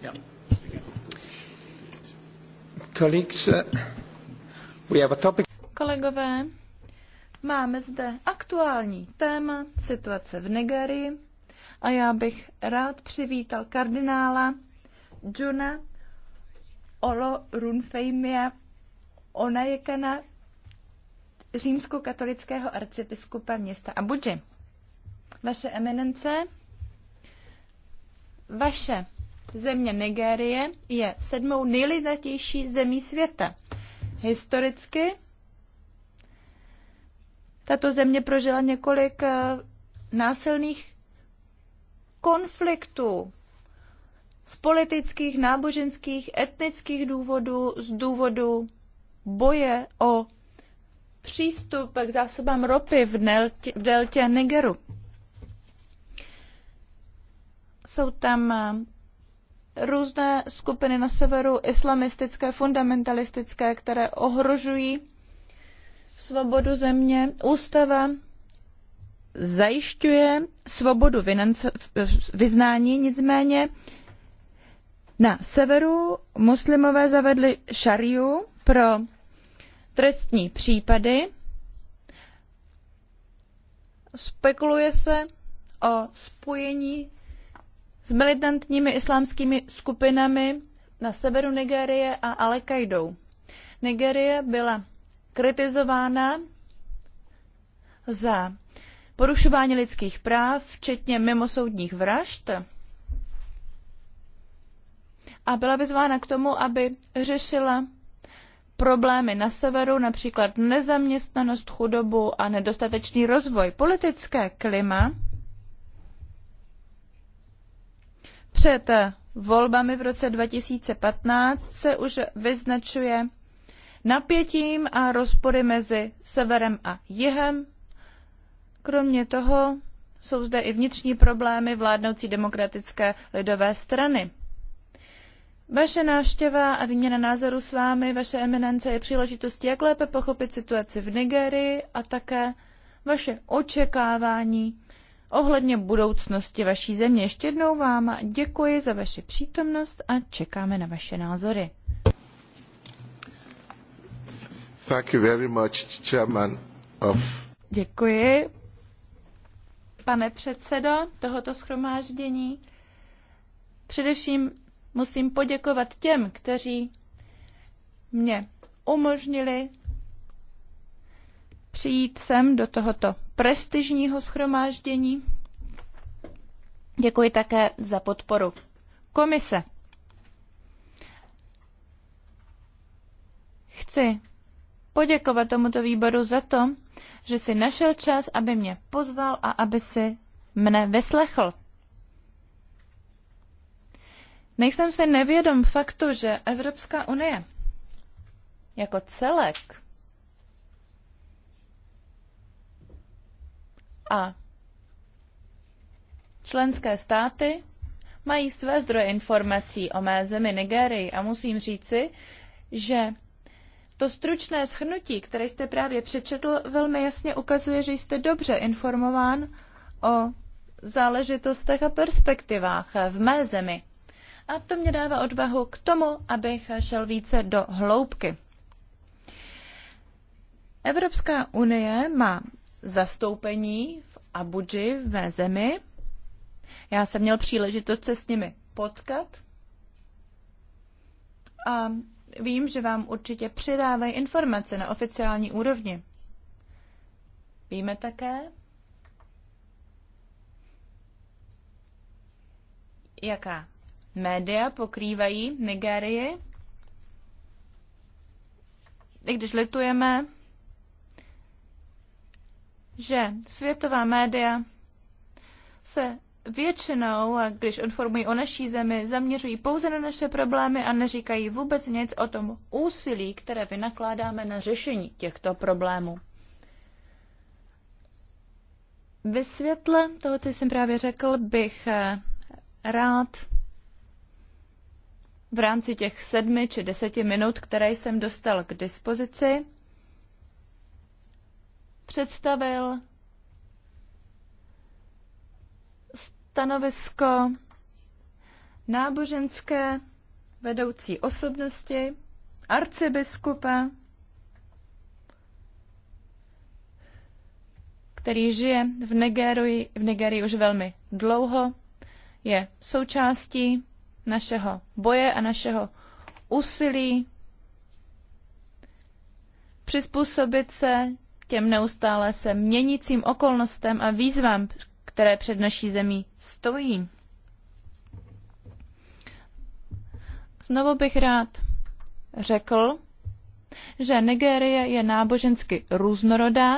Yeah. Colleagues, uh, we have a topic. Kolegové, máme zde aktuální téma situace v Nigerii a já bych rád přivítal kardinála Juna Olo Runfeimia Onayekana, římskokatolického arcibiskupa města Abuji. Vaše eminence, vaše Země Nigérie je sedmou nejlidatější zemí světa. Historicky tato země prožila několik eh, násilných konfliktů z politických, náboženských, etnických důvodů, z důvodu boje o přístup k zásobám ropy v, deltě, v deltě Nigeru. Jsou tam eh, různé skupiny na severu, islamistické, fundamentalistické, které ohrožují svobodu země. Ústava zajišťuje svobodu vyznání, nicméně na severu muslimové zavedli šariu pro trestní případy. Spekuluje se o spojení s militantními islámskými skupinami na severu Nigérie a Al-Qaidou. Nigérie byla kritizována za porušování lidských práv, včetně mimosoudních vražd, a byla vyzvána k tomu, aby řešila problémy na severu, například nezaměstnanost, chudobu a nedostatečný rozvoj. Politické klima Před volbami v roce 2015 se už vyznačuje napětím a rozpory mezi severem a jihem. Kromě toho jsou zde i vnitřní problémy vládnoucí demokratické lidové strany. Vaše návštěva a výměna názorů s vámi, vaše eminence, je příležitost, jak lépe pochopit situaci v Nigerii a také vaše očekávání ohledně budoucnosti vaší země. Ještě jednou vám děkuji za vaši přítomnost a čekáme na vaše názory. Thank you very much, chairman of... Děkuji, pane předsedo tohoto schromáždění. Především musím poděkovat těm, kteří mě umožnili přijít sem do tohoto prestižního schromáždění. Děkuji také za podporu komise. Chci poděkovat tomuto výboru za to, že si našel čas, aby mě pozval a aby si mne vyslechl. Nejsem si nevědom faktu, že Evropská unie jako celek A členské státy mají své zdroje informací o mé zemi Nigérii a musím říci, že to stručné schnutí, které jste právě přečetl, velmi jasně ukazuje, že jste dobře informován o záležitostech a perspektivách v mé zemi. A to mě dává odvahu k tomu, abych šel více do hloubky. Evropská unie má zastoupení v Abuji v mé zemi. Já jsem měl příležitost se s nimi potkat a vím, že vám určitě předávají informace na oficiální úrovni. Víme také, jaká média pokrývají Nigérii. I když litujeme že světová média se většinou, když informují o naší zemi, zaměřují pouze na naše problémy a neříkají vůbec nic o tom úsilí, které vynakládáme na řešení těchto problémů. Ve světle toho, co jsem právě řekl, bych eh, rád v rámci těch sedmi či deseti minut, které jsem dostal k dispozici, představil stanovisko náboženské vedoucí osobnosti, arcibiskupa, který žije v Nigerii, v Nigerii už velmi dlouho, je součástí našeho boje a našeho úsilí přizpůsobit se těm neustále se měnícím okolnostem a výzvám, které před naší zemí stojí. Znovu bych rád řekl, že Nigérie je nábožensky různorodá.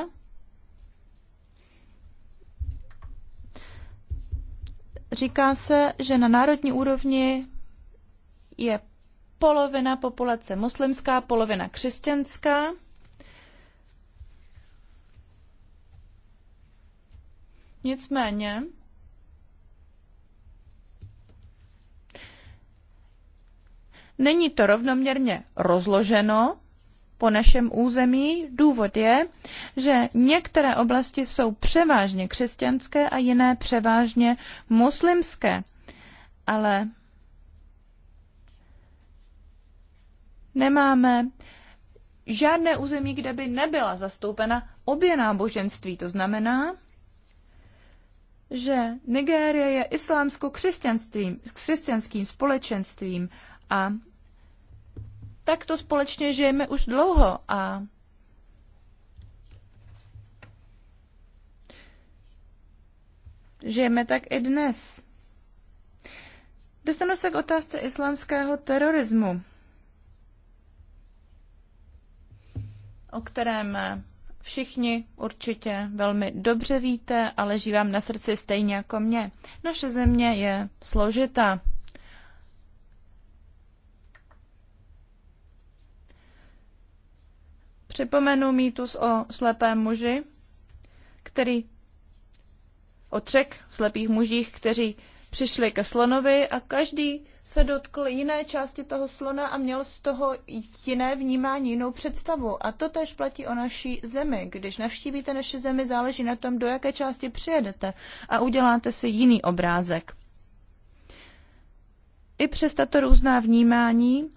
Říká se, že na národní úrovni je polovina populace muslimská, polovina křesťanská. Nicméně není to rovnoměrně rozloženo po našem území. Důvod je, že některé oblasti jsou převážně křesťanské a jiné převážně muslimské. Ale nemáme žádné území, kde by nebyla zastoupena obě náboženství. To znamená, že Nigérie je islámsko-křesťanstvím, křesťanským společenstvím a takto společně žijeme už dlouho a žijeme tak i dnes. Dostanu se k otázce islámského terorismu, o kterém všichni určitě velmi dobře víte a leží vám na srdci stejně jako mě. Naše země je složitá. Připomenu mýtus o slepém muži, který o třech slepých mužích, kteří přišli ke slonovi a každý se dotkl jiné části toho slona a měl z toho jiné vnímání, jinou představu. A to tež platí o naší zemi. Když navštívíte naši zemi, záleží na tom, do jaké části přijedete a uděláte si jiný obrázek. I přes tato různá vnímání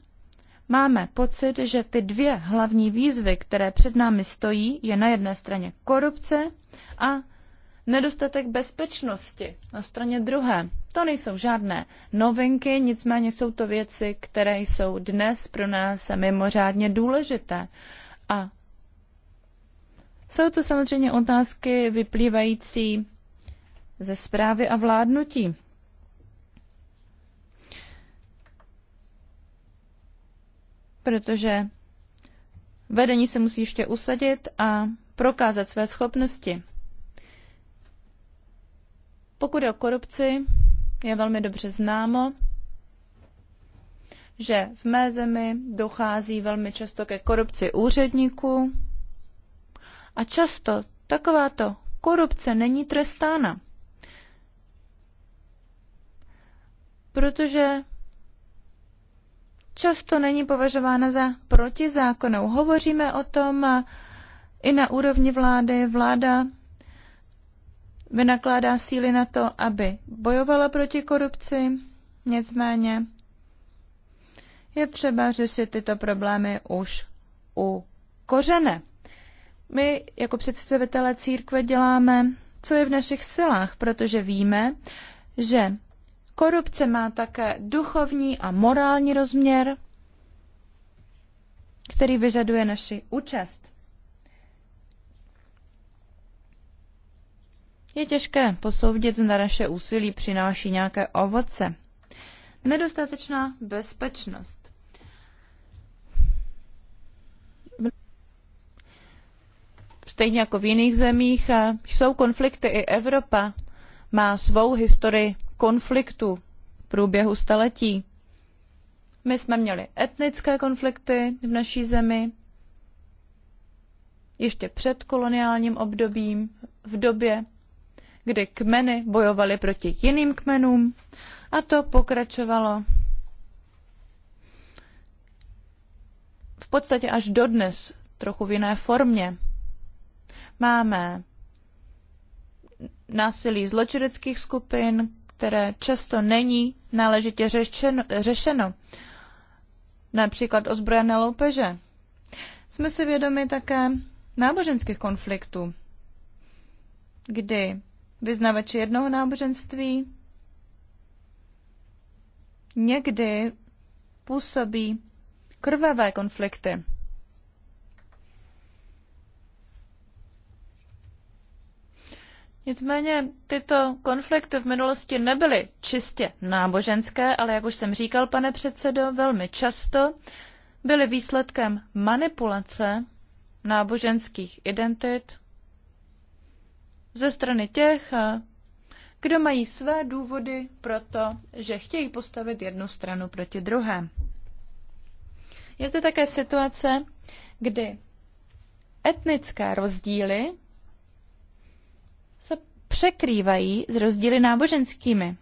máme pocit, že ty dvě hlavní výzvy, které před námi stojí, je na jedné straně korupce a nedostatek bezpečnosti na straně druhé. To nejsou žádné novinky, nicméně jsou to věci, které jsou dnes pro nás mimořádně důležité. A jsou to samozřejmě otázky vyplývající ze zprávy a vládnutí. Protože vedení se musí ještě usadit a prokázat své schopnosti. Pokud je o korupci, je velmi dobře známo, že v mé zemi dochází velmi často ke korupci úředníků a často takováto korupce není trestána. Protože často není považována za protizákonnou. Hovoříme o tom i na úrovni vlády. Vláda vynakládá síly na to, aby bojovala proti korupci, nicméně je třeba řešit tyto problémy už u kořene. My jako představitelé církve děláme, co je v našich silách, protože víme, že korupce má také duchovní a morální rozměr, který vyžaduje naši účast. Je těžké posoudit, zda naše úsilí přináší nějaké ovoce. Nedostatečná bezpečnost. Stejně jako v jiných zemích eh, jsou konflikty i Evropa. Má svou historii konfliktu v průběhu staletí. My jsme měli etnické konflikty v naší zemi, ještě před koloniálním obdobím, v době, kdy kmeny bojovaly proti jiným kmenům a to pokračovalo v podstatě až dodnes, trochu v jiné formě. Máme násilí zločineckých skupin, které často není náležitě řešeno, řešeno. například ozbrojené loupeže. Jsme si vědomi také náboženských konfliktů, kdy vyznavači jednoho náboženství někdy působí krvavé konflikty. Nicméně tyto konflikty v minulosti nebyly čistě náboženské, ale jak už jsem říkal, pane předsedo, velmi často byly výsledkem manipulace náboženských identit ze strany těch, eh, kdo mají své důvody pro to, že chtějí postavit jednu stranu proti druhé. Je to také situace, kdy etnické rozdíly se překrývají s rozdíly náboženskými.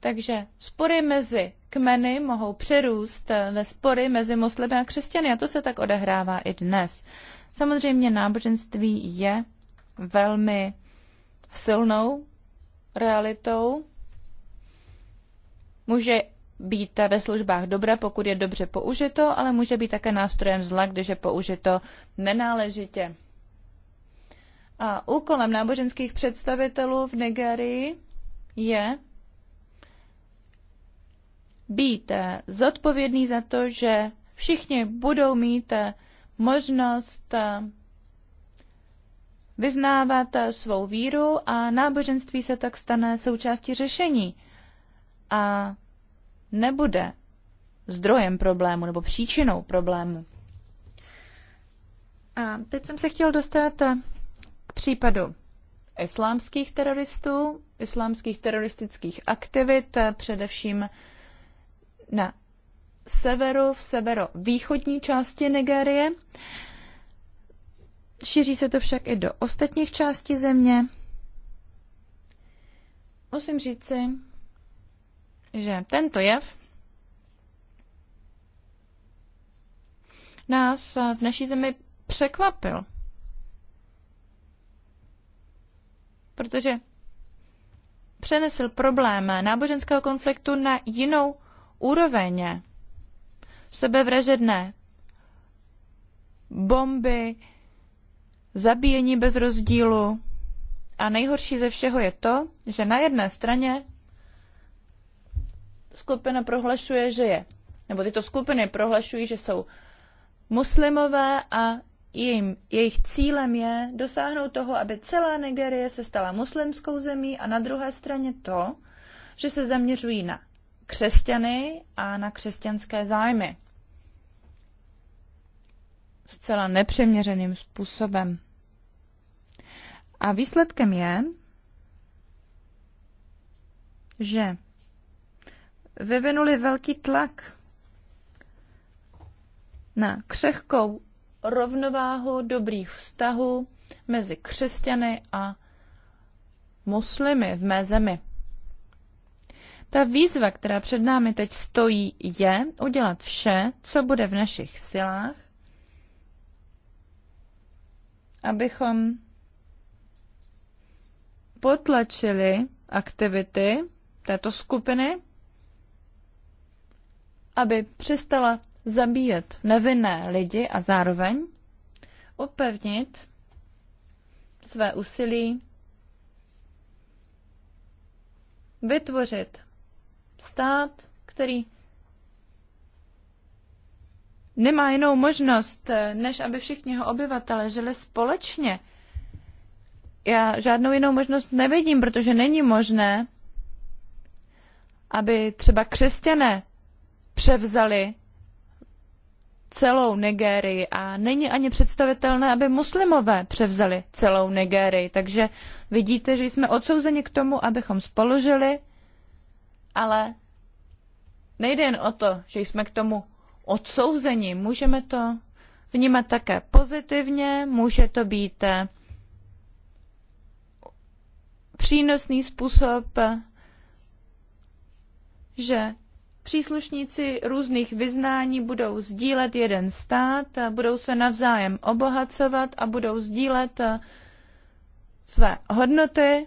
Takže spory mezi kmeny mohou přerůst eh, ve spory mezi muslimy a křesťany a to se tak odehrává i dnes. Samozřejmě náboženství je velmi silnou realitou. Může být ve službách dobré, pokud je dobře použito, ale může být také nástrojem zla, když je použito nenáležitě. A úkolem náboženských představitelů v Nigerii je být eh, zodpovědný za to, že všichni budou mít eh, možnost eh, vyznávat eh, svou víru a náboženství se tak stane součástí řešení a nebude zdrojem problému nebo příčinou problému. A teď jsem se chtěl dostat eh, k případu islámských teroristů, islámských teroristických aktivit, především na severu, v severovýchodní části Nigérie. Šíří se to však i do ostatních částí země. Musím říci, že tento jev nás v naší zemi překvapil. Protože přenesl problém náboženského konfliktu na jinou úroveň sebevražedné bomby, zabíjení bez rozdílu. A nejhorší ze všeho je to, že na jedné straně skupina prohlašuje, že je, nebo tyto skupiny prohlašují, že jsou muslimové a jim, jejich cílem je dosáhnout toho, aby celá Nigerie se stala muslimskou zemí a na druhé straně to, že se zaměřují na křesťany a na křesťanské zájmy zcela nepřeměřeným způsobem. A výsledkem je, že vyvinuli velký tlak na křehkou rovnováhu dobrých vztahů mezi křesťany a muslimy v mé zemi. Ta výzva, která před námi teď stojí, je udělat vše, co bude v našich silách, abychom potlačili aktivity této skupiny, aby přestala zabíjet nevinné lidi a zároveň upevnit své úsilí vytvořit stát, který nemá jinou možnost, eh, než aby všichni jeho obyvatele žili společně. Já žádnou jinou možnost nevidím, protože není možné, aby třeba křesťané převzali celou Nigérii a není ani představitelné, aby muslimové převzali celou Nigérii. Takže vidíte, že jsme odsouzeni k tomu, abychom spolužili, ale nejde jen o to, že jsme k tomu odsouzeni. Můžeme to vnímat také pozitivně, může to být přínosný způsob, že příslušníci různých vyznání budou sdílet jeden stát, budou se navzájem obohacovat a budou sdílet eh, své hodnoty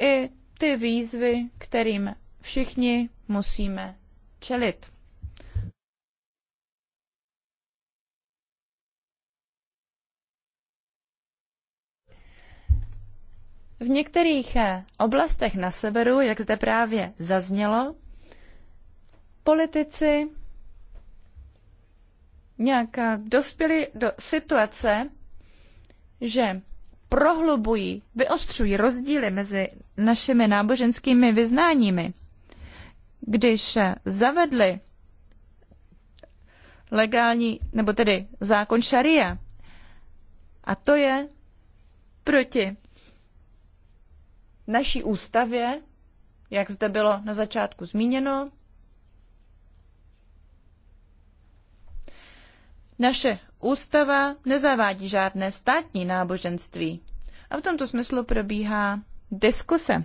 i ty výzvy, kterým všichni musíme čelit. V některých eh, oblastech na severu, jak zde právě zaznělo, politici nějak eh, dospěli do situace, že prohlubují, vyostřují rozdíly mezi našimi náboženskými vyznáními když zavedli legální, nebo tedy zákon šaria. A to je proti naší ústavě, jak zde bylo na začátku zmíněno. Naše ústava nezavádí žádné státní náboženství. A v tomto smyslu probíhá diskuse.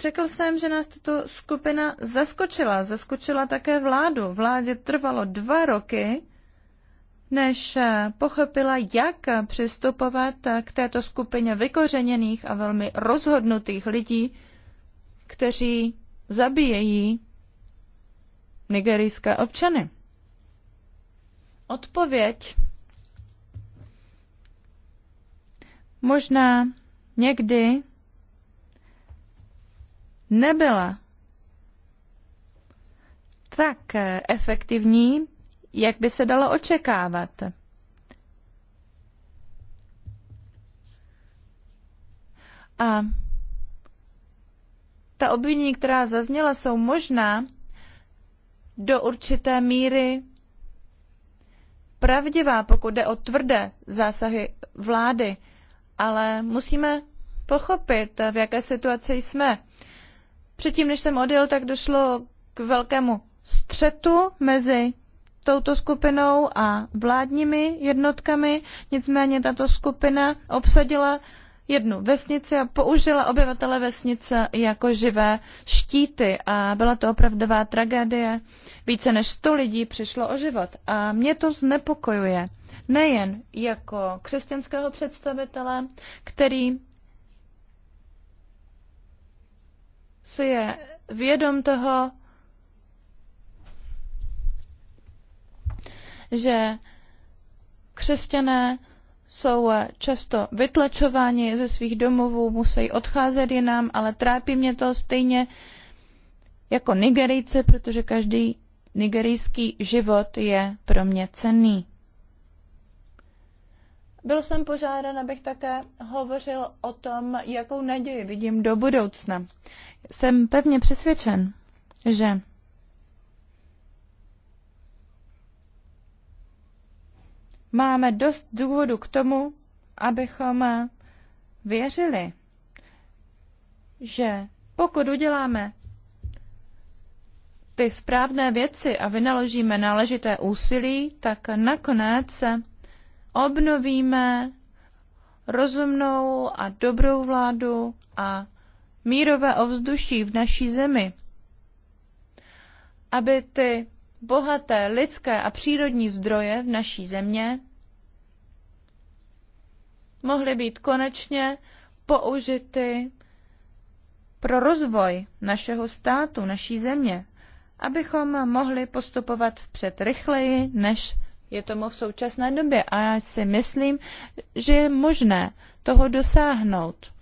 Řekl jsem, že nás tato skupina zaskočila. Zaskočila také vládu. Vládě trvalo dva roky, než eh, pochopila, jak přistupovat eh, k této skupině vykořeněných a velmi rozhodnutých lidí, kteří zabíjejí nigerijské občany. Odpověď možná někdy nebyla tak efektivní, jak by se dalo očekávat. A ta obvinění, která zazněla, jsou možná do určité míry pravdivá, pokud jde o tvrdé zásahy vlády, ale musíme pochopit, v jaké situaci jsme. Předtím, než jsem odjel, tak došlo k velkému střetu mezi touto skupinou a vládními jednotkami. Nicméně tato skupina obsadila jednu vesnici a použila obyvatele vesnice jako živé štíty a byla to opravdová tragédie. Více než 100 lidí přišlo o život a mě to znepokojuje. Nejen jako křesťanského představitele, který si je vědom toho, že křesťané jsou často vytlačováni ze svých domovů, musí odcházet jinam, ale trápí mě to stejně jako Nigerijce, protože každý nigerijský život je pro mě cenný. Byl jsem požádán, abych také hovořil o tom, jakou naději vidím do budoucna. Jsem pevně přesvědčen, že máme dost důvodu k tomu, abychom věřili, že pokud uděláme ty správné věci a vynaložíme náležité úsilí, tak nakonec se obnovíme rozumnou a dobrou vládu a mírové ovzduší v naší zemi, aby ty bohaté lidské a přírodní zdroje v naší země mohly být konečně použity pro rozvoj našeho státu, naší země, abychom mohli postupovat vpřed rychleji, než je tomu v současné době. A já si myslím, že je možné toho dosáhnout.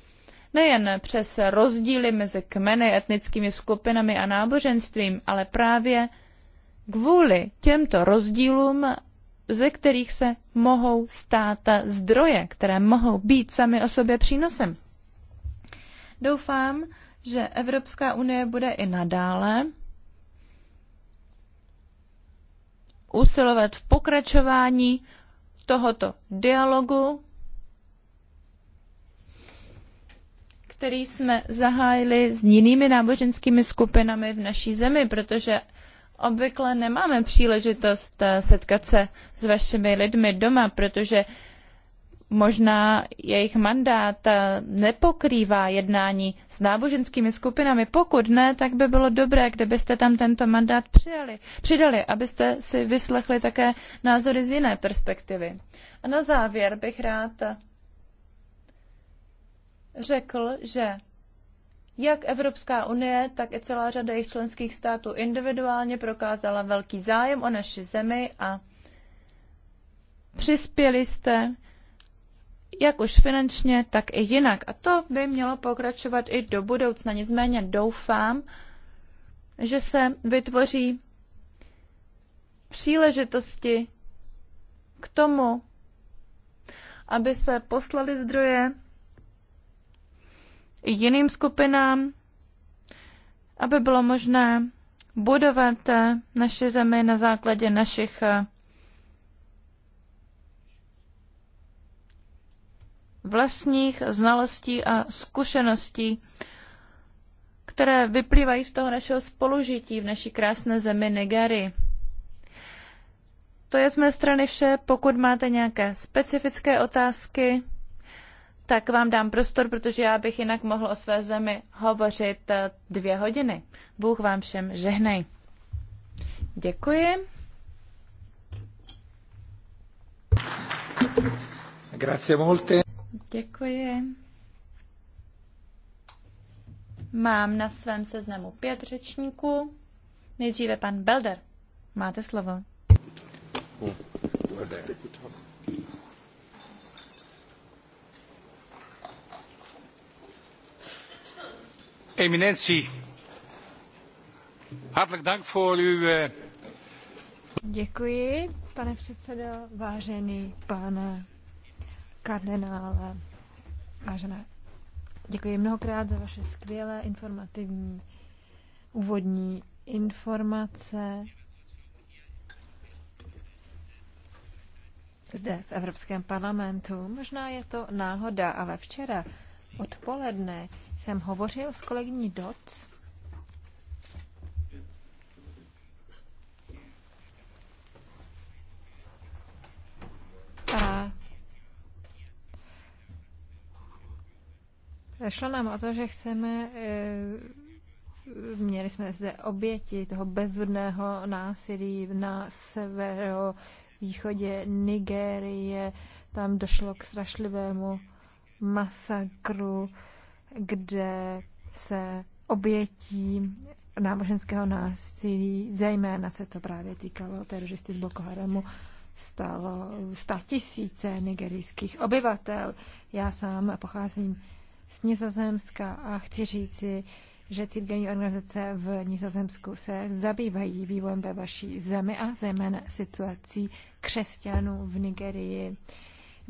Nejen přes rozdíly mezi kmeny, etnickými skupinami a náboženstvím, ale právě kvůli těmto rozdílům, ze kterých se mohou stát zdroje, které mohou být sami o sobě přínosem. Doufám, že Evropská unie bude i nadále usilovat v pokračování tohoto dialogu, který jsme zahájili s jinými náboženskými skupinami v naší zemi, protože obvykle nemáme příležitost eh, setkat se s vašimi lidmi doma, protože možná jejich mandát eh, nepokrývá jednání s náboženskými skupinami. Pokud ne, tak by bylo dobré, kdybyste tam tento mandát přijali, přidali, abyste si vyslechli také názory z jiné perspektivy. A na závěr bych rád řekl, že jak Evropská unie, tak i celá řada jejich členských států individuálně prokázala velký zájem o naši zemi a přispěli jste jak už finančně, tak i jinak. A to by mělo pokračovat i do budoucna. Nicméně doufám, že se vytvoří příležitosti k tomu, aby se poslali zdroje i jiným skupinám, aby bylo možné budovat naše zemi na základě našich vlastních znalostí a zkušeností, které vyplývají z toho našeho spolužití v naší krásné zemi Nigerii. To je z mé strany vše. Pokud máte nějaké specifické otázky, tak vám dám prostor, protože já bych jinak mohl o své zemi hovořit eh, dvě hodiny. Bůh vám všem žehnej. Děkuji. Grazie molte. Děkuji. Mám na svém seznamu pět řečníků. Nejdříve pan Belder. Máte slovo. Eminentie, hartelijk dank voor uw... Eh, Děkuji, pane předsedo, vážený pane kardinále. Vážené, děkuji mnohokrát za vaše skvělé informativní úvodní informace. Zde v Evropském parlamentu. Možná je to náhoda, ale včera odpoledne jsem hovořil s kolegyní Doc. A Šlo nám o to, že chceme, e, měli jsme zde oběti toho bezvudného násilí na severo východě Nigérie. Tam došlo k strašlivému masakru, kde se obětí náboženského násilí, zejména se to právě týkalo teroristy z Boko Haramu, stalo 100 tisíce nigerijských obyvatel. Já sám pocházím z Nizozemska a chci říci, že církevní organizace v Nizozemsku se zabývají vývojem ve vaší zemi a zejména situací křesťanů v Nigerii.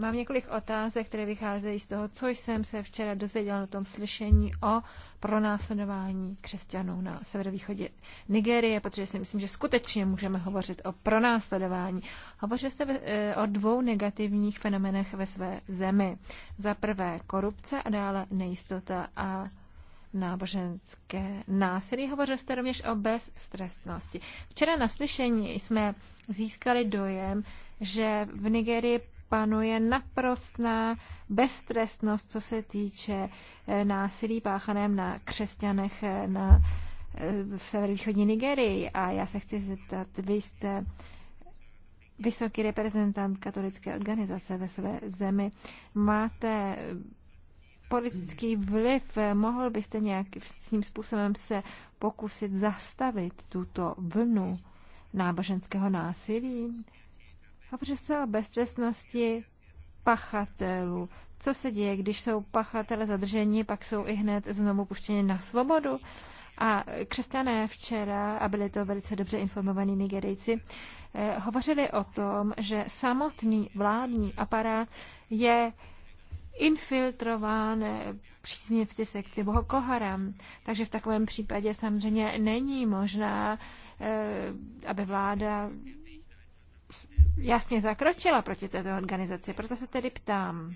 Mám několik otázek, které vycházejí z toho, co jsem se včera dozvěděl na tom slyšení o pronásledování křesťanů na severovýchodě Nigérie, protože si myslím, že skutečně můžeme hovořit o pronásledování. Hovořil jste e, o dvou negativních fenomenech ve své zemi. Za prvé korupce a dále nejistota a náboženské násilí. Hovořil jste rovněž o bezstresnosti. Včera na slyšení jsme získali dojem, že v Nigerii panuje naprostná beztrestnost, co se týče eh, násilí páchaném na křesťanech eh, na, eh, v severovýchodní Nigerii. A já se chci zeptat, vy jste vysoký reprezentant katolické organizace ve své zemi. Máte politický vliv, mohl byste nějak s tím způsobem se pokusit zastavit tuto vlnu náboženského násilí a přesto o beztrestnosti pachatelů. Co se děje, když jsou pachatele zadrženi, pak jsou i hned znovu puštěni na svobodu? A křesťané včera, a byli to velice dobře informovaní eh, hovořili o tom, že samotný vládní aparát je infiltrován eh, příznivci sekty Boko Haram. Takže v takovém případě samozřejmě není možná, eh, aby vláda jasně zakročila proti této organizaci. Proto se tedy ptám,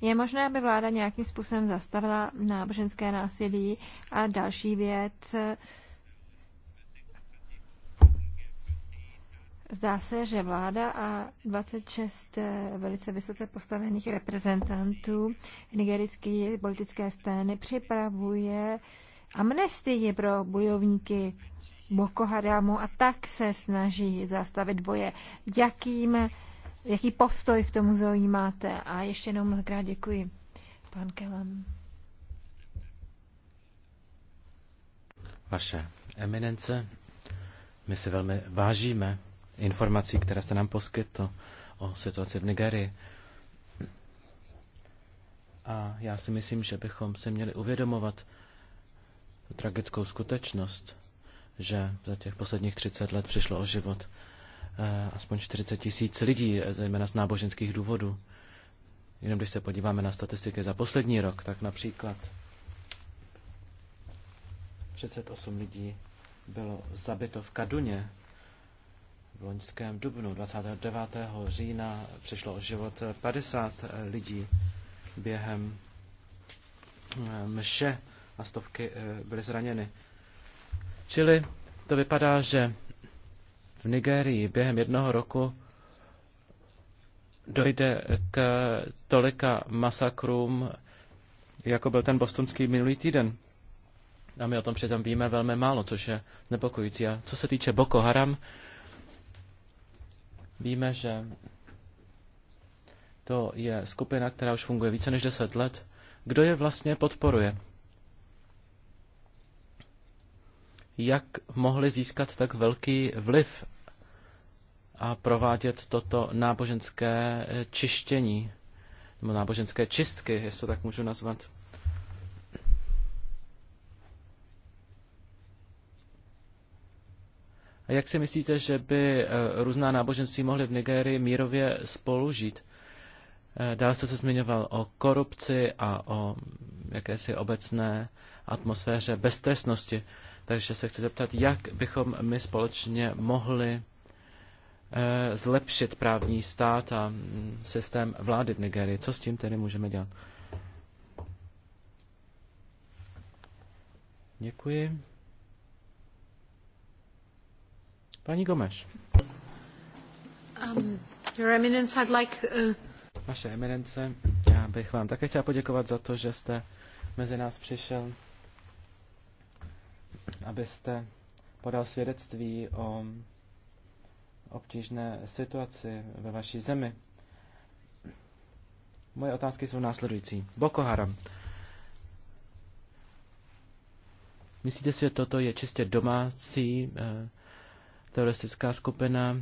je možné, aby vláda nějakým způsobem zastavila náboženské násilí a další věc. Zdá se, že vláda a 26 velice vysoce postavených reprezentantů nigerické politické scény připravuje amnestii pro bojovníky Boko Haramu a tak se snaží zastavit boje. Jakým, jaký postoj k tomu zaujímáte? A ještě jednou mnohokrát děkuji, pan Kelam. Vaše eminence, my se velmi vážíme informací, které jste nám poskytl o situaci v Nigerii. A já si myslím, že bychom se měli uvědomovat tragickou skutečnost, že za těch posledních 30 let přišlo o život eh, aspoň 40 tisíc lidí, eh, zejména z náboženských důvodů. Jenom když se podíváme na statistiky za poslední rok, tak například 38 lidí bylo zabito v Kaduně v loňském dubnu. 29. října přišlo o život 50 eh, lidí během mše a stovky byly zraněny. Čili to vypadá, že v Nigérii během jednoho roku dojde k tolika masakrům, jako byl ten bostonský minulý týden. A my o tom přitom víme velmi málo, což je nepokojící. A co se týče Boko Haram, víme, že to je skupina, která už funguje více než 10 let. Kdo je vlastně podporuje? jak mohli získat tak velký vliv a provádět toto náboženské čištění, nebo náboženské čistky, jestli to tak můžu nazvat. A jak si myslíte, že by eh, různá náboženství mohly v Nigérii mírově spolužít? Eh, dále se se zmiňoval o korupci a o jakési obecné atmosféře beztrestnosti. Takže se chci zeptat, jak bychom my společně mohli eh, zlepšit právní stát a mm, systém vlády v Nigerii. Co s tím tedy můžeme dělat? Děkuji. Paní Gomeš. Um, your eminence, I'd like, uh... Vaše eminence, já bych vám také chtěla poděkovat za to, že jste mezi nás přišel abyste podal svědectví o obtížné situaci ve vaší zemi. Moje otázky jsou následující. Boko Haram. Myslíte si, že toto je čistě domácí eh, teroristická skupina?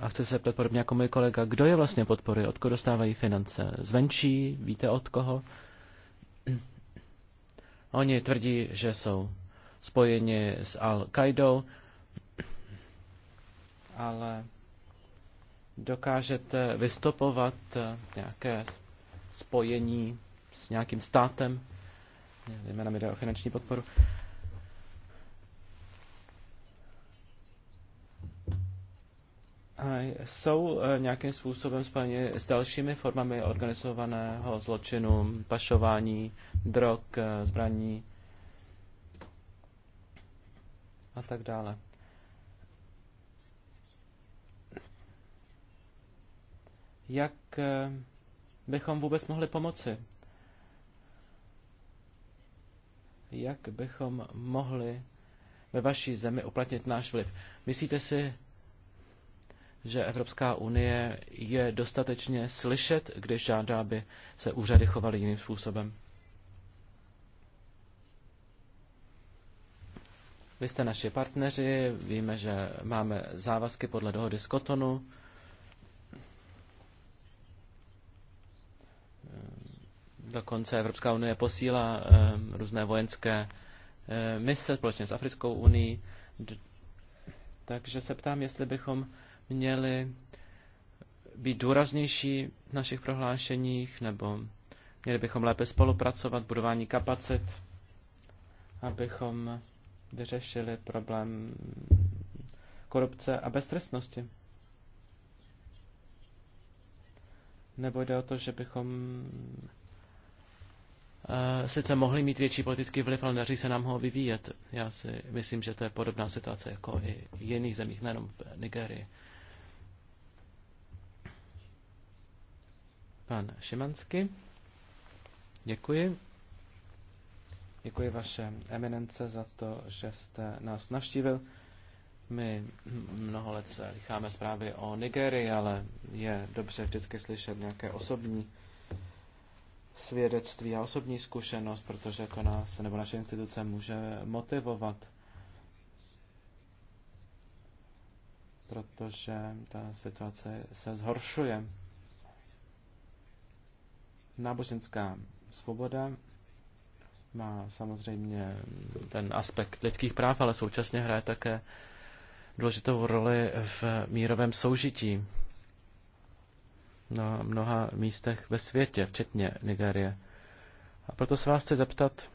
A chci se zeptat podobně jako můj kolega, kdo je vlastně podporuje, od koho dostávají finance? Zvenčí, víte od koho? Oni tvrdí, že jsou spojeně s al qaidou ale dokážete vystopovat nějaké spojení s nějakým státem, zejména mi jde o finanční podporu. A jsou eh, nějakým způsobem spojeni s dalšími formami organizovaného zločinu, pašování drog, eh, zbraní, a tak dále. Jak eh, bychom vůbec mohli pomoci? Jak bychom mohli ve vaší zemi uplatnit náš vliv? Myslíte si, že Evropská unie je dostatečně slyšet, když žádá, aby se úřady chovaly jiným způsobem? Vy jste naši partneři, víme, že máme závazky podle dohody z Kotonu. Dokonce Evropská unie posílá různé vojenské mise společně s Africkou unii. Takže se ptám, jestli bychom měli být důraznější v našich prohlášeních, nebo měli bychom lépe spolupracovat, budování kapacit, abychom vyřešili problém korupce a beztrestnosti. Nebo jde o to, že bychom eh, sice mohli mít větší politický vliv, ale neří se nám ho vyvíjet. Já si myslím, že to je podobná situace jako i v jiných zemích, nejenom v Nigerii. Pan Šimansky. Děkuji. Děkuji vaše eminence za to, že jste nás navštívil. My mnoho let se lícháme zprávy o Nigerii, ale je dobře vždycky slyšet nějaké osobní svědectví a osobní zkušenost, protože to nás nebo naše instituce může motivovat. Protože ta situace se zhoršuje. Náboženská svoboda má samozřejmě ten aspekt lidských práv, ale současně hraje také důležitou roli v mírovém soužití na mnoha místech ve světě, včetně Nigerie. A proto se vás chci zeptat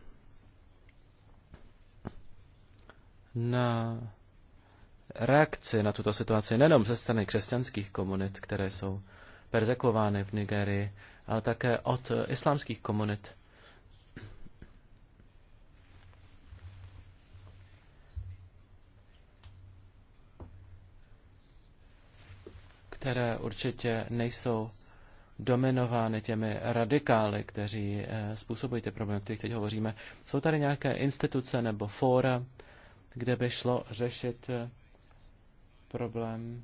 na reakci na tuto situaci nejenom ze strany křesťanských komunit, které jsou persekovány v Nigerii, ale také od islámských komunit, které určitě nejsou dominovány těmi radikály, kteří eh, způsobují ty problémy, o kterých teď hovoříme. Jsou tady nějaké instituce nebo fóra, kde by šlo řešit eh, problém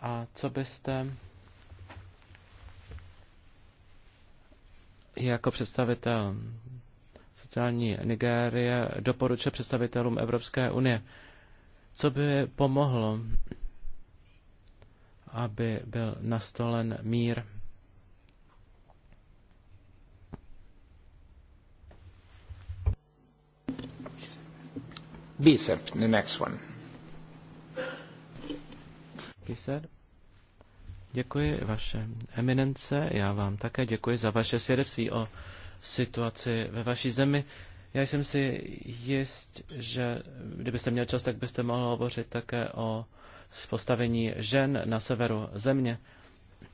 A co byste jako představitel sociální Nigérie doporučuje představitelům Evropské unie, co by pomohlo, aby byl nastolen mír. Bicep, the next one. Bicep. Děkuji, vaše eminence. Já vám také děkuji za vaše svědectví o situaci ve vaší zemi. Já jsem si jist, že kdybyste měl čas, tak byste mohl hovořit také o postavení žen na severu země.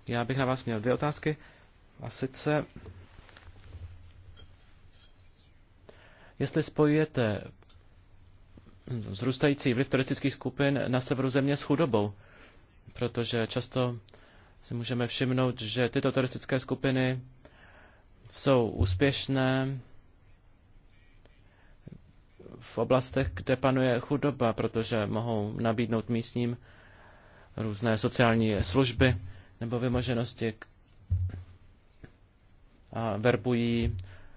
Já bych na vás měl dvě otázky. A sice, jestli spojujete zrůstající vliv turistických skupin na severu země s chudobou, protože často si můžeme všimnout, že tyto teroristické skupiny jsou úspěšné v oblastech, kde panuje chudoba, protože mohou nabídnout místním různé sociální služby nebo vymoženosti a verbují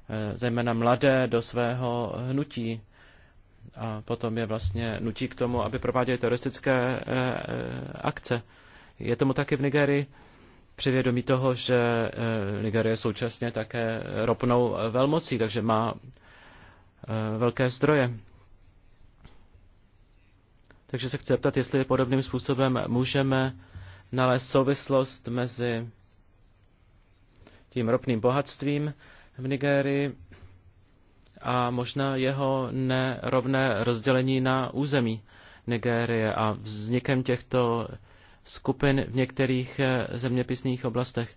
eh, zejména mladé do svého hnutí a potom je vlastně nutí k tomu, aby prováděli teroristické eh, eh, akce. Je tomu taky v Nigerii přivědomí toho, že eh, Nigerie je současně také ropnou velmocí, takže má eh, velké zdroje. Takže se chci zeptat, jestli podobným způsobem můžeme nalézt souvislost mezi tím ropným bohatstvím v Nigérii a možná jeho nerovné rozdělení na území Nigérie a vznikem těchto skupin v některých eh, zeměpisných oblastech.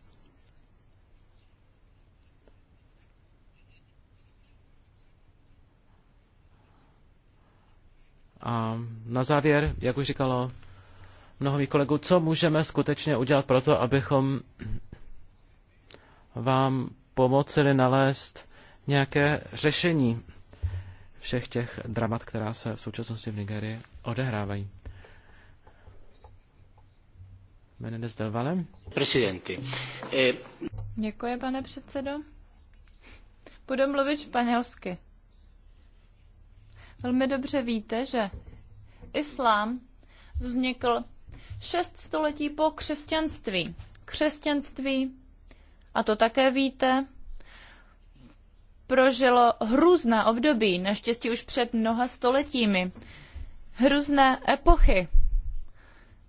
A na závěr, jak už říkalo mnoho mých kolegů, co můžeme skutečně udělat pro to, abychom vám pomoci nalézt nějaké řešení všech těch dramat, která se v současnosti v Nigerii odehrávají. Eh, Děkuji, pane předsedo. Budu mluvit španělsky. Velmi dobře víte, že islám vznikl šest století po křesťanství. Křesťanství, a to také víte, prožilo hrůzná období, naštěstí už před mnoha stoletími, hrůzné epochy,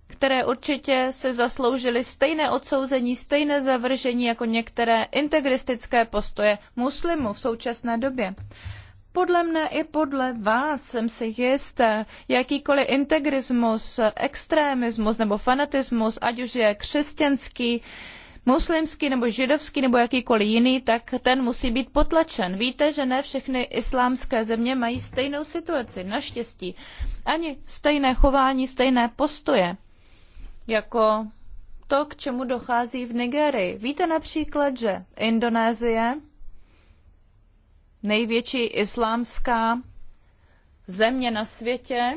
které určitě se zasloužily stejné odsouzení, stejné zavržení jako některé integristické postoje muslimů v současné době. Podle mne i podle vás jsem si jist, jakýkoliv integrismus, extremismus nebo fanatismus, ať už je křesťanský, muslimský nebo židovský nebo jakýkoliv jiný, tak ten musí být potlačen. Víte, že ne všechny islámské země mají stejnou situaci, naštěstí. Ani stejné chování, stejné postoje jako to, k čemu dochází v Nigerii. Víte například, že Indonésie, největší islámská země na světě,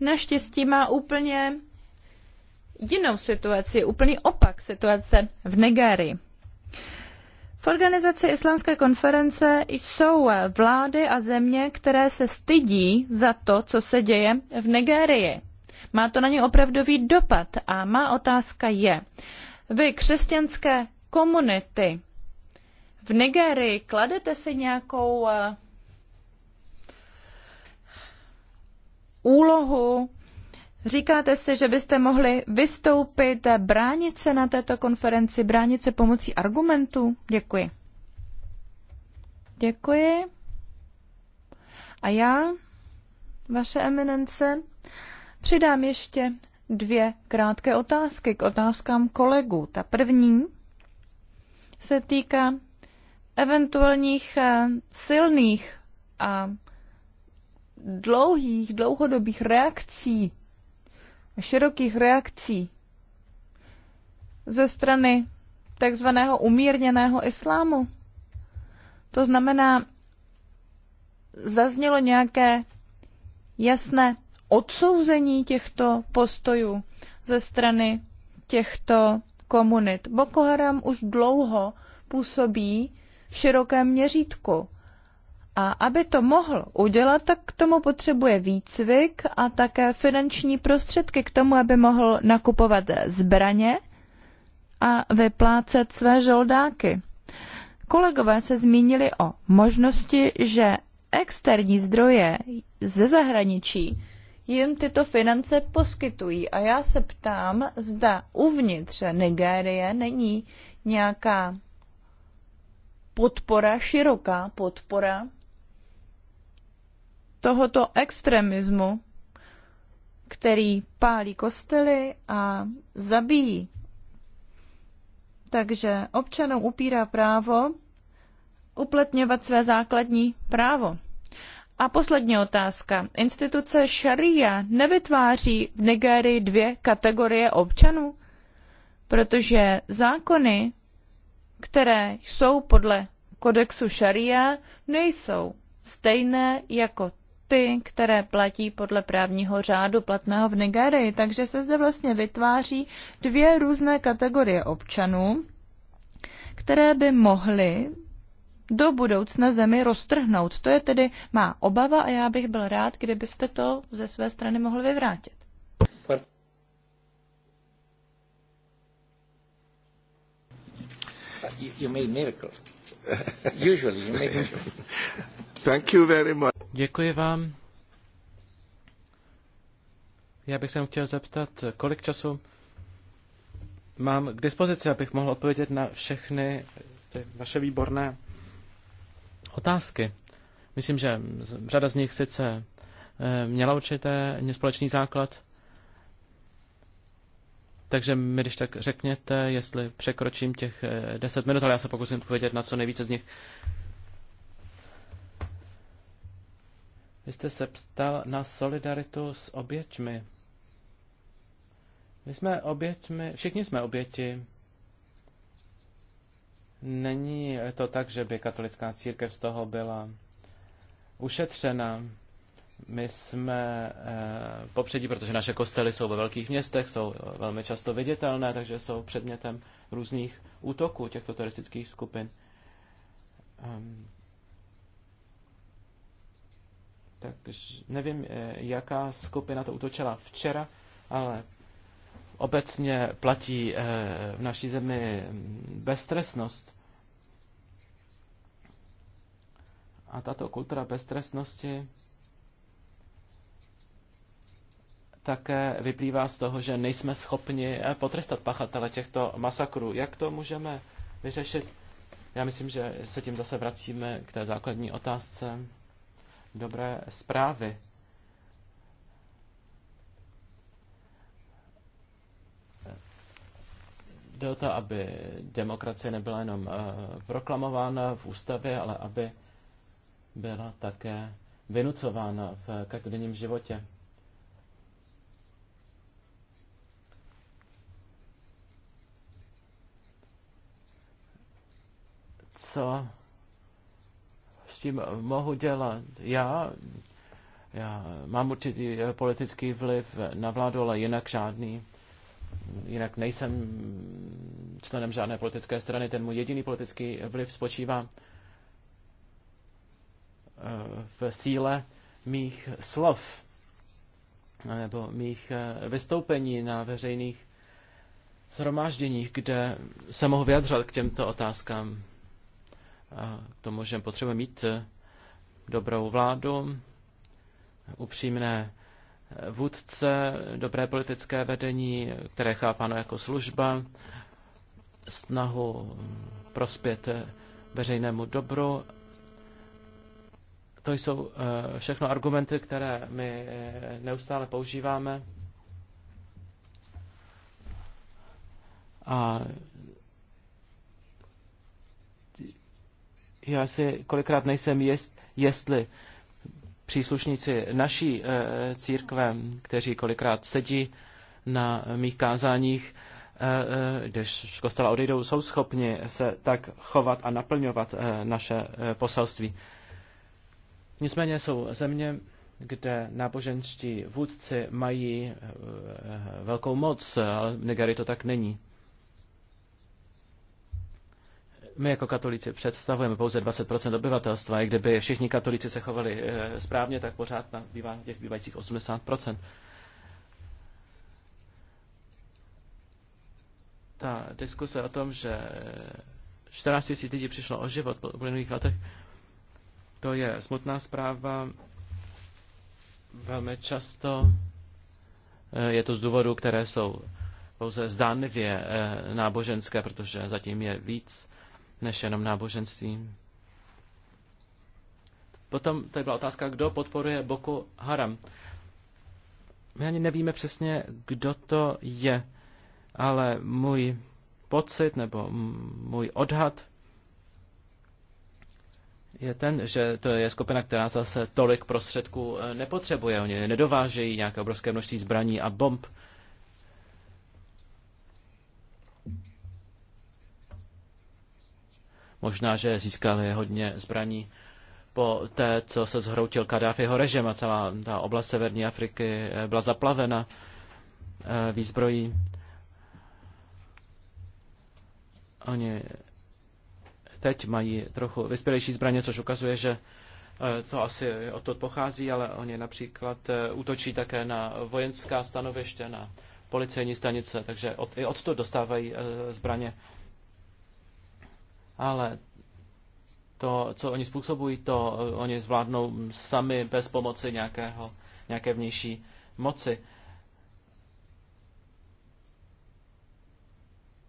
naštěstí má úplně jinou situaci, úplný opak situace v Nigerii. V organizaci Islámské konference jsou vlády a země, které se stydí za to, co se děje v Nigerii. Má to na ně opravdový dopad. A má otázka je, vy křesťanské komunity v Nigérii kladete si nějakou eh, úlohu Říkáte si, že byste mohli vystoupit, bránit se na této konferenci, bránit se pomocí argumentů? Děkuji. Děkuji. A já, vaše eminence, Přidám ještě dvě krátké otázky k otázkám kolegů. Ta první se týká eventuálních eh, silných a dlouhých, dlouhodobých reakcí, širokých reakcí ze strany takzvaného umírněného islámu. To znamená, zaznělo nějaké jasné odsouzení těchto postojů ze strany těchto komunit. Boko Haram už dlouho působí v širokém měřítku. A aby to mohl udělat, tak k tomu potřebuje výcvik a také finanční prostředky k tomu, aby mohl nakupovat zbraně a vyplácet své žoldáky. Kolegové se zmínili o možnosti, že externí zdroje ze zahraničí jim tyto finance poskytují. A já se ptám, zda uvnitř Nigérie není nějaká podpora, široká podpora tohoto extremismu, který pálí kostely a zabíjí. Takže občanům upírá právo uplatňovat své základní právo. A poslední otázka. Instituce šaria nevytváří v Nigérii dvě kategorie občanů? Protože zákony, které jsou podle kodexu šaria, nejsou stejné jako ty, které platí podle právního řádu platného v Nigerii. Takže se zde vlastně vytváří dvě různé kategorie občanů, které by mohly do budoucna zemi roztrhnout. To je tedy má obava a já bych byl rád, kdybyste to ze své strany mohl vyvrátit. You made miracles. Usually you make miracles. Thank you very much. Děkuji vám. Já bych se chtěl zeptat, kolik času mám k dispozici, abych mohl odpovědět na všechny ty vaše výborné otázky. Myslím, že řada z nich sice eh, měla určité společný základ, takže mi když tak řekněte, jestli překročím těch 10 eh, minut, ale já se pokusím odpovědět na co nejvíce z nich. Vy jste se ptal na solidaritu s oběťmi. My jsme oběťmi, všichni jsme oběti Není to tak, že by katolická církev z toho byla ušetřena. My jsme eh, popředí, protože naše kostely jsou ve velkých městech, jsou eh, velmi často viditelné, takže jsou předmětem různých útoků těchto teroristických skupin. Ehm, takže nevím, eh, jaká skupina to útočila včera, ale Obecně platí eh, v naší zemi beztresnost. A tato kultura beztresnosti také vyplývá z toho, že nejsme schopni eh, potrestat pachatele těchto masakrů. Jak to můžeme vyřešit? Já myslím, že se tím zase vracíme k té základní otázce dobré zprávy. Jde o to, aby demokracie nebyla jenom eh, proklamována v ústavě, ale aby byla také vynucována v každodenním životě. Co s tím mohu dělat? Já, já mám určitý eh, politický vliv na vládu, ale jinak žádný jinak nejsem členem žádné politické strany, ten můj jediný politický vliv spočívá eh, v síle mých slov eh, nebo mých eh, vystoupení na veřejných shromážděních, kde se mohu vyjadřovat k těmto otázkám. A k tomu, že potřebujeme mít dobrou vládu, upřímné vůdce, dobré politické vedení, které chápáno jako služba, snahu prospět veřejnému dobru. To jsou eh, všechno argumenty, které my eh, neustále používáme. A já si kolikrát nejsem jist, jestli příslušníci naší eh, církve, kteří kolikrát sedí na mých kázáních, eh, eh, když z kostela odejdou, jsou schopni se tak chovat a naplňovat naše poselství. Nicméně jsou země, kde náboženští vůdci mají velkou moc, ale v Nigerii to tak není. My jako katolíci představujeme pouze 20% obyvatelstva, i kdyby všichni katolíci se chovali eh, správně, tak pořád bývá těch zbývajících 80%. Ta diskuse o tom, že 14 000 lidí přišlo o život po uplynulých letech, to je smutná zpráva. Velmi často eh, je to z důvodů, které jsou pouze zdánlivě eh, náboženské, protože zatím je víc než jenom náboženstvím. Potom tady byla otázka, kdo podporuje Boko Haram. My ani nevíme přesně, kdo to je, ale můj pocit nebo můj odhad je ten, že to je skupina, která zase tolik prostředků e, nepotřebuje. Oni nedovážejí nějaké obrovské množství zbraní a bomb Možná, že získali hodně zbraní po té, co se zhroutil Kadáfiho režim a celá ta oblast Severní Afriky eh, byla zaplavena eh, výzbrojí. Oni teď mají trochu vyspělejší zbraně, což ukazuje, že eh, to asi odtud pochází, ale oni například útočí také na vojenská stanoviště, na policejní stanice, takže od, i odtud dostávají zbraně ale to, co oni způsobují, to eh, oni zvládnou sami bez pomoci nějakého, nějaké vnější moci.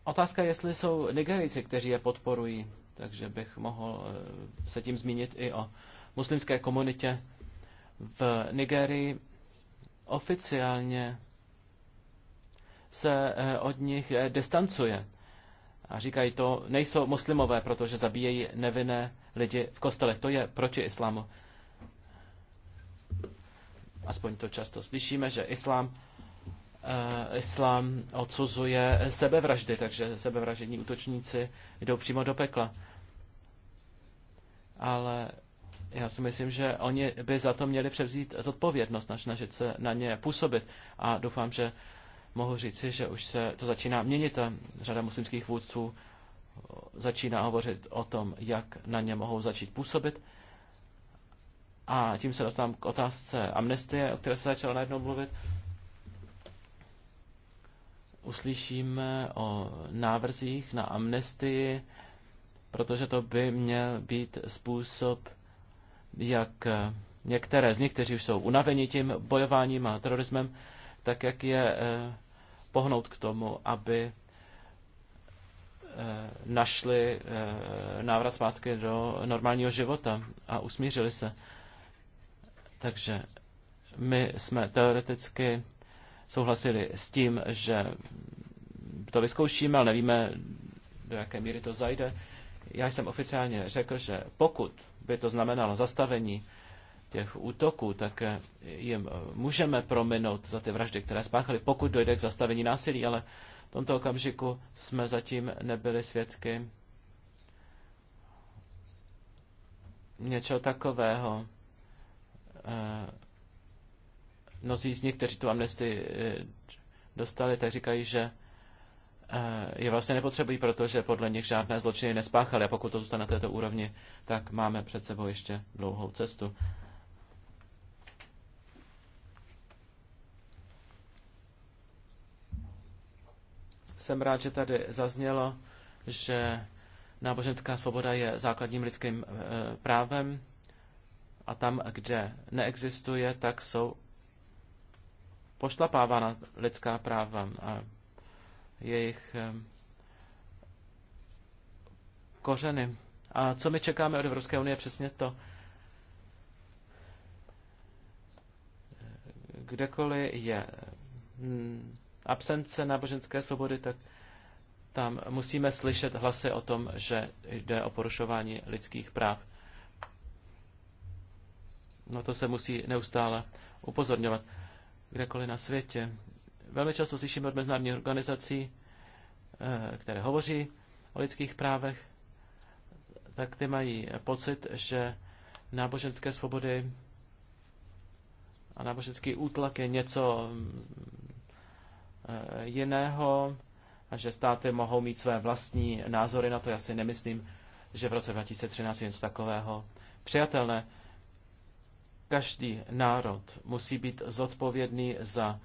Otázka, jestli jsou Nigerijci, kteří je podporují, takže bych mohl eh, se tím zmínit i o muslimské komunitě v Nigerii. Oficiálně se eh, od nich distancuje a říkají to, nejsou muslimové, protože zabíjejí nevinné lidi v kostelech. To je proti islámu. Aspoň to často slyšíme, že islám, uh, islám odsuzuje sebevraždy, takže sebevražední útočníci jdou přímo do pekla. Ale já si myslím, že oni by za to měli převzít zodpovědnost, snažit se na ně působit. A doufám, že mohu říci, že už se to začíná měnit a řada muslimských vůdců začíná hovořit o tom, jak na ně mohou začít působit. A tím se dostávám k otázce amnestie, o které se začalo najednou mluvit. Uslyšíme o návrzích na amnestii, protože to by měl být způsob, jak některé z nich, kteří už jsou unaveni tím bojováním a terorismem, tak jak je eh, pohnout k tomu, aby eh, našli eh, návrat zpátky do normálního života a usmířili se. Takže my jsme teoreticky souhlasili s tím, že to vyzkoušíme, ale nevíme, do jaké míry to zajde. Já jsem oficiálně řekl, že pokud by to znamenalo zastavení těch útoků, tak jim můžeme prominout za ty vraždy, které spáchali, pokud dojde k zastavení násilí, ale v tomto okamžiku jsme zatím nebyli svědky něčeho takového. Eh, mnozí z nich, kteří tu amnestii eh, dostali, tak říkají, že eh, je vlastně nepotřebují, protože podle nich žádné zločiny nespáchali a pokud to zůstane na této úrovni, tak máme před sebou ještě dlouhou cestu. Jsem rád, že tady zaznělo, že náboženská svoboda je základním lidským eh, právem a tam, kde neexistuje, tak jsou pošlapávána lidská práva a jejich eh, kořeny. A co my čekáme od Evropské unie, přesně to. Kdekoliv je mm, absence náboženské svobody, tak tam musíme slyšet hlasy o tom, že jde o porušování lidských práv. No to se musí neustále upozorňovat. Kdekoliv na světě. Velmi často slyšíme od mezinárodních organizací, eh, které hovoří o lidských právech, tak ty mají pocit, že náboženské svobody a náboženský útlak je něco Eh, jiného a že státy mohou mít své vlastní názory na to. Já si nemyslím, že v roce 2013 je něco takového přijatelné. Každý národ musí být zodpovědný za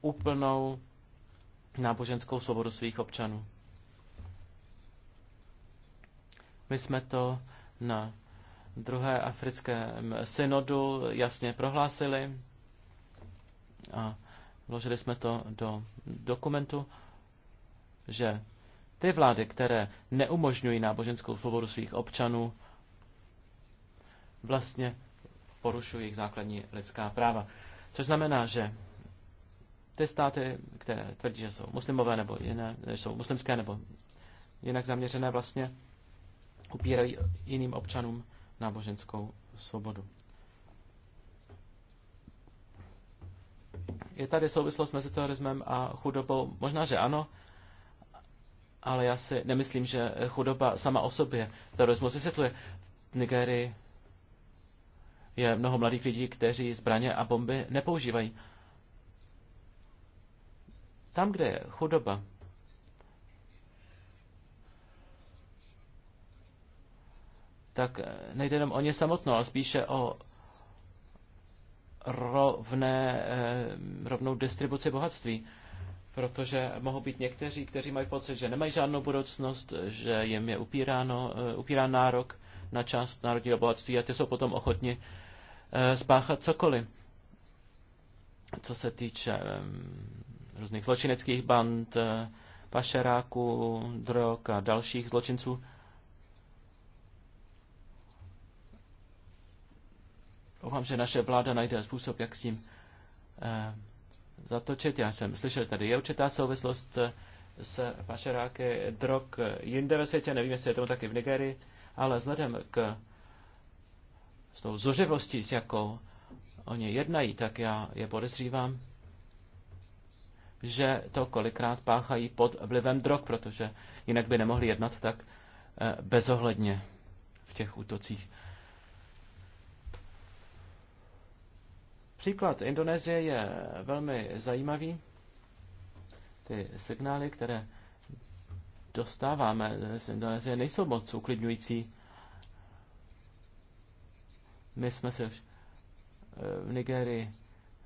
úplnou náboženskou svobodu svých občanů. My jsme to na druhé africké synodu jasně prohlásili a vložili jsme to do dokumentu, že ty vlády, které neumožňují náboženskou svobodu svých občanů, vlastně porušují jejich základní lidská práva. Což znamená, že ty státy, které tvrdí, že jsou muslimové nebo jiné, že jsou muslimské nebo jinak zaměřené, vlastně upírají jiným občanům náboženskou svobodu. Je tady souvislost mezi terorismem a chudobou? Možná, že ano, ale já si nemyslím, že chudoba sama o sobě terorismus vysvětluje. V Nigerii je mnoho mladých lidí, kteří zbraně a bomby nepoužívají. Tam, kde je chudoba, tak nejde jenom o ně samotno, ale spíše o rovné, eh, rovnou distribuci bohatství. Protože mohou být někteří, kteří mají pocit, že nemají žádnou budoucnost, že jim je upíráno, eh, upírán nárok na část národního bohatství a ty jsou potom ochotni eh, spáchat cokoliv. Co se týče různých zločineckých band, pašeráků, drog a dalších zločinců, Doufám, že naše vláda najde způsob, jak s tím eh, zatočit. Já jsem slyšel, tady je určitá souvislost eh, s pašeráky drog jinde ve světě, nevím, jestli je to taky v Nigerii, ale vzhledem k s tou zuřivostí, s jakou oni jednají, tak já je podezřívám, že to kolikrát páchají pod vlivem drog, protože jinak by nemohli jednat tak eh, bezohledně v těch útocích. Příklad Indonésie je velmi zajímavý. Ty signály, které dostáváme z Indonésie, nejsou moc uklidňující. My jsme se v Nigerii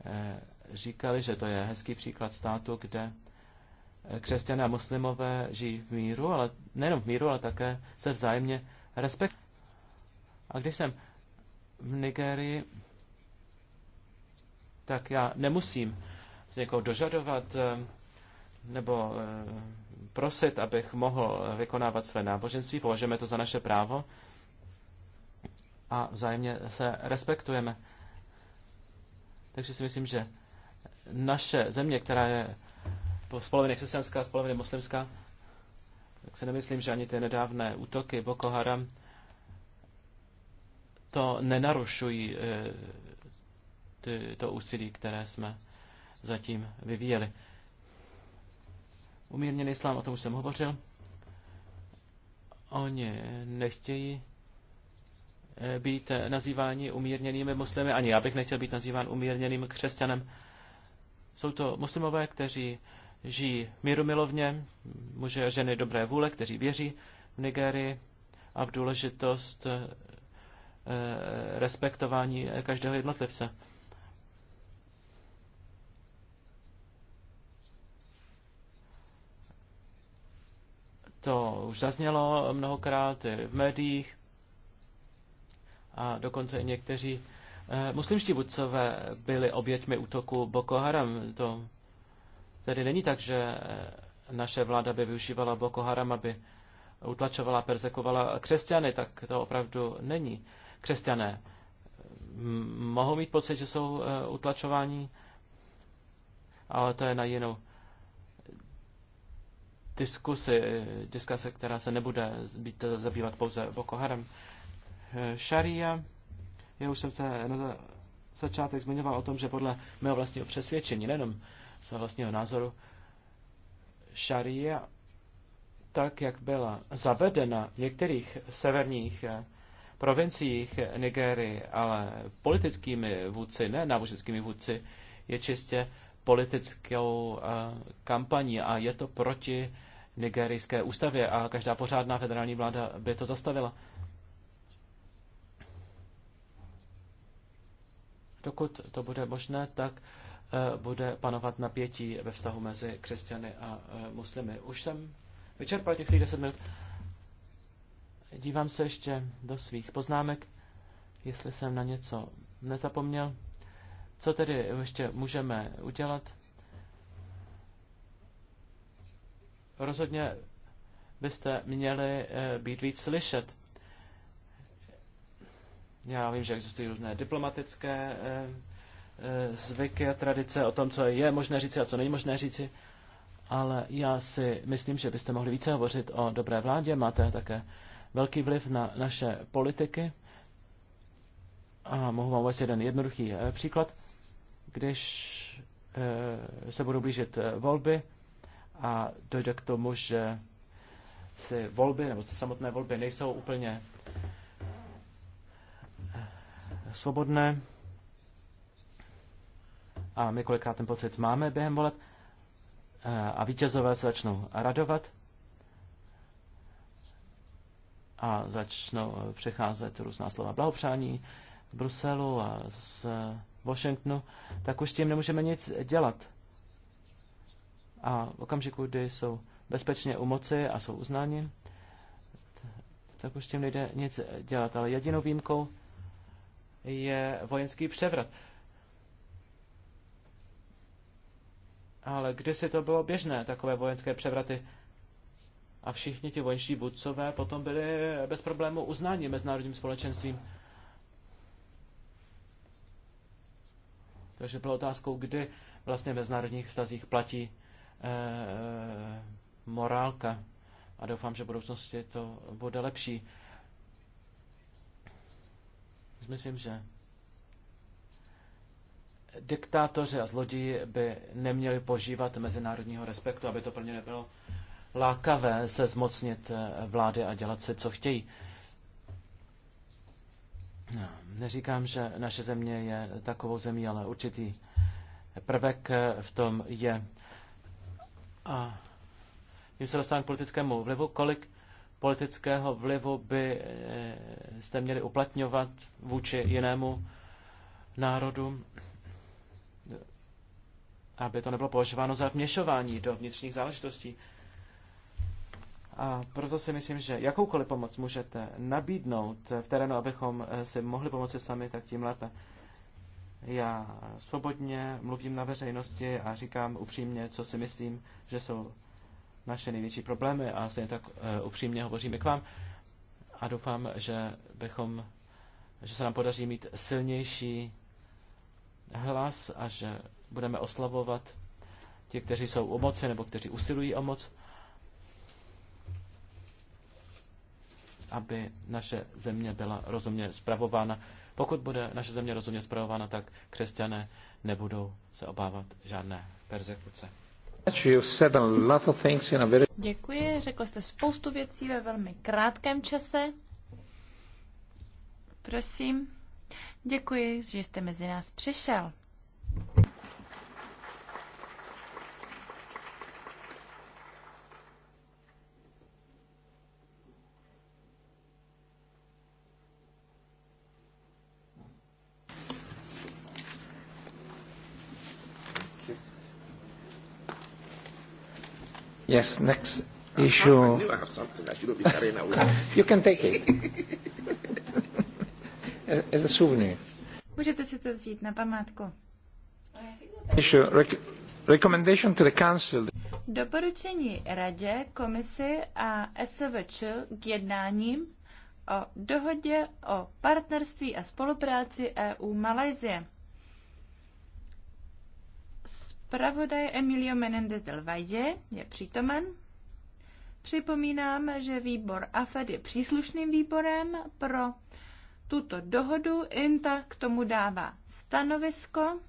eh, říkali, že to je hezký příklad státu, kde eh, křesťané a muslimové žijí v míru, ale nejenom v míru, ale také se vzájemně respektují. A když jsem v Nigerii tak já nemusím z někoho dožadovat eh, nebo eh, prosit, abych mohl eh, vykonávat své náboženství. Považujeme to za naše právo a vzájemně se respektujeme. Takže si myslím, že naše země, která je z poloviny křesťanská, z poloviny muslimská, tak si nemyslím, že ani ty nedávné útoky Boko Haram to nenarušují ty, to úsilí, které jsme zatím vyvíjeli. Umírněný islám, o tom už jsem hovořil. Oni nechtějí eh, být nazýváni umírněnými muslimy, ani já bych nechtěl být nazýván umírněným křesťanem. Jsou to muslimové, kteří žijí mírumilovně, muže a ženy dobré vůle, kteří věří v Nigerii a v důležitost eh, eh, respektování každého jednotlivce. To už zaznělo mnohokrát v médiích a dokonce i někteří eh, muslimští vůdcové byli oběťmi útoku Boko Haram. To tedy není tak, že eh, naše vláda by využívala Boko Haram, aby utlačovala, persekovala křesťany, tak to opravdu není. Křesťané mohou mít pocit, že jsou eh, utlačováni, ale to je na jinou diskusi, diskuse, která se nebude být, zabývat pouze Boko Haram. Šaria, já už jsem se na začátek zmiňoval o tom, že podle mého vlastního přesvědčení, nejenom svého vlastního názoru, šaria, tak jak byla zavedena v některých severních eh, provinciích Nigérie, ale politickými vůdci, ne náboženskými vůdci, je čistě politickou eh, kampaní a je to proti nigerijské ústavě a každá pořádná federální vláda by to zastavila. Dokud to bude možné, tak eh, bude panovat napětí ve vztahu mezi křesťany a eh, muslimy. Už jsem vyčerpal těch svých deset minut. Dívám se ještě do svých poznámek, jestli jsem na něco nezapomněl. Co tedy ještě můžeme udělat? rozhodně byste měli eh, být víc slyšet. Já vím, že existují různé diplomatické eh, eh, zvyky a tradice o tom, co je možné říci a co není možné říci, ale já si myslím, že byste mohli více hovořit o dobré vládě. Máte také velký vliv na naše politiky. A mohu vám uvést jeden jednoduchý příklad. Když se budou blížit volby, a dojde k tomu, že si volby nebo samotné volby nejsou úplně svobodné a my kolikrát ten pocit máme během voleb eh, a vítězové se začnou radovat a začnou eh, přicházet různá slova blahopřání z Bruselu a z Washingtonu, tak už tím nemůžeme nic dělat a v okamžiku, kdy jsou bezpečně u moci a jsou uznáni, tak už tím nejde nic dělat. Ale jedinou výjimkou je vojenský převrat. Ale kdysi to bylo běžné, takové vojenské převraty. A všichni ti vojenští vůdcové potom byli bez problému uznáni mezinárodním společenstvím. Takže bylo otázkou, kdy vlastně v mezinárodních vztazích platí Eh, morálka. A doufám, že v budoucnosti to bude lepší. Myslím, že diktátoři a zloději by neměli požívat mezinárodního respektu, aby to pro ně nebylo lákavé se zmocnit eh, vlády a dělat si, co chtějí. No, neříkám, že naše země je takovou zemí, ale určitý prvek eh, v tom je. A tím se dostávám k politickému vlivu. Kolik politického vlivu by eh, jste měli uplatňovat vůči jinému národu, aby to nebylo považováno za vměšování do vnitřních záležitostí. A proto si myslím, že jakoukoliv pomoc můžete nabídnout v terénu, abychom eh, si mohli pomoci sami, tak tím lépe. Já svobodně mluvím na veřejnosti a říkám upřímně, co si myslím, že jsou naše největší problémy a stejně tak eh, upřímně hovoříme k vám a doufám, že bychom, že se nám podaří mít silnější hlas a že budeme oslavovat ti, kteří jsou u moci nebo kteří usilují o moc, aby naše země byla rozumně zpravována. Pokud bude naše země rozumně zpravována, tak křesťané nebudou se obávat žádné persekuce. Děkuji, řekl jste spoustu věcí ve velmi krátkém čase. Prosím, děkuji, že jste mezi nás přišel. Yes, next issue. I knew I have something. I shouldn't be carrying you can take it. as, as a souvenir. Můžete si to vzít na památku. Issue, rec- recommendation to the council. Doporučení radě, komisi a SVČ k jednáním o dohodě o partnerství a spolupráci EU Malajzie. Pravodaj Emilio Menendez del Valle je přítomen. Připomínám, že výbor AFED je příslušným výborem pro tuto dohodu. INTA k tomu dává stanovisko.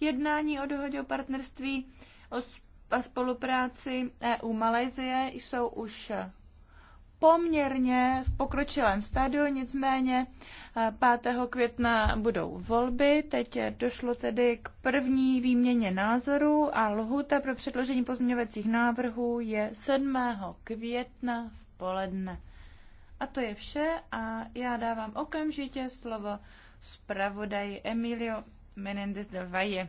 Jednání o dohodě o partnerství o a spolupráci EU Malajzie jsou už poměrně v pokročilém stádiu, nicméně 5. Eh, května budou volby. Teď došlo tedy k první výměně názorů a lhuta pro předložení pozměňovacích návrhů je 7. května v poledne. A to je vše a já dávám okamžitě slovo zpravodaji Emilio Menendez del Valle.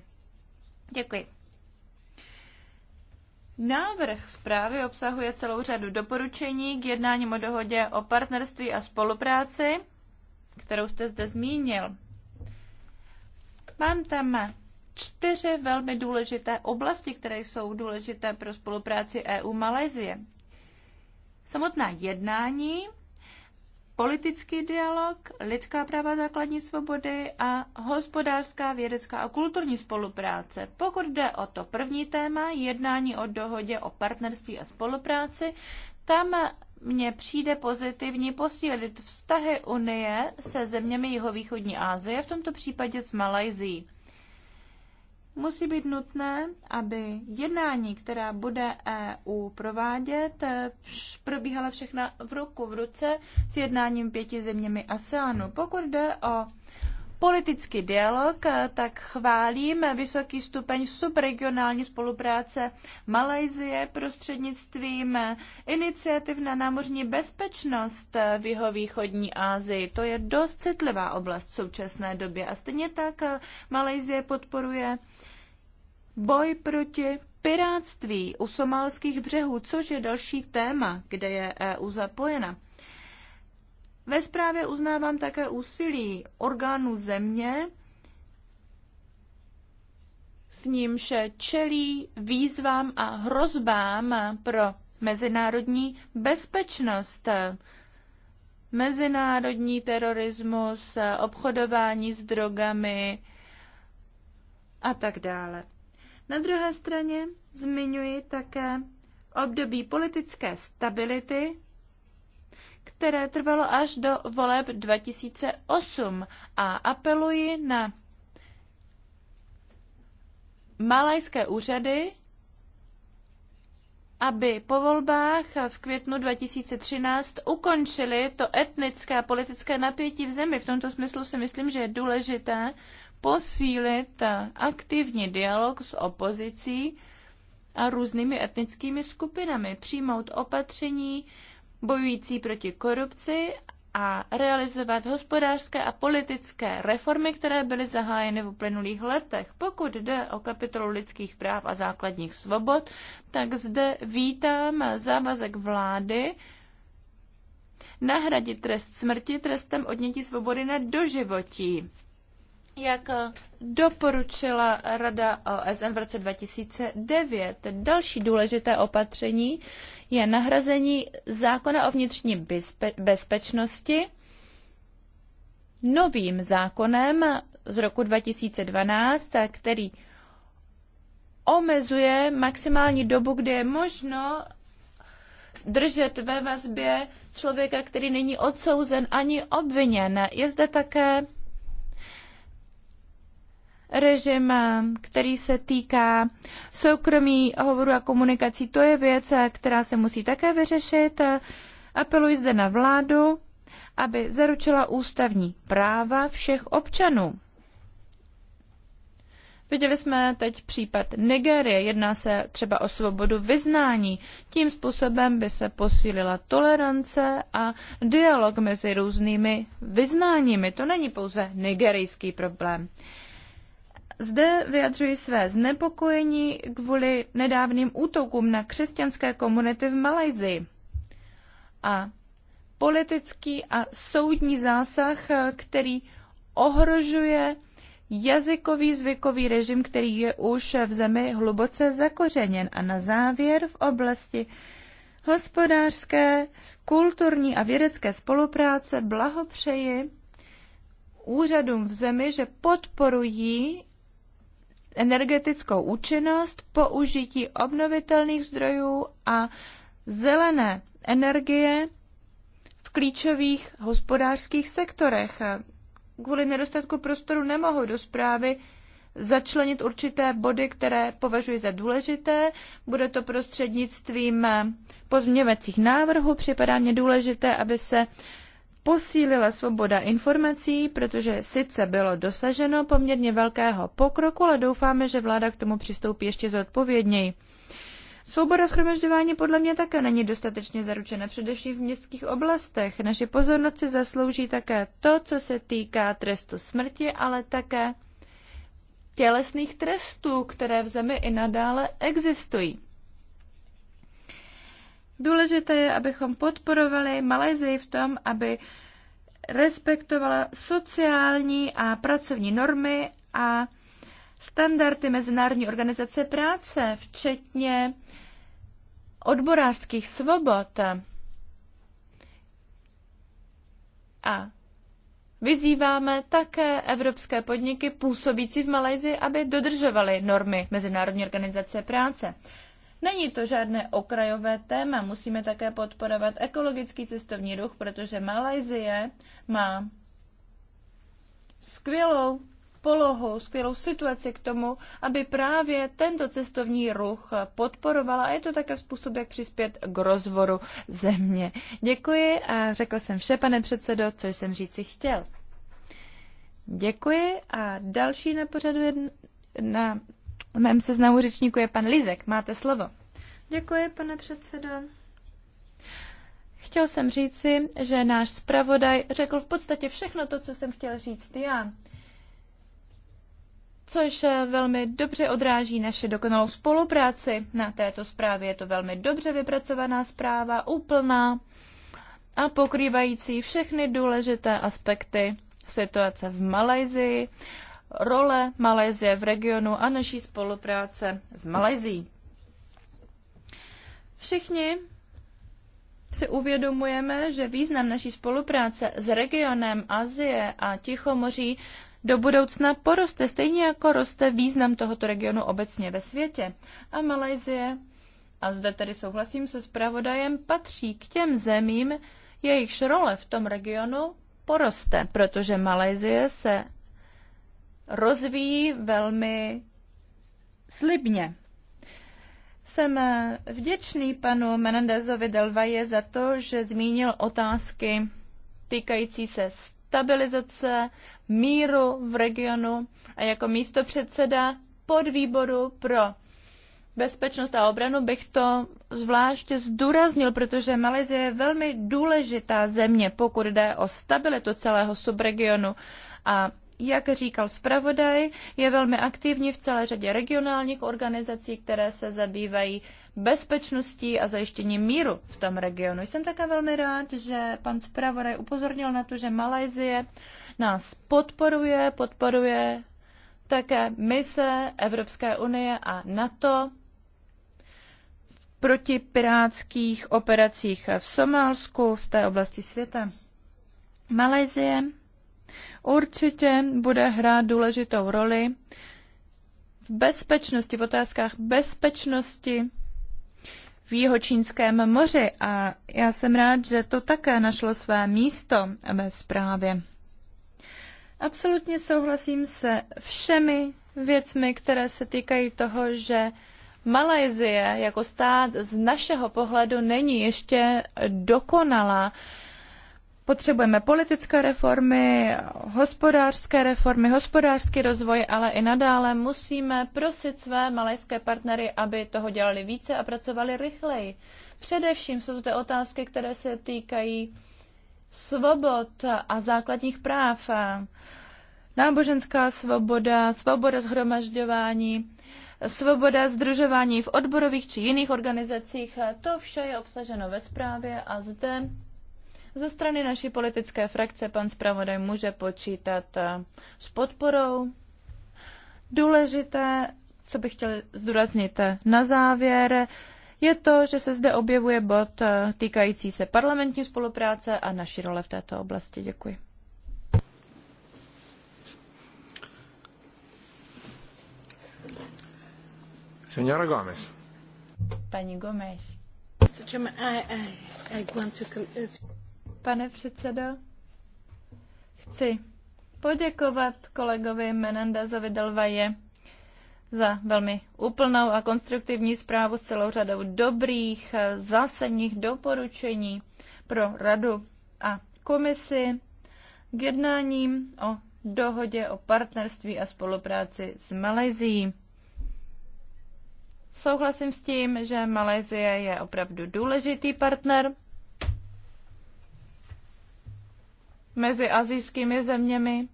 Děkuji. Návrh zprávy obsahuje celou řadu doporučení k jednáním o dohodě o partnerství a spolupráci, kterou jste zde zmínil. Mám tam čtyři velmi důležité oblasti, které jsou důležité pro spolupráci EU-Malezie. Samotná jednání politický dialog, lidská práva základní svobody a hospodářská, vědecká a kulturní spolupráce. Pokud jde o to první téma, jednání o dohodě o partnerství a spolupráci, tam mně přijde pozitivní posílit vztahy Unie se zeměmi jihovýchodní Asie, v tomto případě s Malajzí musí být nutné, aby jednání, která bude EU provádět, probíhala všechna v ruku v ruce s jednáním pěti zeměmi ASEANu. Pokud jde o politický dialog, tak chválím vysoký stupeň subregionální spolupráce Malajzie prostřednictvím iniciativ na námořní bezpečnost v východní Ázii. To je dost citlivá oblast v současné době a stejně tak Malajzie podporuje boj proti piráctví u somálských břehů, což je další téma, kde je EU zapojena. Ve zprávě uznávám také úsilí orgánů země, s nímž čelí výzvám a hrozbám pro mezinárodní bezpečnost, mezinárodní terorismus, obchodování s drogami a tak dále. Na druhé straně zmiňuji také období politické stability, které trvalo až do voleb 2008 a apeluji na malajské úřady, aby po volbách v květnu 2013 ukončili to etnické a politické napětí v zemi. V tomto smyslu si myslím, že je důležité posílit aktivní dialog s opozicí a různými etnickými skupinami, přijmout opatření bojující proti korupci a realizovat hospodářské a politické reformy, které byly zahájeny v uplynulých letech. Pokud jde o kapitolu lidských práv a základních svobod, tak zde vítám závazek vlády nahradit trest smrti trestem odnětí svobody na doživotí jak eh, doporučila Rada OSN v roce 2009. Další důležité opatření je nahrazení zákona o vnitřní bezpe bezpečnosti novým zákonem z roku 2012, který omezuje maximální dobu, kdy je možno držet ve vazbě člověka, který není odsouzen ani obviněn. Je zde také režim, který se týká soukromí hovoru a komunikací, to je věc, která se musí také vyřešit. Apeluji zde na vládu, aby zaručila ústavní práva všech občanů. Viděli jsme teď případ Nigérie. Jedná se třeba o svobodu vyznání. Tím způsobem by se posílila tolerance a dialog mezi různými vyznáními. To není pouze nigerijský problém. Zde vyjadřuji své znepokojení kvůli nedávným útokům na křesťanské komunity v Malajzii a politický a soudní zásah, který ohrožuje jazykový zvykový režim, který je už v zemi hluboce zakořeněn. A na závěr v oblasti hospodářské, kulturní a vědecké spolupráce blahopřeji úřadům v zemi, že podporují energetickou účinnost, použití obnovitelných zdrojů a zelené energie v klíčových hospodářských sektorech. Kvůli nedostatku prostoru nemohu do zprávy začlenit určité body, které považuji za důležité. Bude to prostřednictvím pozměňovacích návrhů. Připadá mě důležité, aby se posílila svoboda informací, protože sice bylo dosaženo poměrně velkého pokroku, ale doufáme, že vláda k tomu přistoupí ještě zodpovědněji. Svoboda schromažďování podle mě také není dostatečně zaručena, především v městských oblastech. Naše pozornost si zaslouží také to, co se týká trestu smrti, ale také tělesných trestů, které v zemi i nadále existují. Důležité je, abychom podporovali Malajzii v tom, aby respektovala sociální a pracovní normy a standardy Mezinárodní organizace práce, včetně odborářských svobod. A vyzýváme také evropské podniky působící v Malajzii, aby dodržovaly normy Mezinárodní organizace práce. Není to žádné okrajové téma, musíme také podporovat ekologický cestovní ruch, protože Malajzie má skvělou polohu, skvělou situaci k tomu, aby právě tento cestovní ruch podporovala a je to také způsob, jak přispět k rozvoru země. Děkuji a řekl jsem vše, pane předsedo, co jsem říci chtěl. Děkuji a další na pořadu jedna, na mém seznamu řečníku je pan Lizek. Máte slovo. Děkuji, pane předsedo. Chtěl jsem říci, že náš zpravodaj řekl v podstatě všechno to, co jsem chtěl říct já. Což eh, velmi dobře odráží naše dokonalou spolupráci. Na této zprávě je to velmi dobře vypracovaná zpráva, úplná a pokrývající všechny důležité aspekty situace v Malajzii role Malézie v regionu a naší spolupráce s Malajzí. Všichni si uvědomujeme, že význam naší spolupráce s regionem Asie a Tichomoří do budoucna poroste, stejně jako roste význam tohoto regionu obecně ve světě. A Malajzie, a zde tedy souhlasím se zpravodajem, patří k těm zemím, jejichž role v tom regionu poroste, protože Malajzie se rozvíjí velmi slibně. Jsem vděčný panu Menendezovi Delvaje za to, že zmínil otázky týkající se stabilizace, míru v regionu a jako místo předseda podvýboru pro bezpečnost a obranu bych to zvláště zdůraznil, protože Malezie je velmi důležitá země, pokud jde o stabilitu celého subregionu a jak říkal zpravodaj, je velmi aktivní v celé řadě regionálních organizací, které se zabývají bezpečností a zajištěním míru v tom regionu. Jsem také velmi rád, že pan zpravodaj upozornil na to, že Malajzie nás podporuje, podporuje také mise Evropské unie a NATO v protipirátských operacích v Somálsku, v té oblasti světa. Malajzie určitě bude hrát důležitou roli v bezpečnosti, v otázkách bezpečnosti v Jihočínském moři a já jsem rád, že to také našlo své místo ve zprávě. Absolutně souhlasím se všemi věcmi, které se týkají toho, že Malajzie jako stát z našeho pohledu není ještě dokonalá. Potřebujeme politické reformy, hospodářské reformy, hospodářský rozvoj, ale i nadále musíme prosit své malajské partnery, aby toho dělali více a pracovali rychleji. Především jsou zde otázky, které se týkají svobod a základních práv, náboženská svoboda, svoboda zhromažďování, svoboda združování v odborových či jiných organizacích. To vše je obsaženo ve zprávě a zde ze strany naší politické frakce pan zpravodaj může počítat eh, s podporou. Důležité, co bych chtěl zdůraznit eh, na závěr, je to, že se zde objevuje bod eh, týkající se parlamentní spolupráce a naší role v této oblasti. Děkuji. Senora Gomez. Paní Gomez pane předsedo. Chci poděkovat kolegovi Menendezovi Delvaje za velmi úplnou a konstruktivní zprávu s celou řadou dobrých zásadních doporučení pro radu a komisi k jednáním o dohodě o partnerství a spolupráci s Malajzií. Souhlasím s tím, že Malajzie je opravdu důležitý partner mezi azijskými zeměmi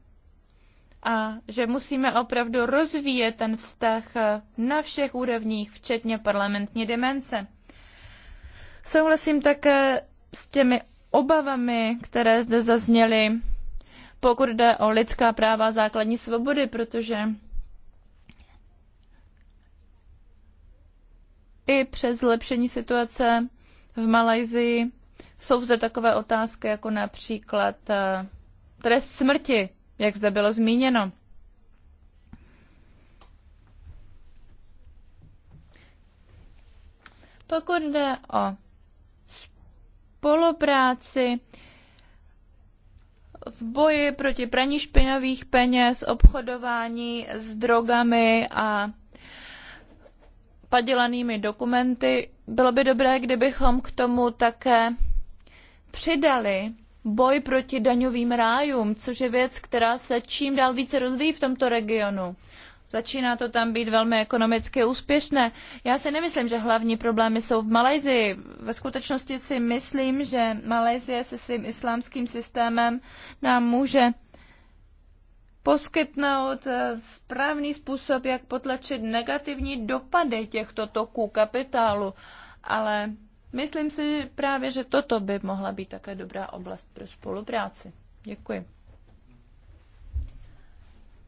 a že musíme opravdu rozvíjet ten vztah na všech úrovních, včetně parlamentní dimenze. Souhlasím také s těmi obavami, které zde zazněly, pokud jde o lidská práva a základní svobody, protože i přes zlepšení situace v Malajzii jsou zde takové otázky jako například eh, trest smrti, jak zde bylo zmíněno. Pokud jde o spolupráci v boji proti praní špinavých peněz, obchodování s drogami a padělanými dokumenty, bylo by dobré, kdybychom k tomu také přidali boj proti daňovým rájům, což je věc, která se čím dál více rozvíjí v tomto regionu. Začíná to tam být velmi ekonomicky úspěšné. Já si nemyslím, že hlavní problémy jsou v Malajzii. Ve skutečnosti si myslím, že Malajzie se svým islámským systémem nám může poskytnout eh, správný způsob, jak potlačit negativní dopady těchto toků kapitálu. Ale Myslím si právě, že toto by mohla být také dobrá oblast pro spolupráci. Děkuji.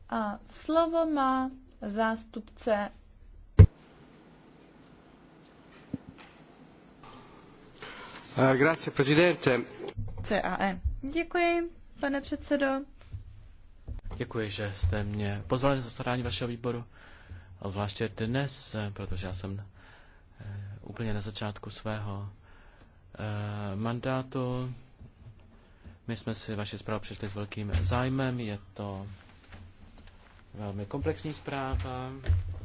A slovo má zástupce eh, Grazie, presidente. CAE. Děkuji, pane předsedo. Děkuji, že jste mě pozvali na zasedání vašeho výboru, zvláště dnes, eh, protože já jsem úplně na začátku svého e, mandátu. My jsme si vaši zprávu přišli s velkým zájmem, je to velmi komplexní zpráva.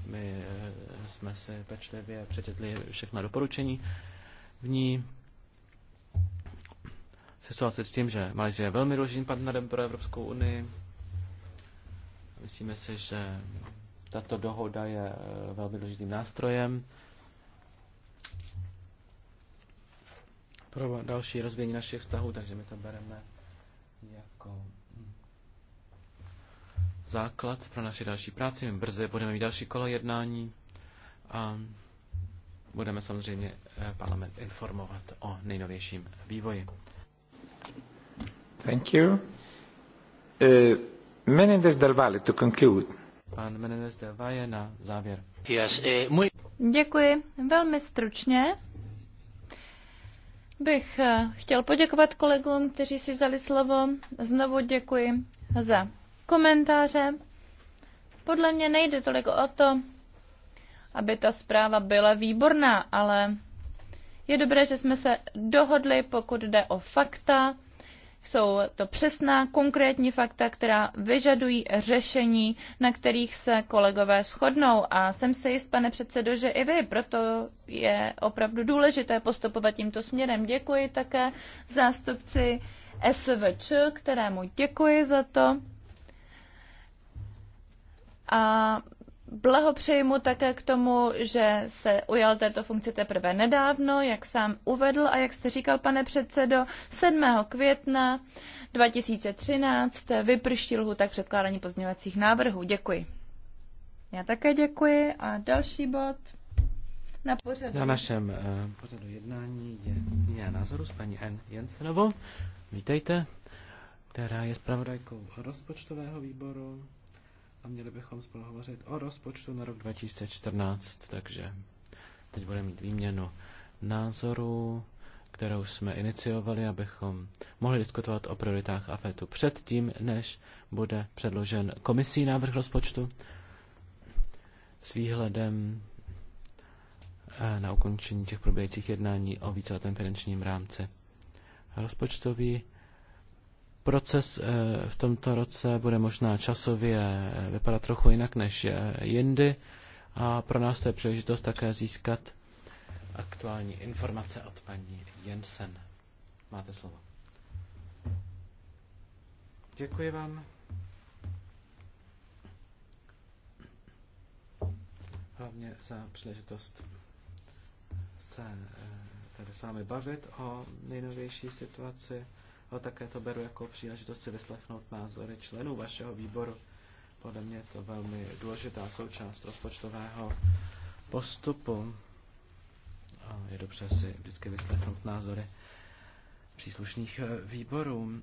My eh, jsme si pečlivě přečetli všechna doporučení v ní. Se souhlasit s tím, že Malizie je velmi důležitým partnerem pro Evropskou unii. Myslíme si, že tato dohoda je eh, velmi důležitým nástrojem pro další rozvíjení našich vztahů, takže my to bereme jako základ pro naši další práci. My brzy budeme mít další kolo jednání a budeme samozřejmě eh, parlament informovat o nejnovějším vývoji. Thank you. Uh, Menendez del Valle to conclude. Pan Menendez del Valle na závěr. Eh, Děkuji. Velmi stručně bych eh, chtěl poděkovat kolegům, kteří si vzali slovo. Znovu děkuji za komentáře. Podle mě nejde tolik o to, aby ta zpráva byla výborná, ale je dobré, že jsme se dohodli, pokud jde o fakta, jsou to přesná, konkrétní fakta, která vyžadují řešení, na kterých se kolegové shodnou. A jsem si jist, pane předsedo, že i vy, proto je opravdu důležité postupovat tímto směrem. Děkuji také zástupci SVČ, kterému děkuji za to. A Blahopřeji mu také k tomu, že se ujal této funkce teprve nedávno, jak sám uvedl a jak jste říkal, pane předsedo, 7. května 2013 vyprští lhůta k předkládání pozměňovacích návrhů. Děkuji. Já také děkuji a další bod na pořadu. Na našem uh, pořadu jednání je změna názoru s paní N. Jensenovou. Vítejte, která je zpravodajkou rozpočtového výboru a měli bychom spolu hovořit o rozpočtu na rok 2014, takže teď budeme mít výměnu názoru, kterou jsme iniciovali, abychom mohli diskutovat o prioritách AFETu předtím, než bude předložen komisí návrh rozpočtu s výhledem eh, na ukončení těch probějících jednání o víceletém finančním rámci. Rozpočtový Proces eh, v tomto roce bude možná časově eh, vypadat trochu jinak než eh, jindy a pro nás to je příležitost také získat aktuální informace od paní Jensen. Máte slovo. Děkuji vám. Hlavně za příležitost se tady s vámi bavit o nejnovější situaci ale no, také to beru jako příležitost si vyslechnout názory členů vašeho výboru. Podle mě je to velmi důležitá součást rozpočtového postupu. A je dobře si vždycky vyslechnout názory příslušných eh, výborů.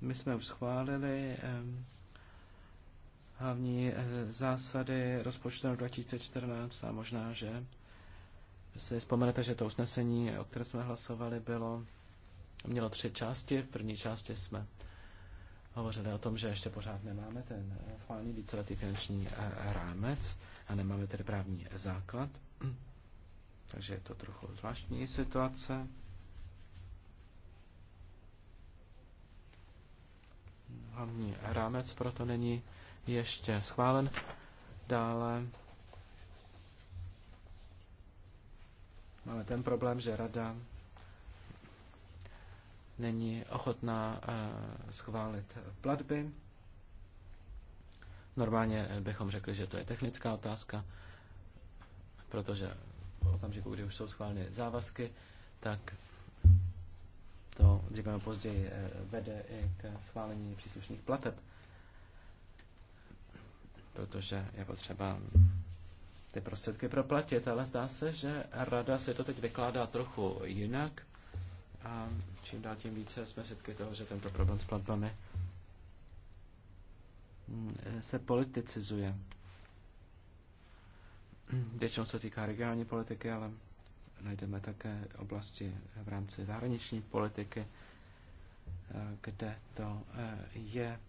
My jsme už schválili hlavní eh, zásady rozpočtu 2014 a možná, že si vzpomenete, že to usnesení, o které jsme hlasovali, bylo mělo tři části. V první části jsme hovořili o tom, že ještě pořád nemáme ten schválený víceletý finanční eh, rámec a nemáme tedy právní základ. Takže je to trochu zvláštní situace. Hlavní rámec proto není ještě schválen. Dále máme ten problém, že rada není ochotná eh, schválit platby. Normálně bychom řekli, že to je technická otázka, protože v okamžiku, kdy už jsou schváleny závazky, tak to dříve nebo později eh, vede i k schválení příslušných plateb, protože je potřeba ty prostředky proplatit, ale zdá se, že rada si to teď vykládá trochu jinak a čím dál tím více jsme svědky toho, že tento problém s platbami mm, eh, se politicizuje. Většinou se týká regionální politiky, ale najdeme také oblasti v rámci zahraniční politiky, eh, kde to eh, je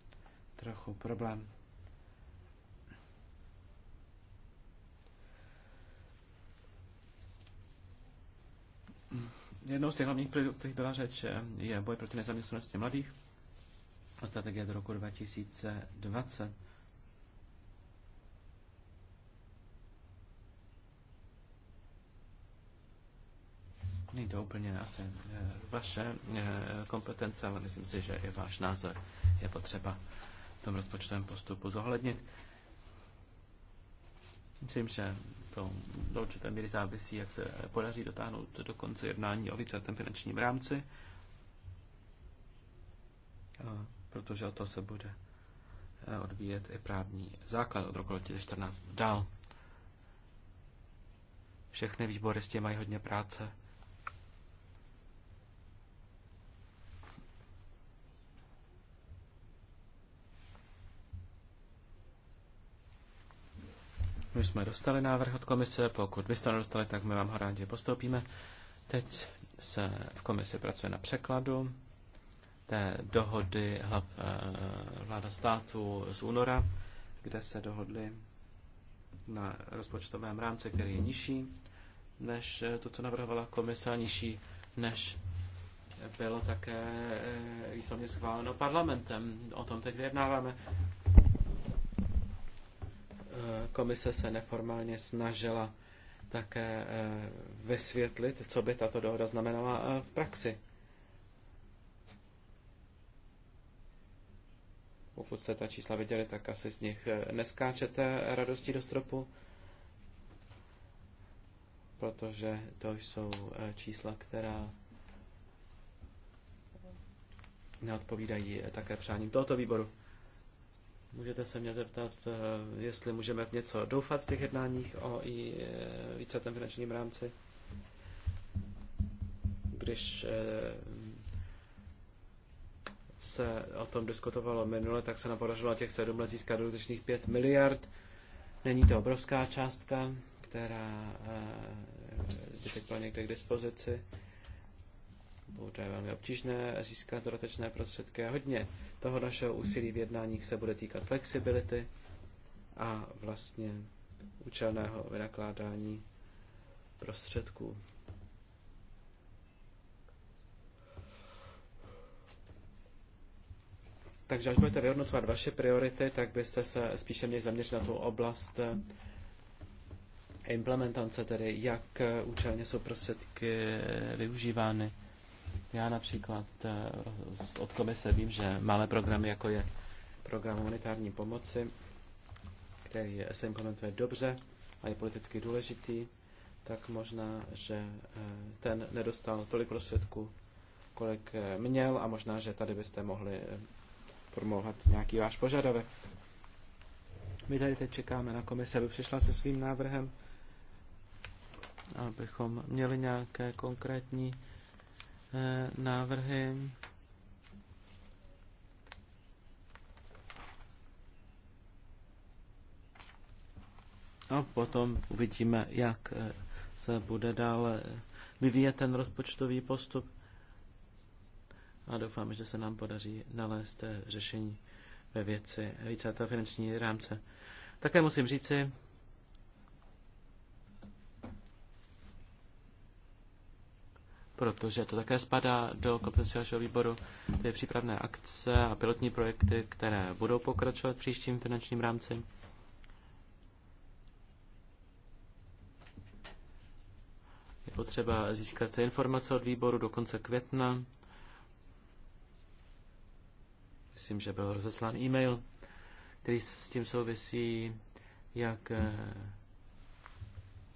trochu problém. Mm. Jednou z těch hlavních, o kterých byla řeč, je boj proti nezaměstnanosti mladých a strategie do roku 2020. Není to úplně asi eh, vaše eh, kompetence, ale myslím si, že i váš názor je potřeba v tom rozpočtovém postupu zohlednit. Myslím, že to do určité míry závisí, jak se podaří dotáhnout do konce jednání o víceletém finančním rámci, protože o to se bude eh, odvíjet i právní základ od roku 2014 dál. Všechny výbory s tím mají hodně práce My jsme dostali návrh od komise, pokud vy jste dostali, tak my vám ho rádi postoupíme. Teď se v komisi pracuje na překladu té dohody hlav, eh, vláda státu z února, kde se dohodli na rozpočtovém rámci, který je nižší než eh, to, co navrhovala komise, nižší než bylo také eh, výslovně schváleno parlamentem. O tom teď vyjednáváme. Eh, komise se neformálně snažila také eh, vysvětlit, co by tato dohoda znamenala eh, v praxi. Pokud jste ta čísla viděli, tak asi z nich neskáčete radostí do stropu, protože to jsou čísla, která neodpovídají také přáním tohoto výboru. Můžete se mě zeptat, eh, jestli můžeme v něco doufat v těch jednáních o i eh, vícetém finančním rámci, když eh, se o tom diskutovalo minule, tak se nám podařilo těch sedm let získat dodatečných 5 miliard. Není to obrovská částka, která je teď někde k dispozici bude velmi obtížné získat dodatečné prostředky. Hodně toho našeho úsilí v jednáních se bude týkat flexibility a vlastně účelného vynakládání prostředků. Takže až budete vyhodnocovat vaše priority, tak byste se spíše měli zaměřit na tu oblast eh, implementace, tedy jak účelně jsou prostředky využívány. Já například eh, od komise vím, že malé programy, jako je program humanitární pomoci, který se implementuje dobře a je politicky důležitý, tak možná, že eh, ten nedostal tolik prostředků, kolik eh, měl a možná, že tady byste mohli formulovat nějaký váš požadavek. My tady teď čekáme na komisi, aby přišla se svým návrhem, abychom měli nějaké konkrétní Eh, návrhy. A potom uvidíme, jak eh, se bude dál eh, vyvíjet ten rozpočtový postup. A doufám, že se nám podaří nalézt řešení ve věci víceletého finanční rámce. Také musím říci, protože to také spadá do kompetenčního výboru, ty přípravné akce a pilotní projekty, které budou pokračovat v příštím finančním rámci. Je potřeba získat se informace od výboru do konce května. Myslím, že byl rozeslán e-mail, který s tím souvisí, jak eh,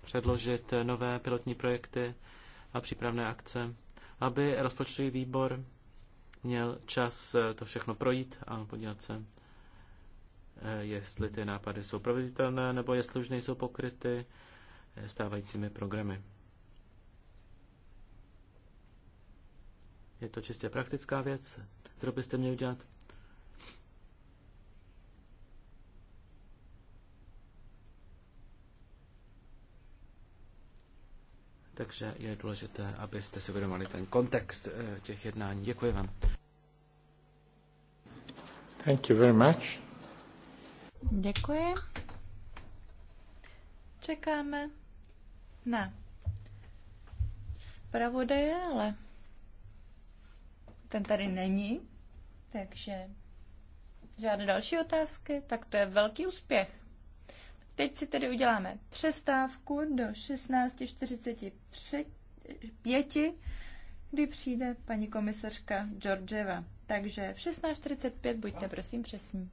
předložit nové pilotní projekty a přípravné akce, aby rozpočtový výbor měl čas eh, to všechno projít a podívat se, eh, jestli ty nápady jsou proveditelné nebo jestli už nejsou pokryty eh, stávajícími programy. Je to čistě praktická věc, kterou byste měli udělat. takže je důležité, abyste si uvědomili ten kontext eh, těch jednání. Děkuji vám. Thank you very much. Děkuji. Čekáme na zpravodaje, ale ten tady není, takže žádné další otázky, tak to je velký úspěch. Teď si tedy uděláme přestávku do 16.45, kdy přijde paní komisařka Georgieva. Takže v 16.45 buďte prosím přesní.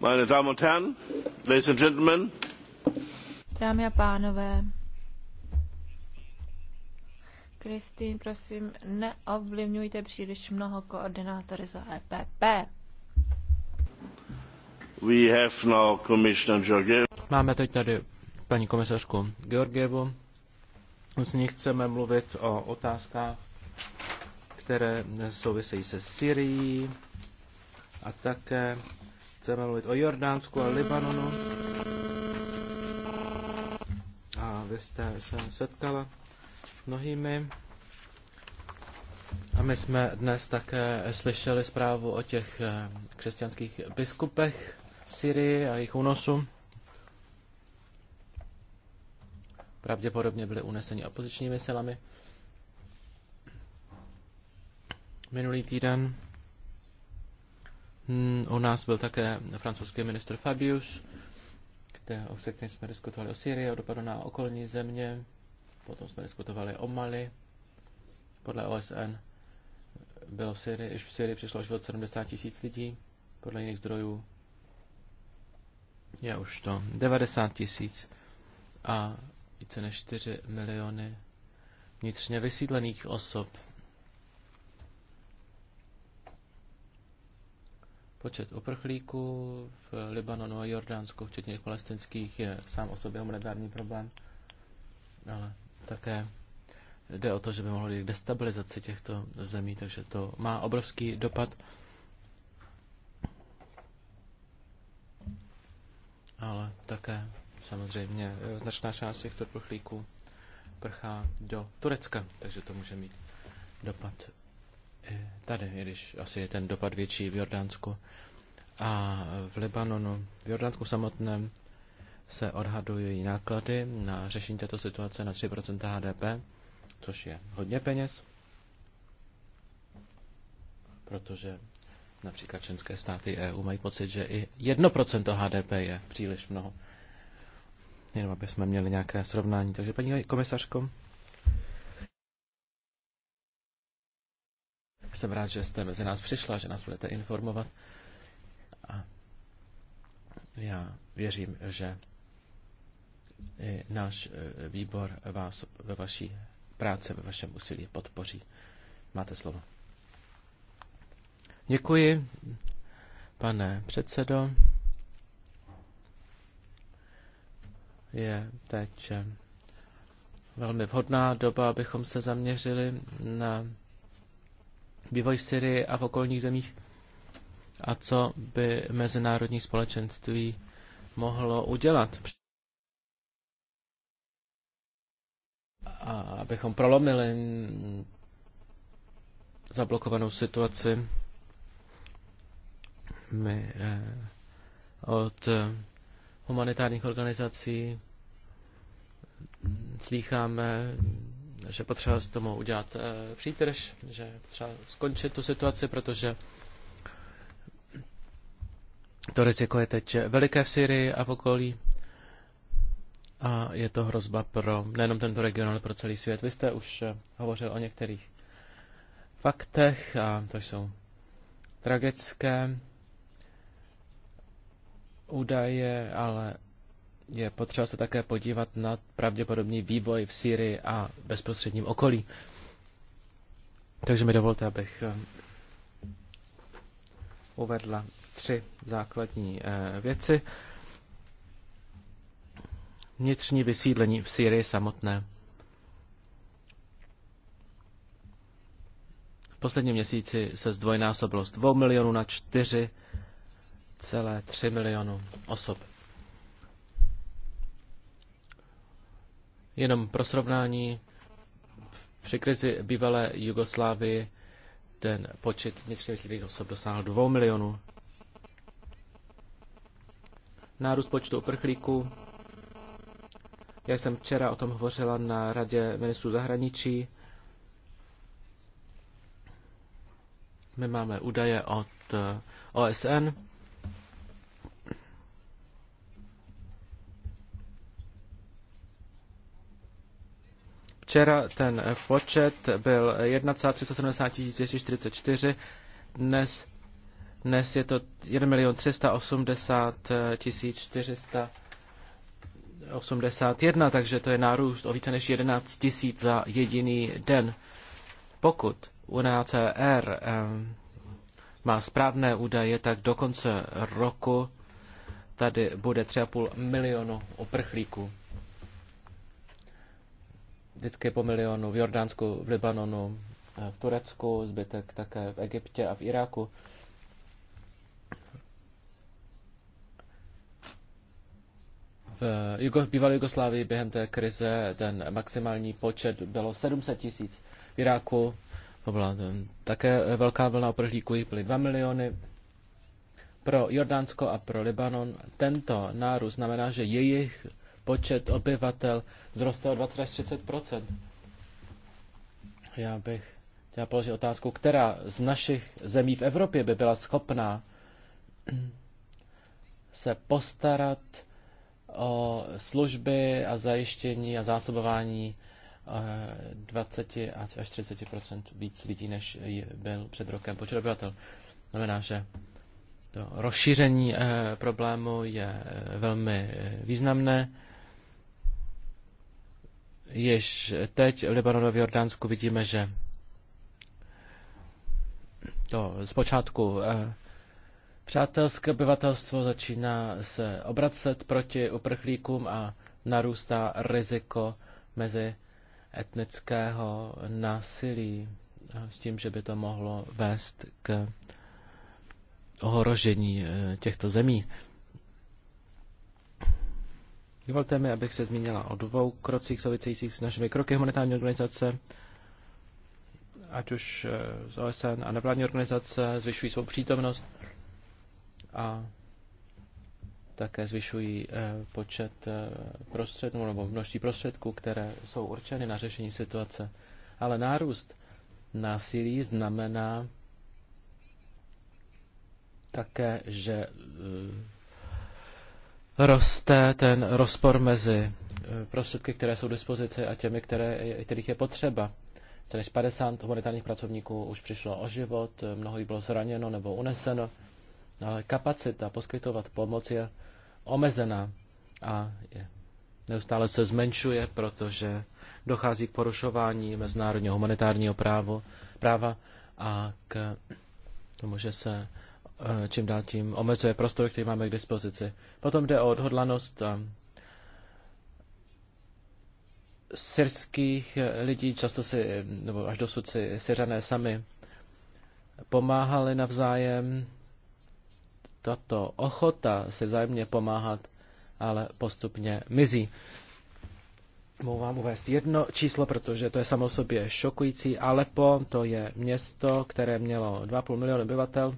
meine Damen und Herren, Ladies and Gentlemen. Dámy a pánové, Kristýn, prosím, neovlivňujte příliš mnoho koordinátory za EPP. We have now Commissioner Máme teď tady paní komisařku Georgievu. S ní chceme mluvit o otázkách, které souvisejí se Syrií a také Chceme mluvit o Jordánsku a Libanonu. A vy jste se setkala mnohými. A my jsme dnes také slyšeli zprávu o těch eh, křesťanských biskupech v Syrii a jejich únosu. Pravděpodobně byli uneseni opozičními silami. Minulý týden Hmm, u nás byl také francouzský ministr Fabius, kde, se kterým jsme diskutovali o Syrii, o dopadu na okolní země, potom jsme diskutovali o Mali. Podle OSN bylo v Syrii, v Syrii přišlo život 70 tisíc lidí, podle jiných zdrojů je už to 90 tisíc a více než 4 miliony vnitřně vysídlených osob. počet uprchlíků v Libanonu a Jordánsku, včetně palestinských, je sám o sobě humanitární problém, ale také jde o to, že by mohlo jít k destabilizaci těchto zemí, takže to má obrovský dopad. Ale také samozřejmě eh, značná část těchto uprchlíků prchá do Turecka, takže to může mít dopad tady, i když asi je ten dopad větší v Jordánsku a v Libanonu. V Jordánsku samotném se odhadují náklady na řešení této situace na 3% HDP, což je hodně peněz, protože například členské státy EU mají pocit, že i 1% HDP je příliš mnoho. Jenom aby jsme měli nějaké srovnání. Takže paní komisařko, Jsem rád, že jste mezi nás přišla, že nás budete informovat. A já věřím, že i náš e, výbor vás ve vaší práci, ve vašem úsilí podpoří. Máte slovo. Děkuji, pane předsedo. Je teď e, velmi vhodná doba, abychom se zaměřili na vývoj v Syrii a v okolních zemích a co by mezinárodní společenství mohlo udělat. A abychom prolomili zablokovanou situaci, my eh, od eh, humanitárních organizací slýcháme že potřeba s tomu udělat eh, přítrž, že potřeba skončit tu situaci, protože to riziko je teď veliké v Syrii a v okolí a je to hrozba pro nejenom tento region, ale pro celý svět. Vy jste už eh, hovořil o některých faktech a to jsou tragické údaje, ale je potřeba se také podívat na pravděpodobný vývoj v Syrii a bezprostředním okolí. Takže mi dovolte, abych eh, uvedla tři základní eh, věci. Vnitřní vysídlení v Syrii samotné. V posledním měsíci se zdvojnásobilo z 2 milionů na 4,3 milionů osob. Jenom pro srovnání, při krizi bývalé Jugoslávii ten počet vnitřně vysídlených osob dosáhl 2 milionů. Nárůst počtu uprchlíků. Já jsem včera o tom hovořila na radě ministrů zahraničí. My máme údaje od eh, OSN. Včera ten počet byl 1,370 244, dnes, dnes je to 1 380 481, takže to je nárůst o více než 11 000 za jediný den. Pokud UNHCR má správné údaje, tak do konce roku tady bude 3,5 milionu uprchlíků vždycky po milionu v Jordánsku, v Libanonu, eh, v Turecku, zbytek také v Egyptě a v Iráku. V Jugo, bývalé Jugoslávii během té krize ten maximální počet bylo 700 tisíc. V Iráku to byla také velká vlna oprhlíků, jich byly 2 miliony. Pro Jordánsko a pro Libanon tento nárůst znamená, že jejich počet obyvatel vzroste o 20 až 30 Já bych já položit otázku, která z našich zemí v Evropě by byla schopná se postarat o služby a zajištění a zásobování 20 eh, až 30 víc lidí, než byl před rokem počet obyvatel. Znamená, že to rozšíření eh, problému je eh, velmi významné. Jež teď v Libanonu v Jordánsku vidíme, že to zpočátku eh, přátelské obyvatelstvo začíná se obracet proti uprchlíkům a narůstá riziko mezi etnického násilí eh, s tím, že by to mohlo vést k ohrožení eh, těchto zemí. Dovolte mi, abych se zmínila o dvou krocích souvisejících s našimi kroky humanitární organizace, ať už eh, z OSN a nevládní organizace zvyšují svou přítomnost a také zvyšují eh, počet eh, prostředků nebo množství prostředků, které jsou určeny na řešení situace. Ale nárůst násilí znamená také, že roste ten rozpor mezi eh, prostředky, které jsou k dispozici a těmi, které, kterých je potřeba. Tedy 50 humanitárních pracovníků už přišlo o život, eh, mnoho jich bylo zraněno nebo uneseno, ale kapacita poskytovat pomoc je omezená a je, neustále se zmenšuje, protože dochází k porušování mezinárodního humanitárního právo, práva a k tomu, že se Eh, čím dál tím omezuje prostor, který máme k dispozici. Potom jde o odhodlanost syrských lidí, často si, nebo až dosud si syřané sami pomáhali navzájem. Tato ochota si vzájemně pomáhat, ale postupně mizí. Mohu vám uvést jedno číslo, protože to je samo sobě šokující. Alepo, to je město, které mělo 2,5 milionu obyvatel,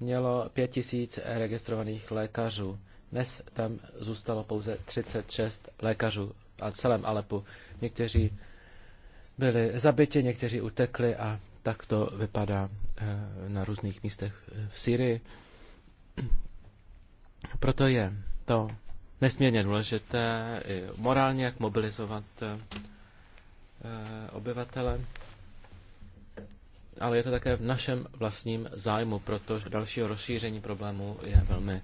mělo 5000 registrovaných lékařů. Dnes tam zůstalo pouze 36 lékařů a celém Alepu. Někteří byli zabiti, někteří utekli a tak to vypadá eh, na různých místech eh, v Syrii. Proto je to nesmírně důležité i morálně, jak mobilizovat eh, obyvatele ale je to také v našem vlastním zájmu, protože dalšího rozšíření problému je velmi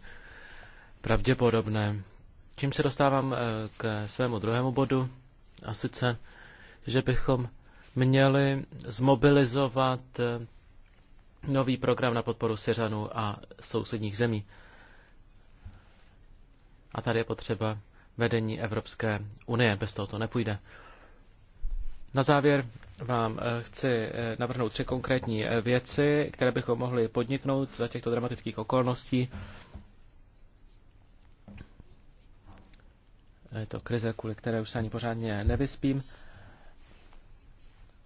pravděpodobné. Čím se dostávám eh, k svému druhému bodu, a sice, že bychom měli zmobilizovat eh, nový program na podporu Syřanů a sousedních zemí. A tady je potřeba vedení Evropské unie, bez toho to nepůjde. Na závěr vám eh, chci eh, navrhnout tři konkrétní eh, věci, které bychom mohli podniknout za těchto dramatických okolností. Je to krize, kvůli které už se ani pořádně nevyspím.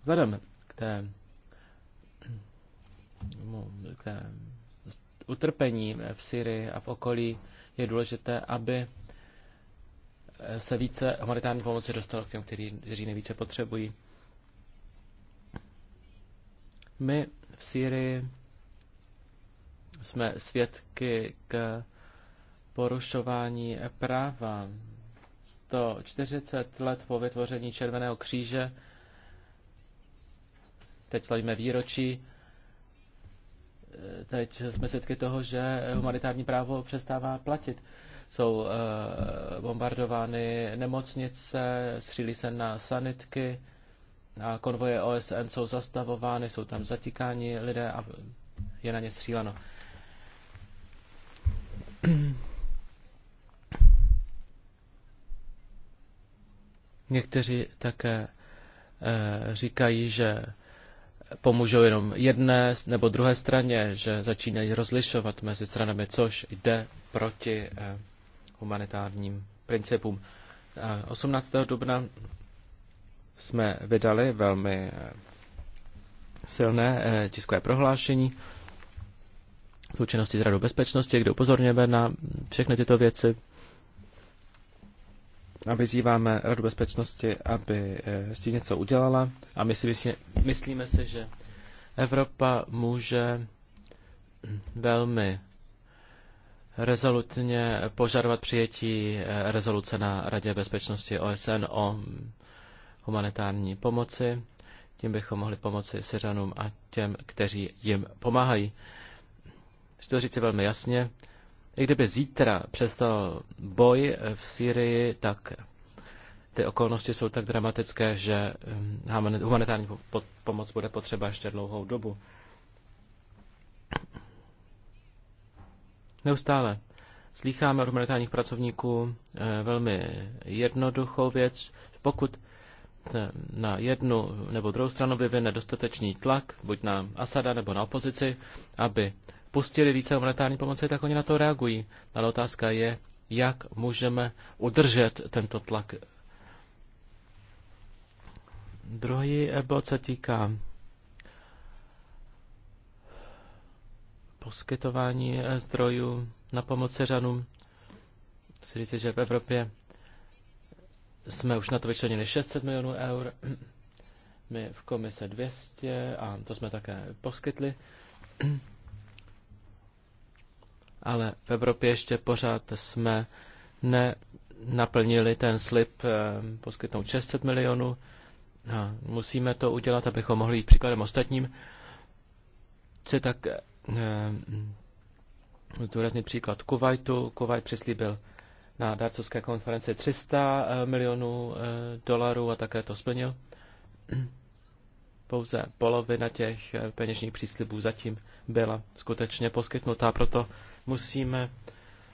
Vzhledem k té, no, k té utrpení v Syrii a v okolí je důležité, aby se více humanitární pomoci dostalo k těm, kteří, kteří nejvíce potřebují. My v Sýrii jsme svědky k porušování práva. 140 let po vytvoření Červeného kříže, teď slavíme výročí, teď jsme svědky toho, že humanitární právo přestává platit. Jsou eh, bombardovány nemocnice, střílí se na sanitky, a konvoje OSN jsou zastavovány, jsou tam zatýkáni lidé a je na ně stříleno. Někteří také eh, říkají, že pomůžou jenom jedné nebo druhé straně, že začínají rozlišovat mezi stranami, což jde proti eh, humanitárním principům. Eh, 18. dubna jsme vydali velmi eh, silné eh, tiskové prohlášení v účinnosti s Radou bezpečnosti, kde upozorňujeme na všechny tyto věci a vyzýváme Radu bezpečnosti, aby eh, s tím něco udělala. A my si myslí, myslíme si, že Evropa může velmi rezolutně požadovat přijetí rezoluce na Radě bezpečnosti OSN o humanitární pomoci. Tím bychom mohli pomoci Syřanům a těm, kteří jim pomáhají. Chci to říci velmi jasně. I kdyby zítra přestal boj v Syrii, tak ty okolnosti jsou tak dramatické, že hm, humanitární pomoc bude potřeba ještě dlouhou dobu. Neustále slýcháme od humanitárních pracovníků eh, velmi jednoduchou věc. Pokud na jednu nebo druhou stranu vyvine dostatečný tlak, buď na Asada nebo na opozici, aby pustili více humanitární pomoci, tak oni na to reagují. Ale otázka je, jak můžeme udržet tento tlak. Druhý bod se týká poskytování zdrojů na pomoc seřanům. Chci říct, že v Evropě jsme už na to vyčlenili 600 milionů eur, my v komise 200 a to jsme také poskytli. Ale v Evropě ještě pořád jsme nenaplnili ten slib eh, poskytnout 600 milionů. A musíme to udělat, abychom mohli jít příkladem ostatním. Chci tak eh, mm, zdůraznit příklad Kuwaitu. Kuwait přislíbil na darcovské konferenci 300 eh, milionů eh, dolarů a také to splnil. Pouze polovina těch eh, peněžních příslibů zatím byla skutečně poskytnutá, proto musíme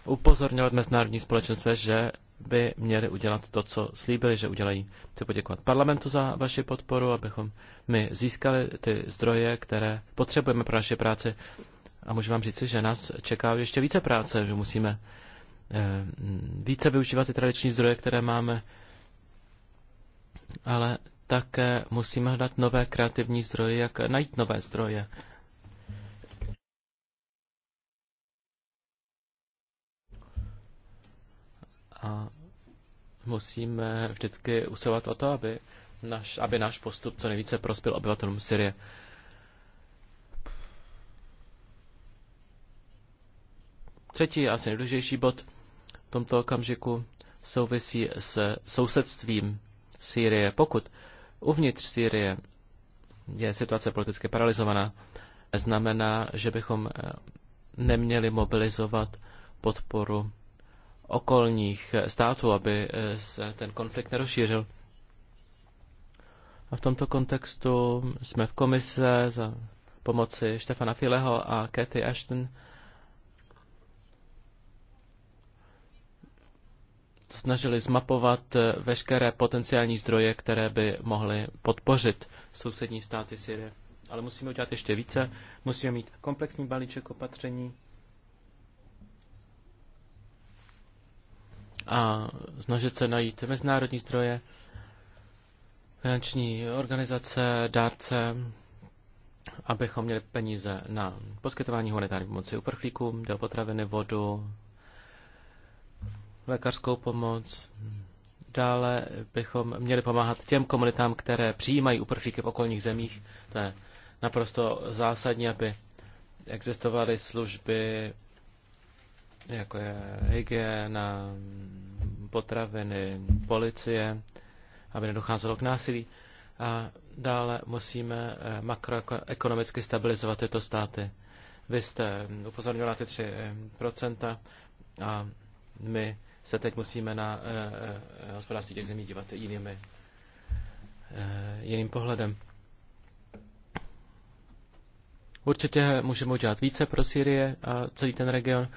upozorňovat mezinárodní společenství, že by měli udělat to, co slíbili, že udělají. Chci poděkovat parlamentu za vaši podporu, abychom my získali ty zdroje, které potřebujeme pro naše práci. A můžu vám říci, že nás čeká ještě více práce, že musíme Eh, více využívat ty tradiční zdroje, které máme, ale také musíme hledat nové kreativní zdroje, jak najít nové zdroje. A musíme vždycky usilovat o to, aby náš, aby náš postup co nejvíce prospěl obyvatelům Syrie. Třetí a asi nejdůležitější bod v tomto okamžiku souvisí s sousedstvím Sýrie. Pokud uvnitř Sýrie je situace politicky paralizovaná, znamená, že bychom eh, neměli mobilizovat podporu okolních států, aby eh, se ten konflikt nerozšířil. A v tomto kontextu jsme v komise za pomoci Štefana Fileho a Kathy Ashton snažili zmapovat eh, veškeré potenciální zdroje, které by mohly podpořit sousední státy Syrie. Ale musíme udělat ještě více, musíme mít komplexní balíček opatření a snažit se najít mezinárodní zdroje, finanční organizace, dárce, abychom měli peníze na poskytování humanitární pomoci uprchlíkům, do potraviny, vodu, lékařskou pomoc. Dále bychom měli pomáhat těm komunitám, které přijímají uprchlíky v okolních zemích. To je naprosto zásadní, aby existovaly služby jako je hygiena, potraviny, policie, aby nedocházelo k násilí. A dále musíme eh, makroekonomicky stabilizovat tyto státy. Vy jste upozorňoval na ty 3% eh, a my se teď musíme na eh, eh, hospodářství těch zemí dívat jinými, eh, jiným pohledem. Určitě můžeme udělat více pro Syrie a celý ten region.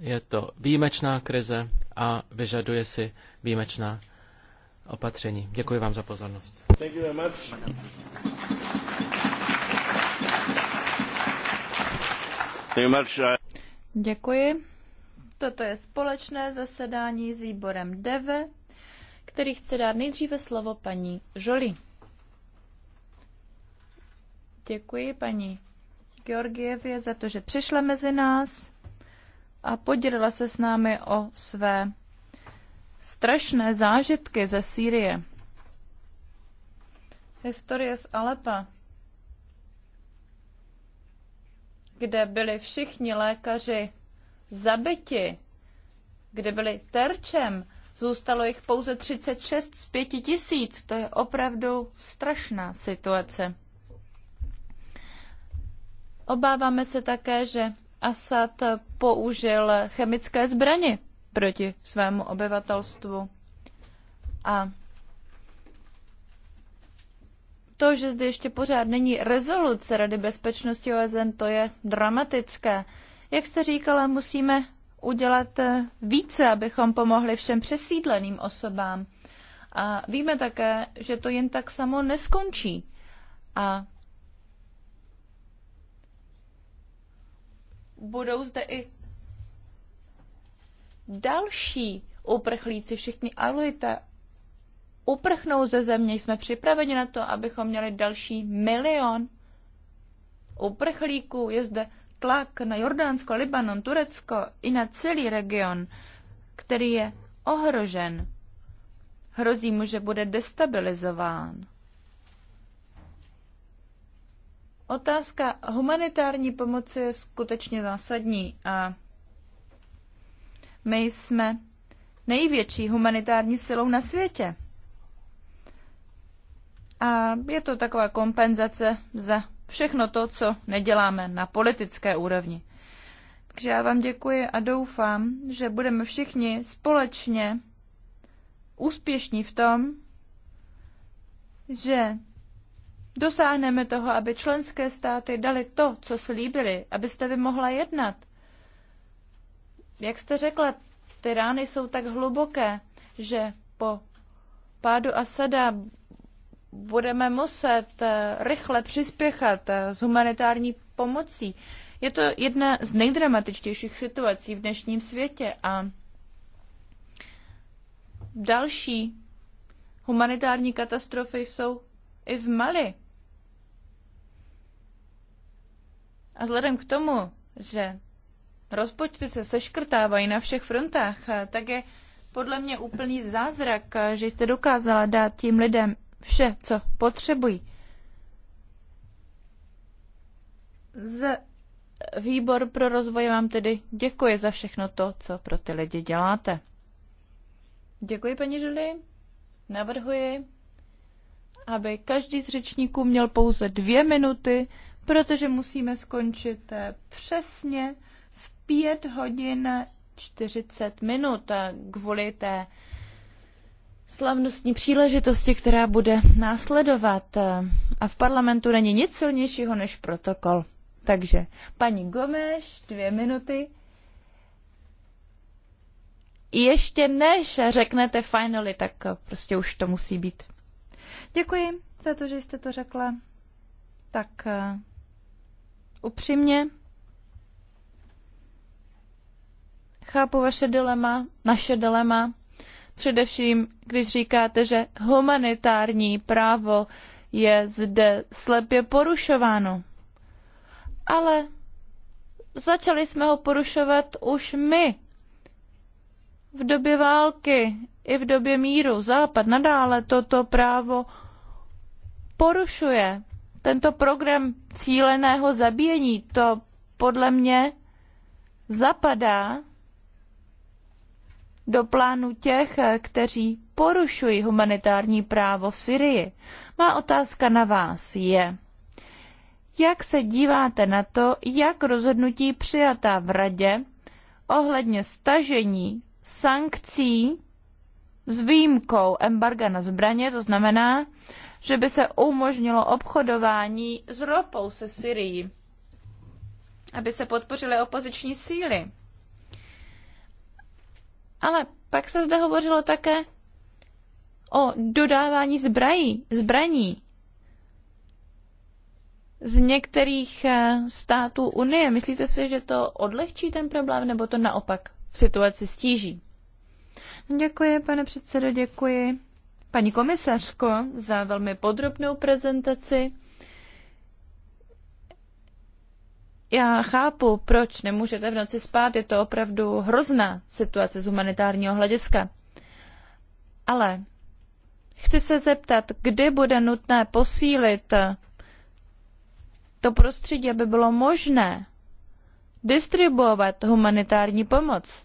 Je to výjimečná krize a vyžaduje si výjimečná opatření. Děkuji vám za pozornost. Thank you very much. Děkuji. Toto je společné zasedání s výborem DEVE, který chce dát nejdříve slovo paní Žoli. Děkuji paní Georgievě za to, že přišla mezi nás a podělila se s námi o své strašné zážitky ze Sýrie. Historie z Alepa, kde byli všichni lékaři zabiti, kde byli terčem, zůstalo jich pouze 36 z 5 tisíc. To je opravdu strašná situace. Obáváme se také, že Assad použil chemické zbraně proti svému obyvatelstvu. A to, že zde ještě pořád není rezoluce Rady bezpečnosti OSN, to je dramatické. Jak jste říkala, musíme udělat eh, více, abychom pomohli všem přesídleným osobám. A víme také, že to jen tak samo neskončí. A budou zde i další uprchlíci, všichni aluita, uprchnou ze země. Jsme připraveni na to, abychom měli další milion uprchlíků. Je zde tlak na Jordánsko, Libanon, Turecko i na celý region, který je ohrožen. Hrozí mu, že bude destabilizován. Otázka humanitární pomoci je skutečně zásadní a my jsme největší humanitární silou na světě. A je to taková kompenzace za všechno to, co neděláme na politické úrovni. Takže já vám děkuji a doufám, že budeme všichni společně úspěšní v tom, že dosáhneme toho, aby členské státy dali to, co slíbili, abyste vy mohla jednat. Jak jste řekla, ty rány jsou tak hluboké, že po pádu Asada budeme muset eh, rychle přispěchat eh, s humanitární pomocí. Je to jedna z nejdramatičtějších situací v dnešním světě a další humanitární katastrofy jsou i v Mali. A vzhledem k tomu, že rozpočty se seškrtávají na všech frontách, eh, tak je podle mě úplný zázrak, že jste dokázala dát tím lidem vše, co potřebují. Z výbor pro rozvoj vám tedy děkuji za všechno to, co pro ty lidi děláte. Děkuji, paní Žuli. Navrhuji, aby každý z řečníků měl pouze dvě minuty, protože musíme skončit eh, přesně v pět hodin 40 minut eh, kvůli té slavnostní příležitosti, která bude následovat. A v parlamentu není nic silnějšího než protokol. Takže paní Gomeš, dvě minuty. Ještě než řeknete finally, tak prostě už to musí být. Děkuji za to, že jste to řekla. Tak eh, upřímně. Chápu vaše dilema, naše dilema. Především, když říkáte, že humanitární právo je zde slepě porušováno. Ale začali jsme ho porušovat už my. V době války i v době míru Západ nadále toto právo porušuje. Tento program cíleného zabíjení, to podle mě zapadá do plánu těch, eh, kteří porušují humanitární právo v Syrii. Má otázka na vás je, jak se díváte na to, jak rozhodnutí přijatá v Radě ohledně stažení sankcí s výjimkou embarga na zbraně, to znamená, že by se umožnilo obchodování s ropou se Syrií, aby se podpořily opoziční síly. Ale pak se zde hovořilo také o dodávání zbraní, zbraní z některých eh, států Unie. Myslíte si, že to odlehčí ten problém, nebo to naopak v situaci stíží? Děkuji, pane předsedo, děkuji paní komisařko za velmi podrobnou prezentaci. Já chápu, proč nemůžete v noci spát, je to opravdu hrozná situace z humanitárního hlediska. Ale chci se zeptat, kdy bude nutné posílit to prostředí, aby bylo možné distribuovat humanitární pomoc.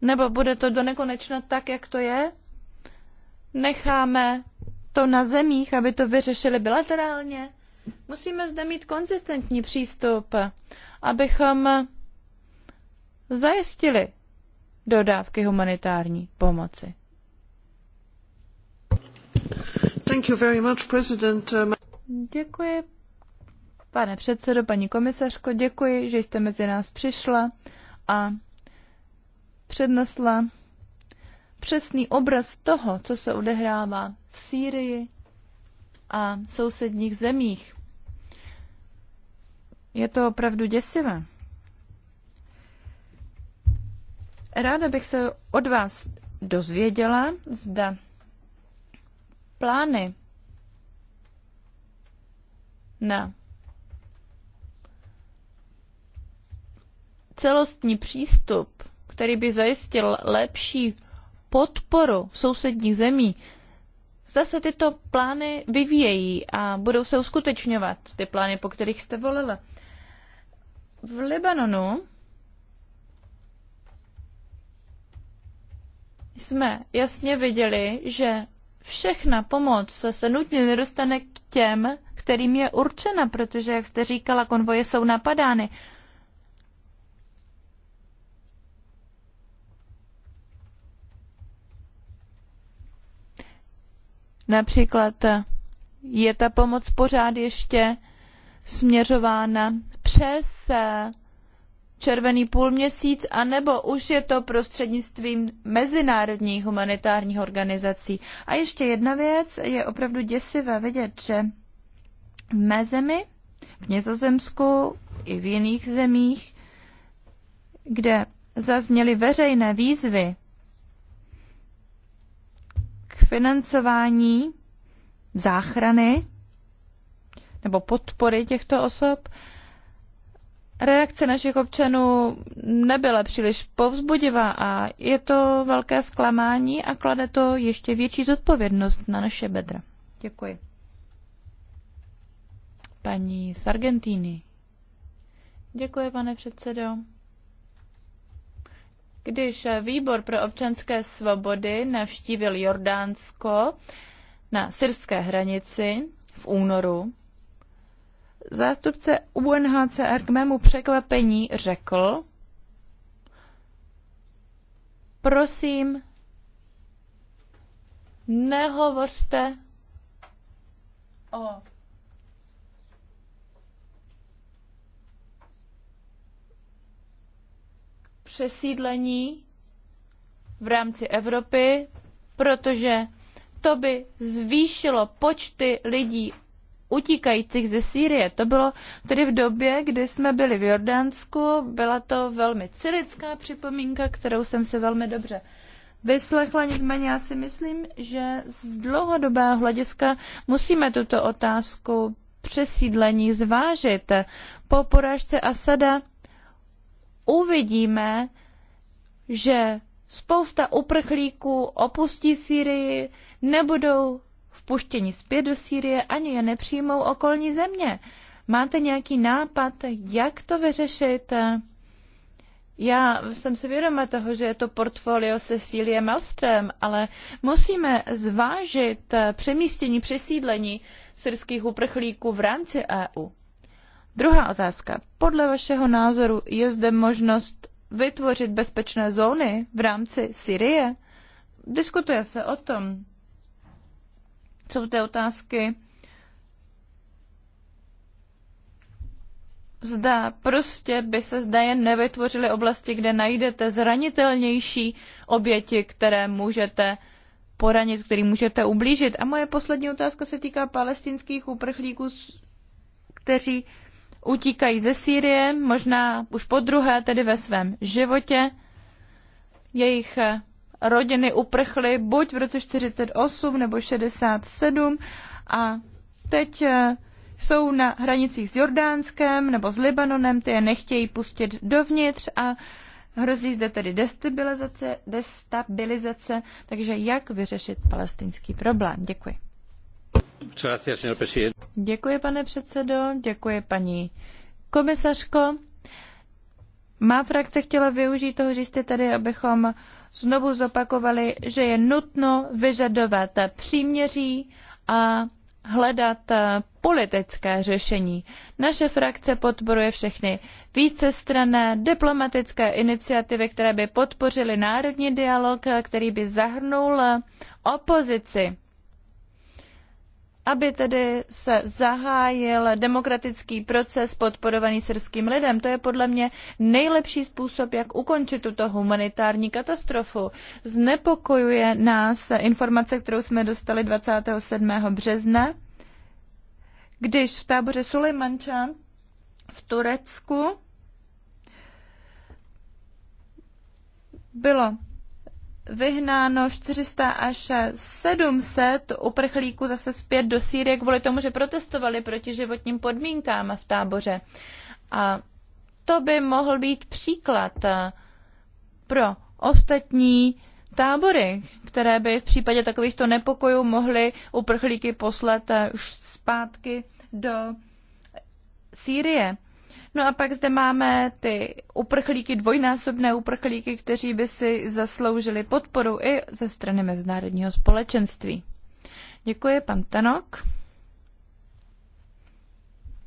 Nebo bude to do nekonečna tak, jak to je? Necháme to na zemích, aby to vyřešili bilaterálně? Musíme zde mít konzistentní přístup, abychom zajistili dodávky humanitární pomoci. Thank you very much, President. Děkuji, pane předsedo, paní komisařko, děkuji, že jste mezi nás přišla a přednesla přesný obraz toho, co se odehrává v Sýrii a sousedních zemích. Je to opravdu děsivé. Ráda bych se od vás dozvěděla, zda plány na celostní přístup, který by zajistil lepší podporu sousedních zemí. Zda se tyto plány vyvíjejí a budou se uskutečňovat, ty plány, po kterých jste volila. V Libanonu jsme jasně viděli, že všechna pomoc se nutně nedostane k těm, kterým je určena, protože, jak jste říkala, konvoje jsou napadány. Například eh, je ta pomoc pořád ještě směřována přes eh, červený půlměsíc, anebo už je to prostřednictvím mezinárodních humanitárních organizací. A ještě jedna věc, je opravdu děsivé vidět, že v mé zemi, v Nězozemsku i v jiných zemích, kde zazněly veřejné výzvy financování záchrany nebo podpory těchto osob, reakce našich občanů nebyla příliš povzbudivá a je to velké zklamání a klade to ještě větší zodpovědnost na naše bedra. Děkuji. Paní z Argentíny. Děkuji, pane předsedo. Když výbor pro občanské svobody navštívil Jordánsko na syrské hranici v únoru, zástupce UNHCR k mému překvapení řekl, prosím, nehovořte o přesídlení v rámci Evropy, protože to by zvýšilo počty lidí utíkajících ze Sýrie. To bylo tedy v době, kdy jsme byli v Jordánsku. Byla to velmi cynická připomínka, kterou jsem se velmi dobře vyslechla. Nicméně já si myslím, že z dlouhodobého hlediska musíme tuto otázku přesídlení zvážit. Po porážce Asada uvidíme, že spousta uprchlíků opustí Sýrii, nebudou vpuštěni zpět do Sýrie, ani je nepřijmou okolní země. Máte nějaký nápad, jak to vyřešit? Já jsem si vědoma toho, že je to portfolio se Cecilie Malstrem, ale musíme zvážit přemístění, přesídlení syrských uprchlíků v rámci EU. Druhá otázka. Podle vašeho názoru je zde možnost vytvořit bezpečné zóny v rámci Syrie? Diskutuje se o tom. Jsou té otázky, Zda prostě by se zda jen nevytvořily oblasti, kde najdete zranitelnější oběti, které můžete poranit, který můžete ublížit. A moje poslední otázka se týká palestinských uprchlíků, kteří utíkají ze Sýrie, možná už po druhé tedy ve svém životě. Jejich eh, rodiny uprchly buď v roce 48 nebo 67 a teď eh, jsou na hranicích s Jordánskem nebo s Libanonem, ty je nechtějí pustit dovnitř a hrozí zde tedy destabilizace, destabilizace takže jak vyřešit palestinský problém? Děkuji. Děkuji, pane předsedo, děkuji, paní komisařko. Má frakce chtěla využít toho, že jste tady, abychom znovu zopakovali, že je nutno vyžadovat příměří a hledat politické řešení. Naše frakce podporuje všechny vícestranné diplomatické iniciativy, které by podpořily národní dialog, který by zahrnul opozici aby tedy se zahájil demokratický proces podporovaný syrským lidem. To je podle mě nejlepší způsob, jak ukončit tuto humanitární katastrofu. Znepokojuje nás informace, kterou jsme dostali 27. března, když v táboře Sulejmanča v Turecku bylo vyhnáno 400 až 700 uprchlíků zase zpět do Sýrie kvůli tomu, že protestovali proti životním podmínkám v táboře. A to by mohl být příklad eh, pro ostatní tábory, které by v případě takovýchto nepokojů mohly uprchlíky poslat eh, už zpátky do Sýrie. No a pak zde máme ty uprchlíky, dvojnásobné uprchlíky, kteří by si zasloužili podporu i ze strany mezinárodního společenství. Děkuji, pan Tanok.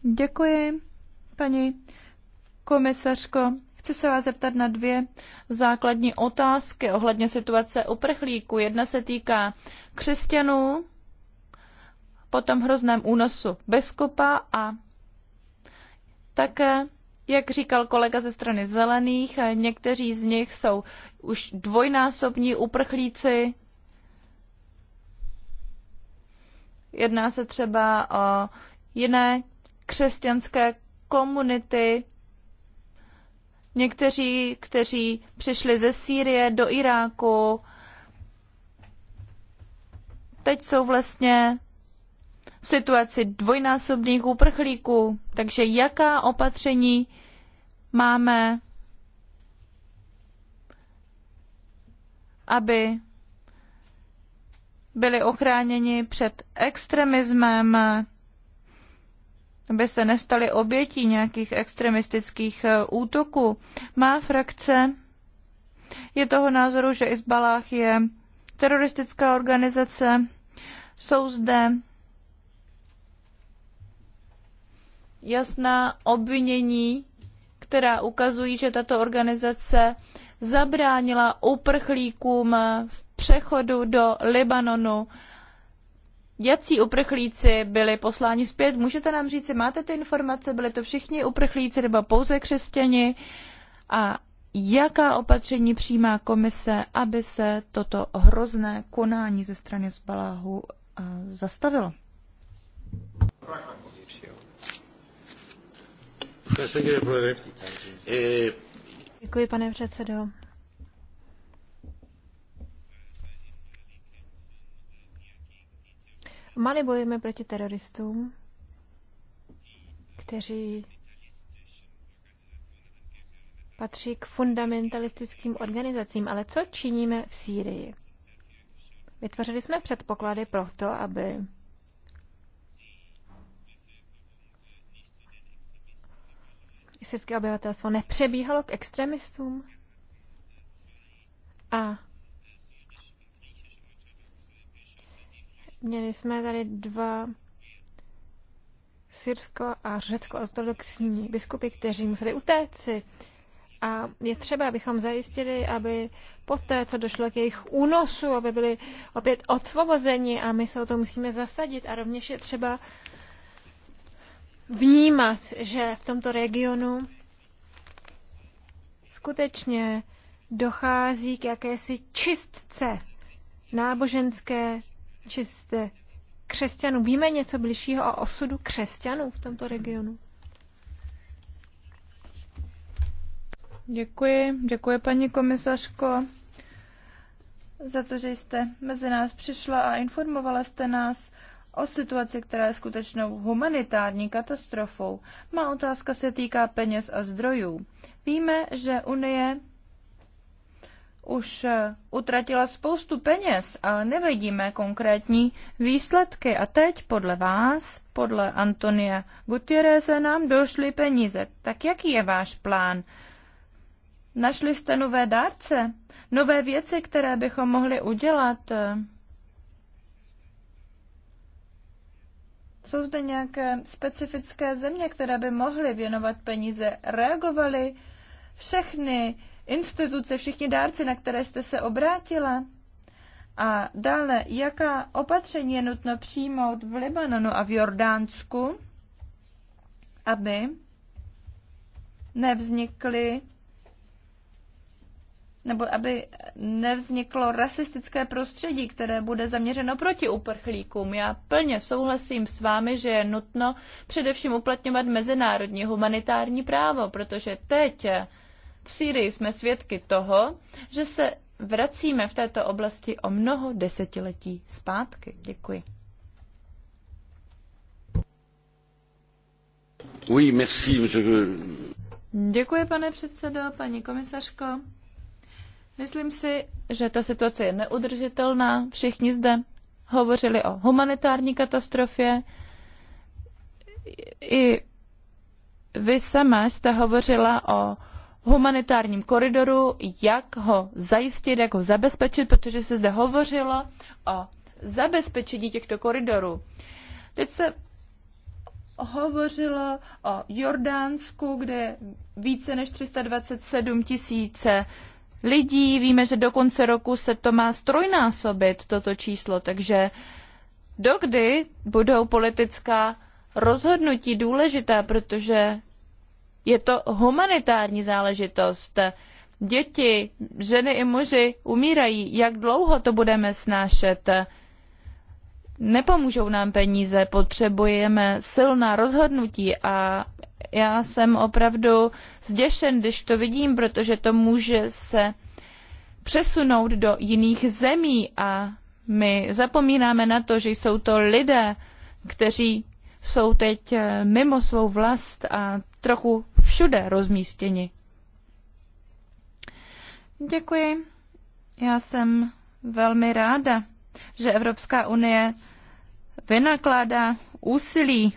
Děkuji, paní komisařko. Chci se vás zeptat na dvě základní otázky ohledně situace uprchlíků. Jedna se týká křesťanů potom hrozném únosu biskupa a také, jak říkal kolega ze strany zelených, někteří z nich jsou už dvojnásobní uprchlíci. Jedná se třeba o jiné křesťanské komunity, někteří, kteří přišli ze Sýrie do Iráku, teď jsou vlastně v situaci dvojnásobných uprchlíků. Takže jaká opatření máme, aby byli ochráněni před extremismem, aby se nestali obětí nějakých extremistických eh, útoků. Má frakce je toho názoru, že Izbalách je teroristická organizace, jsou zde jasná obvinění, která ukazují, že tato organizace zabránila uprchlíkům v přechodu do Libanonu. Jací uprchlíci byli posláni zpět? Můžete nám říct, máte ty informace, byli to všichni uprchlíci nebo pouze křesťani? A jaká opatření přijímá komise, aby se toto hrozné konání ze strany Zbaláhu eh, zastavilo? Eh, Děkuji, pane předsedo. Mali bojujeme proti teroristům, kteří patří k fundamentalistickým organizacím. Ale co činíme v Sýrii? Vytvořili jsme předpoklady pro to, aby syrské obyvatelstvo nepřebíhalo k extremistům? A měli jsme tady dva syrsko a řecko-ortodoxní biskupy, kteří museli utéci. A je třeba, abychom zajistili, aby poté, co došlo k jejich únosu, aby byli opět osvobozeni a my se o to musíme zasadit. A rovněž je třeba vnímat, že v tomto regionu skutečně dochází k jakési čistce, náboženské čistce křesťanů. Víme něco bližšího o osudu křesťanů v tomto regionu? Děkuji, děkuji paní komisařko za to, že jste mezi nás přišla a informovala jste nás o situaci, která je skutečnou humanitární katastrofou. Má otázka se týká peněz a zdrojů. Víme, že Unie už eh, utratila spoustu peněz, ale nevidíme konkrétní výsledky. A teď podle vás, podle Antonia Gutiérreze, nám došly peníze. Tak jaký je váš plán? Našli jste nové dárce? Nové věci, které bychom mohli udělat? Eh, Jsou zde nějaké specifické země, které by mohly věnovat peníze? Reagovaly všechny instituce, všichni dárci, na které jste se obrátila? A dále, jaká opatření je nutno přijmout v Libanonu a v Jordánsku, aby nevznikly nebo aby nevzniklo rasistické prostředí, které bude zaměřeno proti uprchlíkům. Já plně souhlasím s vámi, že je nutno především uplatňovat mezinárodní humanitární právo, protože teď v Sýrii jsme svědky toho, že se vracíme v této oblasti o mnoho desetiletí zpátky. Děkuji. Oui, merci, Děkuji, pane předsedo, paní komisařko. Myslím si, že ta situace je neudržitelná. Všichni zde hovořili o humanitární katastrofě. I vy sama jste hovořila o humanitárním koridoru, jak ho zajistit, jak ho zabezpečit, protože se zde hovořilo o zabezpečení těchto koridorů. Teď se hovořilo o Jordánsku, kde je více než 327 tisíce lidí. Víme, že do konce roku se to má strojnásobit, toto číslo, takže dokdy budou politická rozhodnutí důležitá, protože je to humanitární záležitost. Děti, ženy i muži umírají. Jak dlouho to budeme snášet? Nepomůžou nám peníze, potřebujeme silná rozhodnutí a já jsem opravdu zděšen, když to vidím, protože to může se přesunout do jiných zemí a my zapomínáme na to, že jsou to lidé, kteří jsou teď eh, mimo svou vlast a trochu všude rozmístěni. Děkuji. Já jsem velmi ráda, že Evropská unie vynakládá úsilí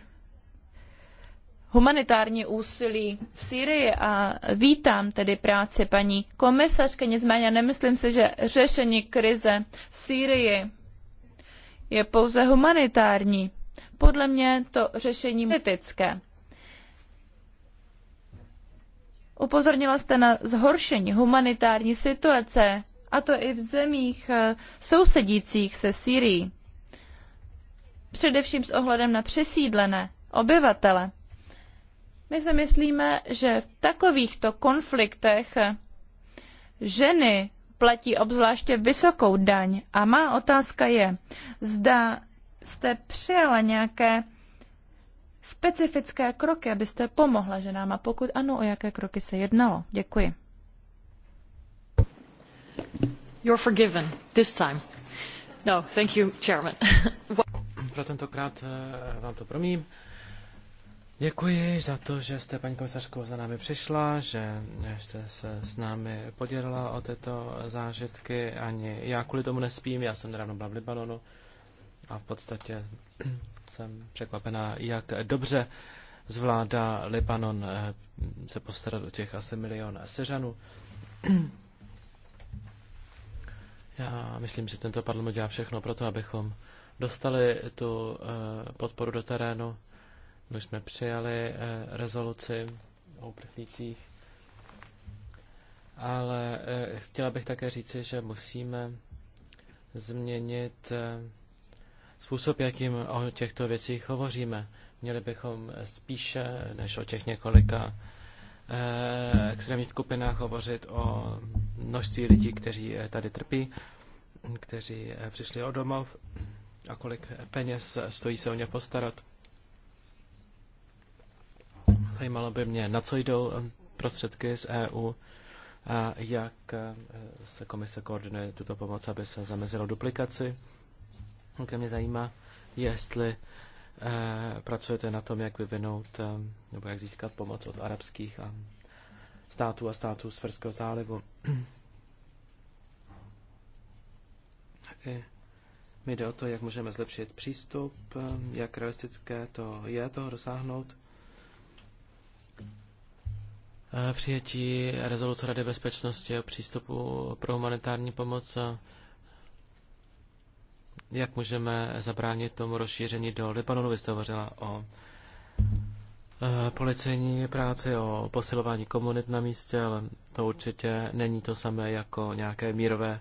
humanitární úsilí v Sýrii a vítám tedy práci paní komisařky, nicméně nemyslím si, že řešení krize v Sýrii je pouze humanitární. Podle mě to řešení politické. Upozornila jste na zhoršení humanitární situace, a to i v zemích eh, sousedících se Sýrií. Především s ohledem na přesídlené obyvatele. My si myslíme, že v takovýchto konfliktech ženy platí obzvláště vysokou daň. A má otázka je, zda jste přijala nějaké specifické kroky, abyste pomohla ženám a pokud ano, o jaké kroky se jednalo. Děkuji. You're forgiven this time. No, thank you, chairman. Pro tentokrát eh, vám to promím. Děkuji za to, že jste, paní komisařko, za námi přišla, že jste se s námi podělila o tyto zážitky. Ani já kvůli tomu nespím, já jsem nedávno byla v Libanonu a v podstatě jsem překvapená, jak dobře zvládá Libanon eh, se postarat o těch asi milion seřanů. Já myslím, že tento parlament dělá všechno pro to, abychom dostali tu eh, podporu do terénu. My jsme přijali eh, rezoluci o uprchlících, ale eh, chtěla bych také říci, že musíme změnit eh, způsob, jakým o těchto věcích hovoříme. Měli bychom spíše než o těch několika extrémních skupinách hovořit o množství lidí, kteří tady trpí, kteří přišli o domov a kolik peněz stojí se o ně postarat. Zajímalo by mě, na co jdou eh, prostředky z EU a jak eh, se komise koordinuje tuto pomoc, aby se zamezilo duplikaci. Také mě zajímá, jestli eh, pracujete na tom, jak vyvinout nebo jak získat pomoc od arabských států a států z Ferského zálivu. I mi jde o to, jak můžeme zlepšit přístup, jak realistické to je toho dosáhnout. Eh, přijetí rezoluce Rady bezpečnosti o přístupu pro humanitární pomoc. Jak můžeme zabránit tomu rozšíření do Libanonu? Vy jste hovořila o eh, policejní práci, o posilování komunit na místě, ale to určitě není to samé jako nějaké mírové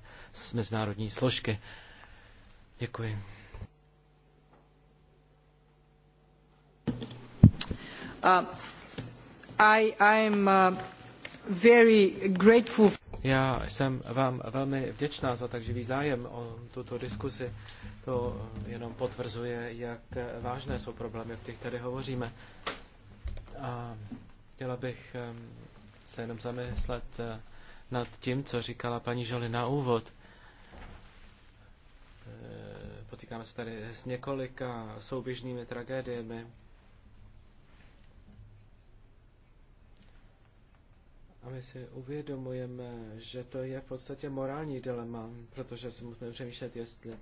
mezinárodní složky. Děkuji. Uh. Uh, Já jsem vám velmi vděčná za tak živý zájem o tuto diskusi. To eh, jenom potvrzuje, jak eh, vážné jsou problémy, o kterých tady hovoříme. A chtěla bych ehm, se jenom zamyslet eh, nad tím, co říkala paní Žoli na úvod. Potýkáme se tady s několika souběžnými tragédiemi A my si uvědomujeme, že to je v podstatě morální dilema, protože si musíme přemýšlet, jestli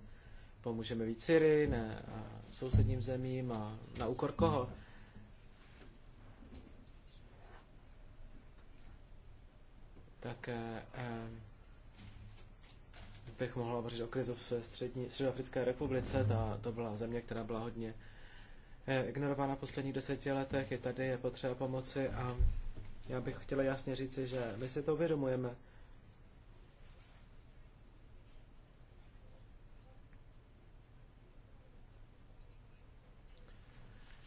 pomůžeme víc Syrii, ne a sousedním zemím a na úkor koho. Tak eh, eh bych mohl hovořit o krizu v střední, Středoafrické republice. Ta, to byla země, která byla hodně eh, ignorována v posledních deseti letech. I tady je potřeba pomoci a já bych chtěla jasně říci, že my si to uvědomujeme.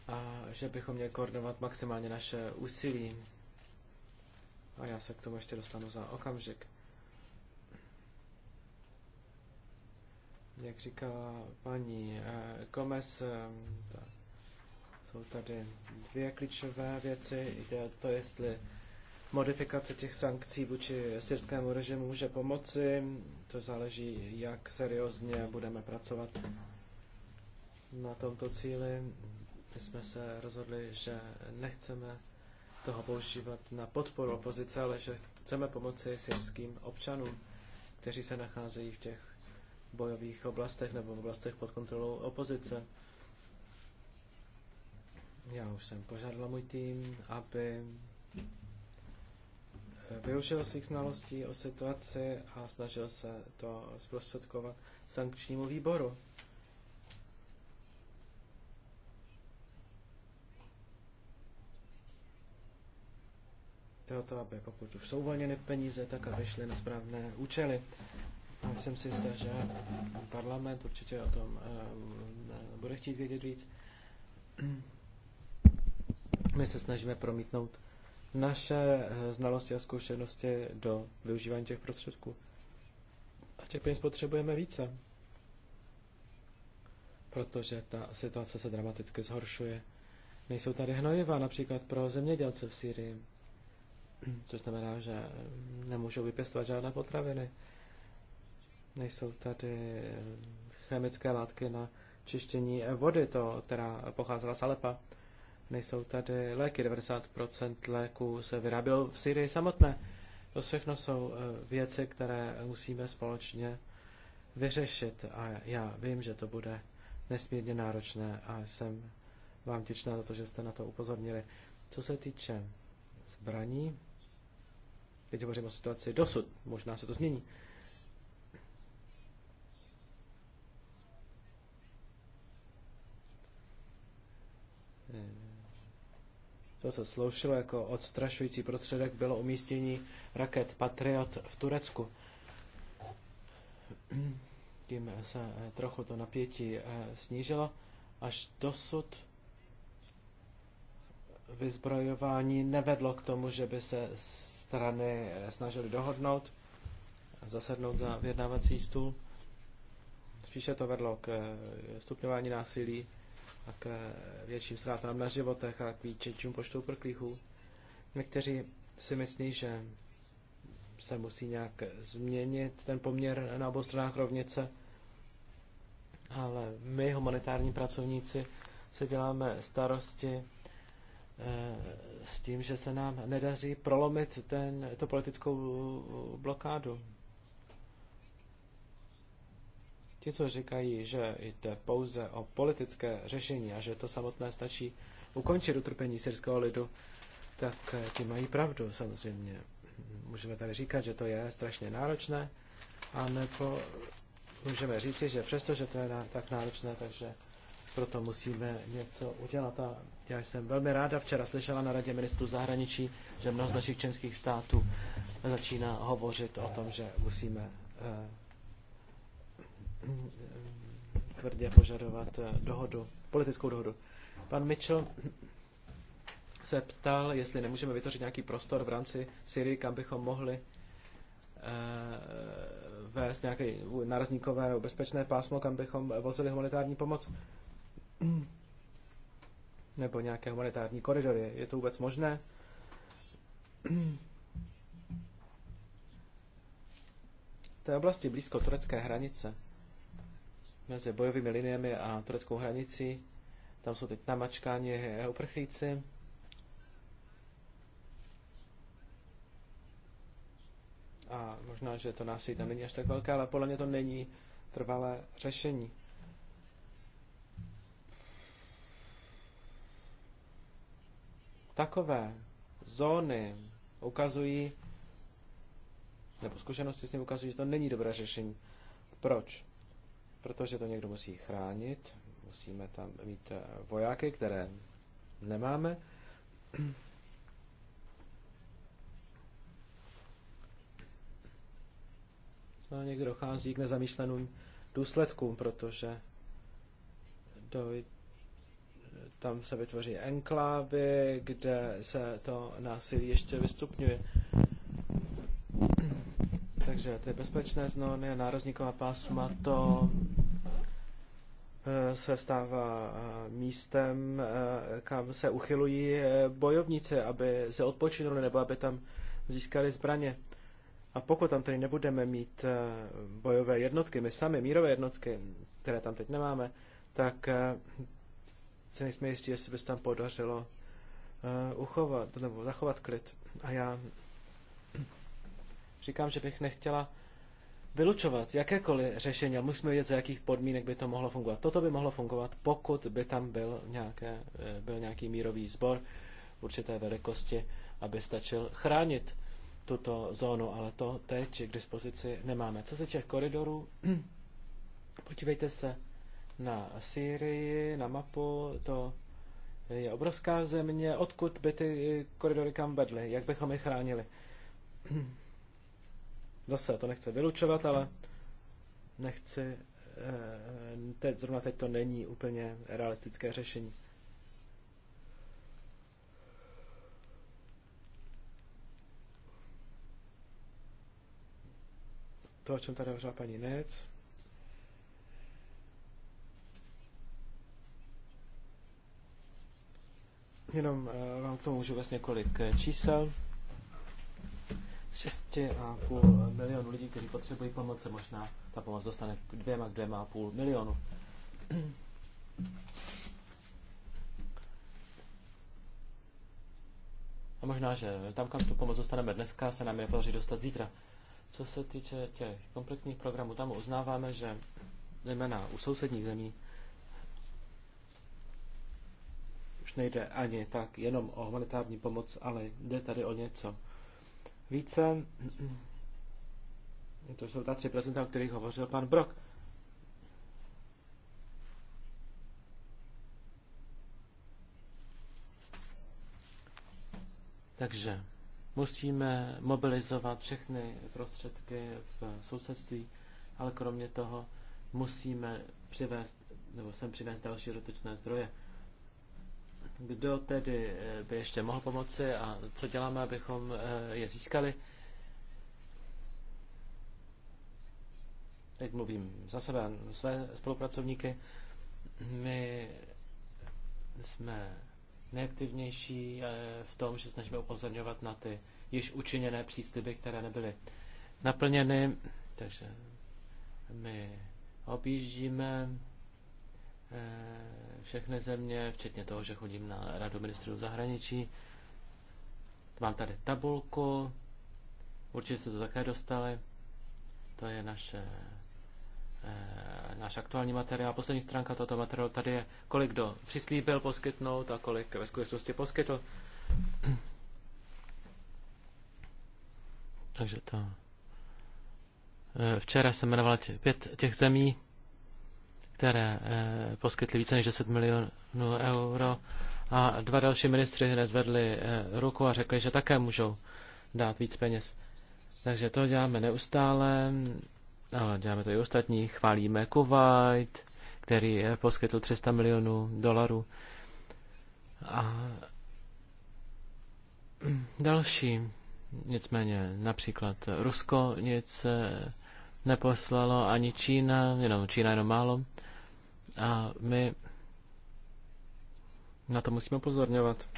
A že bychom měli koordinovat maximálně naše úsilí. A já se k tomu ještě dostanu za okamžik. Jak říkala paní eh, Gomez, eh, jsou tady dvě klíčové věci. Jde o to, jestli modifikace těch sankcí vůči syrskému režimu může pomoci. To záleží, jak seriózně budeme pracovat na tomto cíli. My jsme se rozhodli, že nechceme toho používat na podporu opozice, ale že chceme pomoci syrským občanům, kteří se nacházejí v těch bojových oblastech nebo v oblastech pod kontrolou opozice. Já už jsem požádala můj tým, aby využil svých znalostí o situaci a snažil se to zprostředkovat sankčnímu výboru. Jde o to, aby pokud už jsou uvolněny peníze, tak aby šly na správné účely. A jsem si jistá, že parlament určitě o tom um, bude chtít vědět víc. My se snažíme promítnout naše eh, znalosti a zkušenosti do využívání těch prostředků. A těch peněz potřebujeme více, protože ta situace se dramaticky zhoršuje. Nejsou tady hnojiva například pro zemědělce v Sýrii, což znamená, že nemůžou vypěstovat žádné potraviny. Nejsou tady eh, chemické látky na čištění vody, to, která pocházela z Alepa. Nejsou tady léky, 90% léků se vyrábělo v Syrii samotné. To všechno jsou eh, věci, které musíme společně vyřešit a já vím, že to bude nesmírně náročné a jsem vám těčná za to, že jste na to upozornili. Co se týče zbraní, teď hovořím o situaci dosud, možná se to změní, to, co sloužilo jako odstrašující prostředek, bylo umístění raket Patriot v Turecku. Tím se eh, trochu to napětí eh, snížilo. Až dosud vyzbrojování nevedlo k tomu, že by se strany eh, snažily dohodnout, zasednout za vyjednávací stůl. Spíše to vedlo k stupňování násilí a k větším ztrátám na životech a k větším počtu uprchlíků. Někteří si myslí, že se musí nějak změnit ten poměr na obou stranách rovnice, ale my, humanitární pracovníci, se děláme starosti eh, s tím, že se nám nedaří prolomit ten, to politickou blokádu. Ti, co říkají, že jde pouze o politické řešení a že to samotné stačí ukončit utrpení syrského lidu, tak eh, ti mají pravdu samozřejmě. Můžeme tady říkat, že to je strašně náročné, a nebo můžeme říci, že přesto, že to je tak náročné, takže proto musíme něco udělat. A já jsem velmi ráda včera slyšela na Radě ministrů zahraničí, že mnoho z našich členských států začíná hovořit o tom, že musíme eh, tvrdě požadovat eh, dohodu, politickou dohodu. Pan Mitchell se ptal, jestli nemůžeme vytvořit nějaký prostor v rámci Syrii, kam bychom mohli eh, vést nějaké narazníkové nebo bezpečné pásmo, kam bychom vozili humanitární pomoc nebo nějaké humanitární koridory. Je to vůbec možné? V té oblasti blízko turecké hranice mezi bojovými liniemi a tureckou hranicí. Tam jsou teď namačkáni uprchlíci. A možná, že to násilí tam není až tak velké, ale podle mě to není trvalé řešení. Takové zóny ukazují, nebo zkušenosti s ním ukazují, že to není dobré řešení. Proč? protože to někdo musí chránit. Musíme tam mít eh, vojáky, které nemáme. A no, někdy dochází k nezamýšleným důsledkům, protože do, tam se vytvoří enklávy, kde se to násilí ještě vystupňuje že ty bezpečné zóny a nárazníková pásma to eh, se stává eh, místem, eh, kam se uchylují bojovníci, aby se odpočinuli nebo aby tam získali zbraně. A pokud tam tedy nebudeme mít bojové jednotky, my sami, mírové jednotky, které tam teď nemáme, tak se nejsme jistí, jestli by se tam podařilo uchovat nebo zachovat klid. A já říkám, že bych nechtěla vylučovat jakékoliv řešení, ale musíme vědět, za jakých podmínek by to mohlo fungovat. Toto by mohlo fungovat, pokud by tam byl, nějaké, eh, byl nějaký mírový sbor určité velikosti, aby stačil chránit tuto zónu, ale to teď k dispozici nemáme. Co se těch koridorů, podívejte se na Syrii, na mapu, to je obrovská země, odkud by ty koridory kam vedly, jak bychom je chránili. Zase to nechci vylučovat, ale nechci, eh, teď, zrovna teď to není úplně realistické řešení. To, o čem tady hovořila paní Nec, Jenom eh, vám k tomu můžu vlastně několik eh, čísel. 6,5 milionu lidí, kteří potřebují pomoc, se možná ta pomoc dostane k dvěma, k dvěma a půl milionu. A možná, že tam, kam tu pomoc dostaneme dneska, se nám je podaří dostat zítra. Co se týče těch komplexních programů, tam uznáváme, že zejména u sousedních zemí už nejde ani tak jenom o humanitární pomoc, ale jde tady o něco více. To jsou ta 3%, o kterých hovořil pan Brok. Takže musíme mobilizovat všechny prostředky v sousedství, ale kromě toho musíme přivést, nebo sem přivést další rotočné zdroje. Kdo tedy eh, by ještě mohl pomoci a co děláme, abychom eh, je získali? Teď mluvím za sebe a své spolupracovníky. My jsme nejaktivnější eh, v tom, že snažíme upozorňovat na ty již učiněné přístupy, které nebyly naplněny. Takže my objíždíme Eh, všechny země, včetně toho, že chodím na radu ministrů zahraničí. Mám tady tabulku, určitě jste to také dostali. To je naše, eh, naš aktuální materiál. Poslední stránka tohoto materiálu tady je, kolik kdo přislíbil poskytnout a kolik ve skutečnosti poskytl. Takže to. Eh, včera jsem jmenoval pět těch zemí, které eh, poskytly více než 10 milionů euro. A dva další ministři nezvedli eh, ruku a řekli, že také můžou dát víc peněz. Takže to děláme neustále, ale děláme to i ostatní. Chválíme Kuwait, který eh, poskytl 300 milionů dolarů. A další, nicméně například Rusko nic neposlalo, ani Čína, jenom Čína jenom málo. A my na to musíme pozorňovat.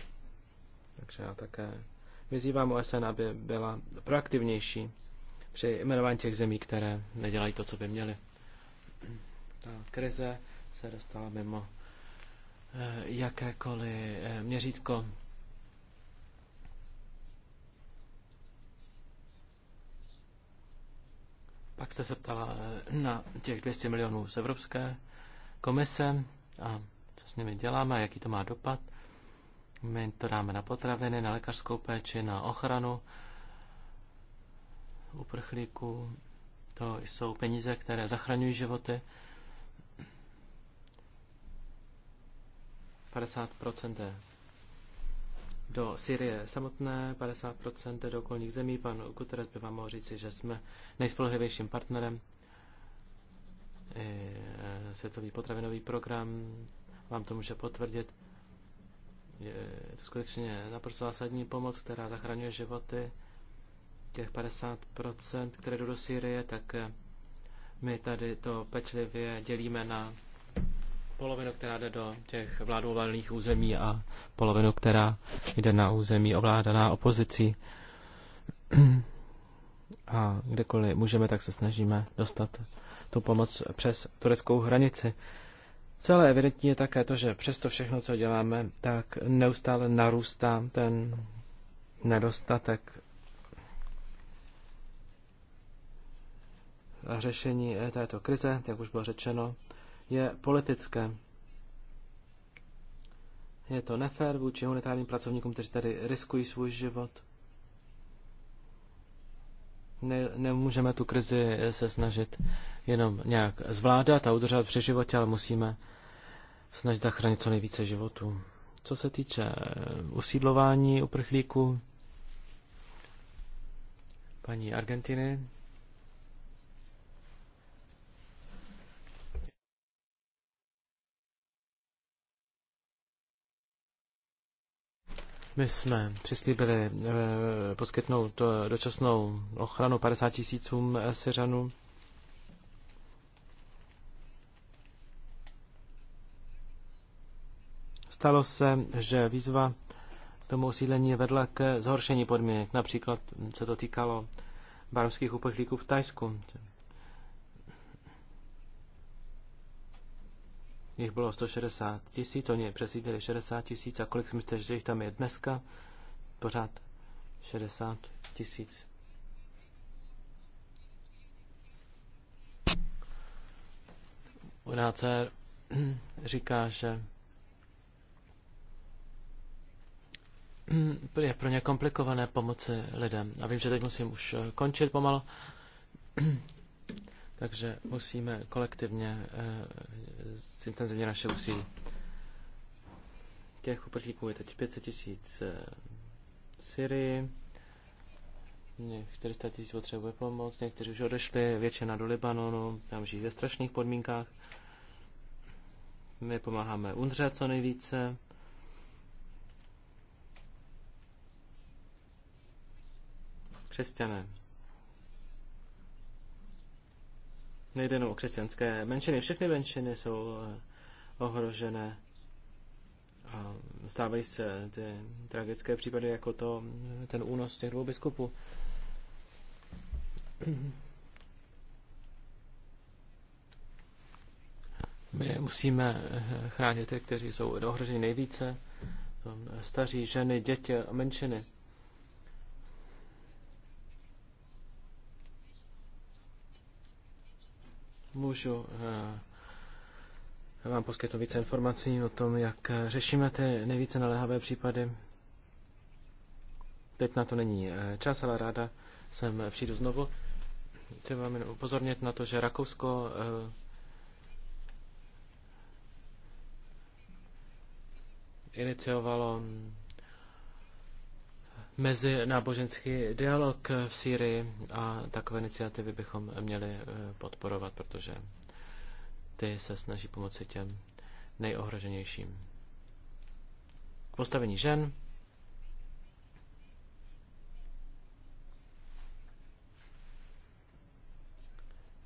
Takže já také vyzývám OSN, aby byla proaktivnější při jmenování těch zemí, které nedělají to, co by měly. Ta krize se dostala mimo eh, jakékoliv eh, měřítko. Pak jste se ptala eh, na těch 200 milionů z Evropské komise a co s nimi děláme, jaký to má dopad. My to dáme na potraviny, na lékařskou péči, na ochranu uprchlíků. To jsou peníze, které zachraňují životy. 50% je do Syrie samotné, 50% do okolních zemí. Pan Guterres by vám mohl říci, že jsme nejspolehlivějším partnerem Eh, Světový potravinový program vám to může potvrdit. Je to skutečně naprosto zásadní pomoc, která zachraňuje životy těch 50%, které jdou do Sýrie, tak eh, my tady to pečlivě dělíme na polovinu, která jde do těch vládou území a polovinu, která jde na území ovládaná opozicí. A kdekoliv můžeme, tak se snažíme dostat tu pomoc přes tureckou hranici. Celé evidentní je také to, že přesto všechno, co děláme, tak neustále narůstá ten nedostatek řešení této krize, jak už bylo řečeno, je politické. Je to nefér vůči humanitárním pracovníkům, kteří tady riskují svůj život ne, nemůžeme tu krizi se snažit jenom nějak zvládat a udržet při životě, ale musíme snažit zachránit co nejvíce životů. Co se týče eh, usídlování uprchlíků, paní Argentiny, My jsme přislíbili eh, poskytnout eh, dočasnou ochranu 50 tisícům eh, Syřanů. Stalo se, že výzva k tomu osídlení vedla k zhoršení podmínek. Například se to týkalo barmských uprchlíků v Tajsku. jich bylo 160 tisíc, oni přesídlili 60 tisíc a kolik si myslíte, že jich tam je dneska? Pořád 60 tisíc. UNHCR říká, že je pro ně komplikované pomoci lidem. A vím, že teď musím už končit pomalu. Takže musíme kolektivně zintenzivně eh, naše úsilí. Těch uprchlíků je teď 500 tisíc eh, v Syrii, 400 tisíc potřebuje pomoc, někteří už odešli, většina do Libanonu, tam žijí ve strašných podmínkách. My pomáháme UNDře co nejvíce. Křesťané Nejde jenom o křesťanské menšiny. Všechny menšiny jsou eh, ohrožené. A stávají se ty tragické případy, jako to, ten únos těch dvou biskupů. My musíme eh, chránit ty, kteří jsou ohroženi nejvíce, eh, staří ženy, děti a menšiny. Můžu eh, vám poskytnout více informací o tom, jak eh, řešíme ty nejvíce naléhavé případy. Teď na to není eh, čas, ale ráda sem přijdu znovu. Chci vám jen upozornit na to, že Rakousko iniciovalo mezi náboženský dialog v Sýrii a takové iniciativy bychom měli eh, podporovat, protože ty se snaží pomoci těm nejohroženějším. K postavení žen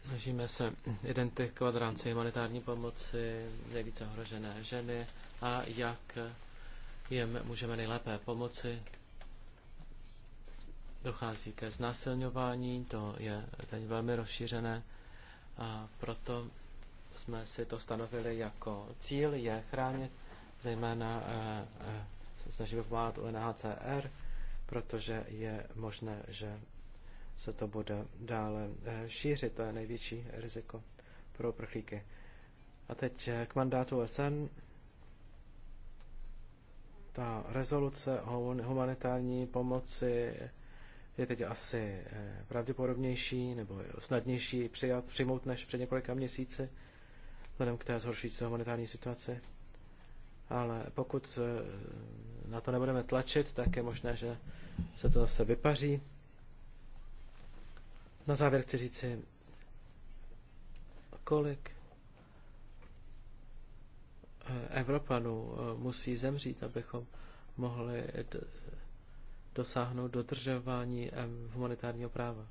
Snažíme se identifikovat v rámci humanitární pomoci nejvíce ohrožené ženy a jak jim můžeme nejlépe pomoci dochází ke znásilňování, to je teď velmi rozšířené a proto jsme si to stanovili jako cíl, je chránit zejména eh, eh, snažíme pomáhat UNHCR, protože je možné, že se to bude dále eh, šířit, to je největší riziko pro prchlíky. A teď eh, k mandátu OSN. Ta rezoluce o humanitární pomoci je teď asi eh, pravděpodobnější nebo snadnější přijat, přijmout než před několika měsíci, vzhledem k té zhoršující humanitární situaci. Ale pokud eh, na to nebudeme tlačit, tak je možné, že se to zase vypaří. Na závěr chci říci, kolik eh, Evropanů musí zemřít, abychom mohli dosáhnout dodržování humanitárního práva.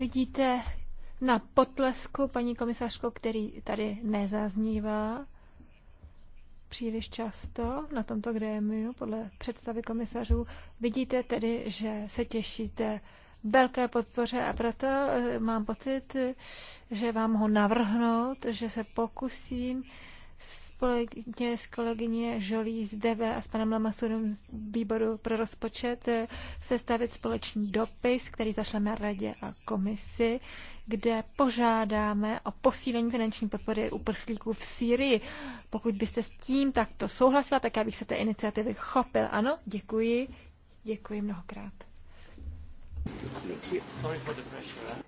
Vidíte na potlesku, paní komisařko, který tady nezaznívá příliš často na tomto grémiu, podle představy komisařů. Vidíte tedy, že se těšíte velké podpoře a proto eh, mám pocit, že vám ho navrhnout, že se pokusím společně s kolegyně Žolí z DV a s panem Lamasurem z výboru pro rozpočet eh, sestavit společný dopis, který zašleme radě a komisi, kde požádáme o posílení finanční podpory uprchlíků v Sýrii. Pokud byste s tím takto souhlasila, tak já bych se té iniciativy chopil. Ano, děkuji. Děkuji mnohokrát. Thank you. Sorry for the pressure.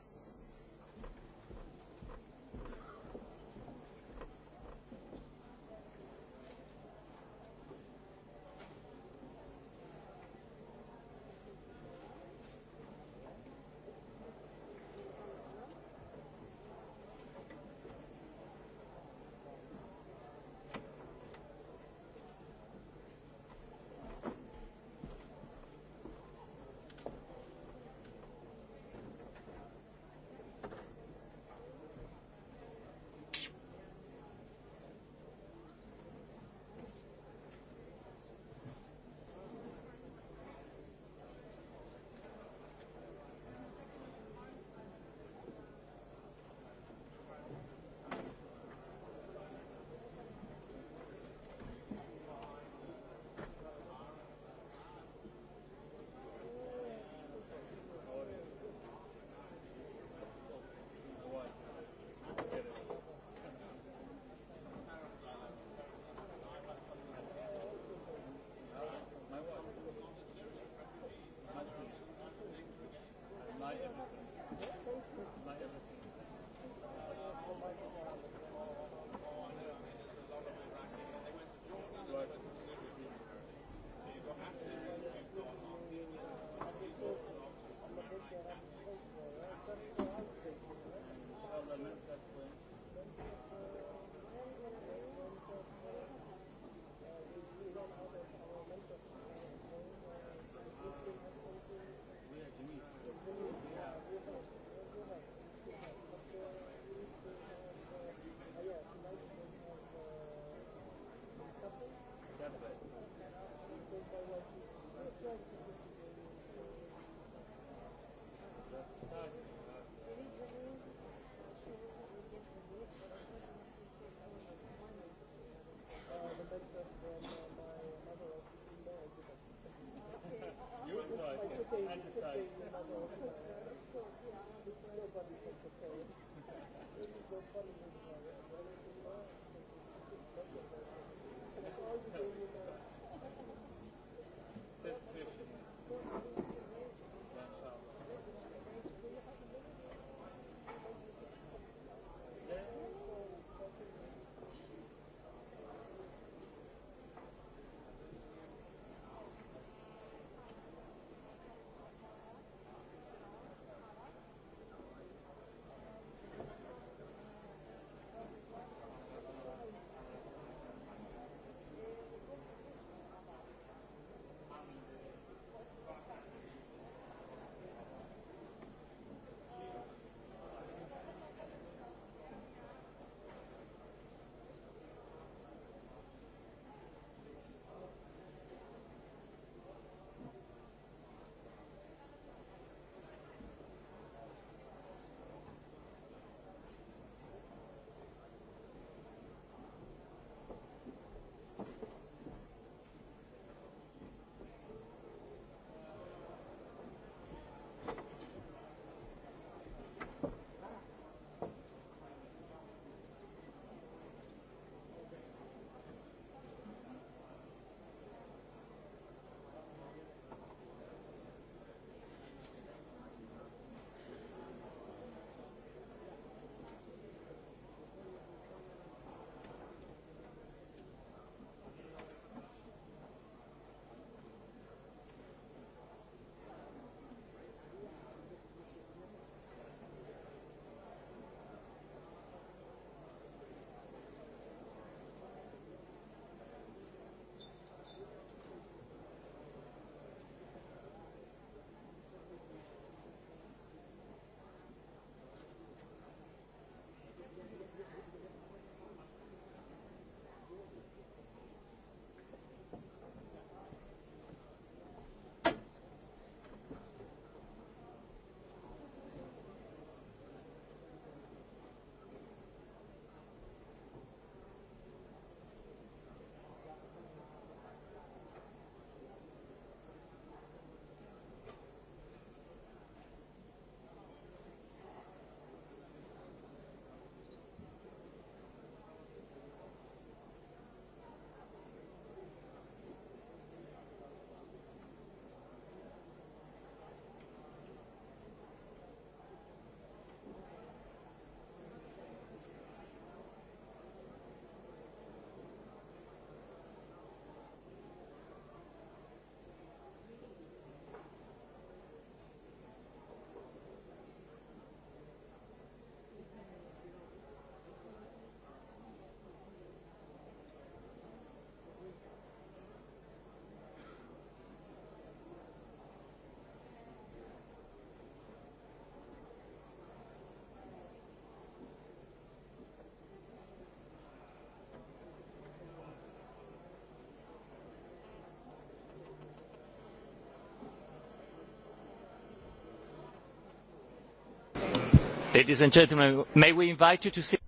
Thank you.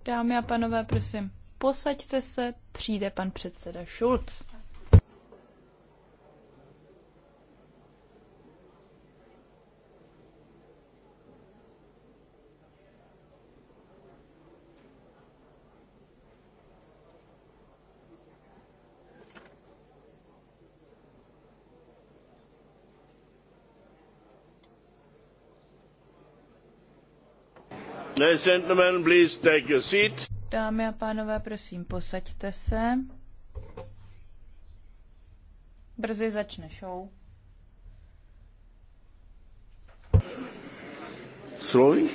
Dámy a pánové, prosím, posaďte se, přijde pan předseda Schulz. Dámy a pánové, prosím, posaďte se. Brzy začne show. Slovy?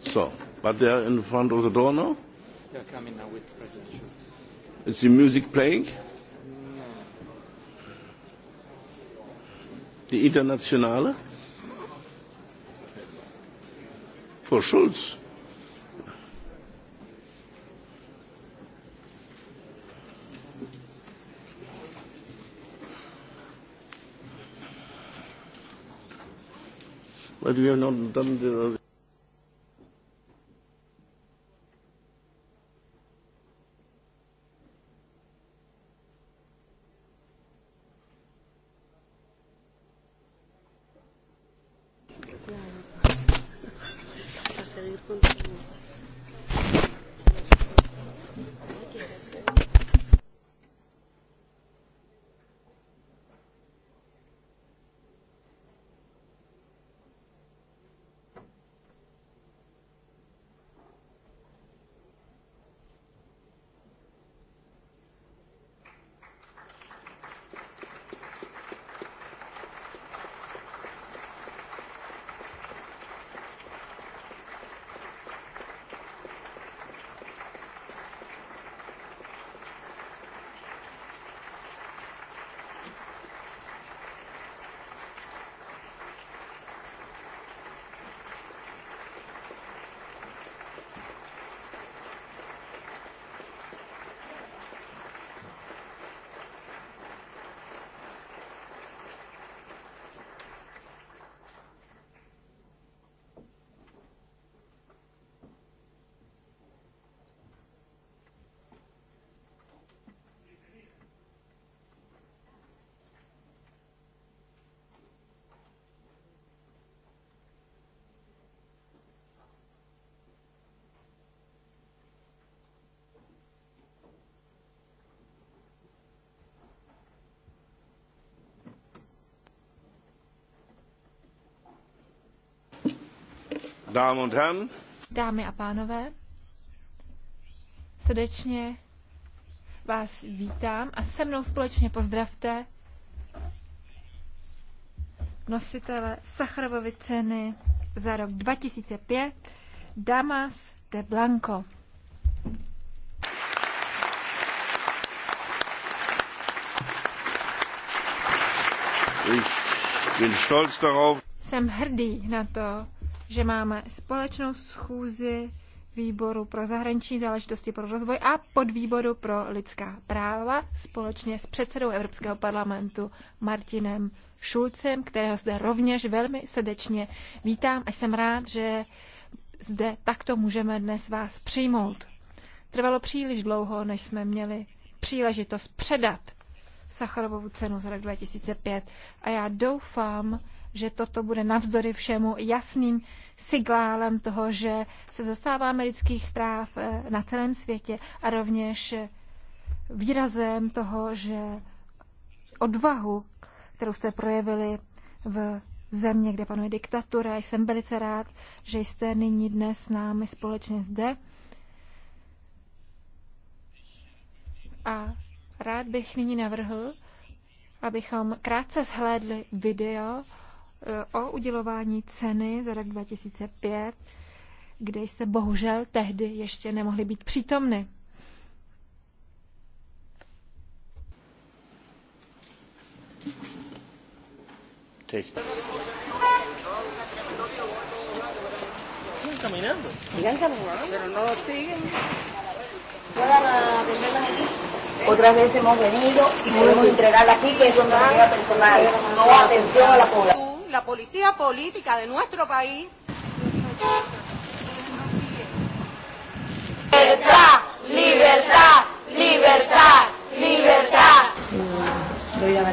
So, but they are in front of the door now? They are coming now with presidential. Is the music playing? Die internationale? Frau Schulz. Dámy a pánové, srdečně vás vítám a se mnou společně pozdravte nositele Sacharovovy ceny za rok 2005 Damas de Blanco. Jsem hrdý na to, že máme společnou schůzi výboru pro zahraniční záležitosti pro rozvoj a podvýboru pro lidská práva společně s předsedou Evropského parlamentu Martinem Šulcem, kterého zde rovněž velmi srdečně vítám a jsem rád, že zde takto můžeme dnes vás přijmout. Trvalo příliš dlouho, než jsme měli příležitost předat Sacharovovu cenu za rok 2005 a já doufám, že toto bude navzdory všemu jasným signálem toho, že se zastáváme lidských práv eh, na celém světě a rovněž eh, výrazem toho, že odvahu, kterou jste projevili v země, kde panuje diktatura. Jsem velice rád, že jste nyní dnes s námi společně zde. A rád bych nyní navrhl, abychom krátce zhlédli video, Eh, o udělování ceny za rok 2005, kde jste bohužel tehdy ještě nemohli být přítomny. Teď. caminando. No ah, Otras veces hemos venido y podemos entregarla aquí, que es donde llega personal, no atención a la población la policía política de nuestro país. Libertad, libertad, libertad, libertad. Doy a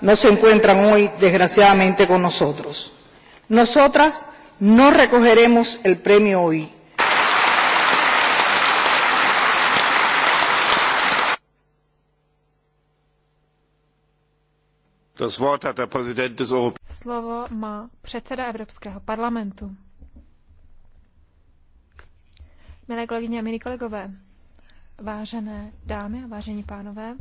no se encuentran hoy, desgraciadamente, con nosotros. Nosotras no recogeremos el premio hoy. Slovo má předseda Evropského parlamentu. Milé kolegyně a milí kolegové, vážené dámy a vážení pánové,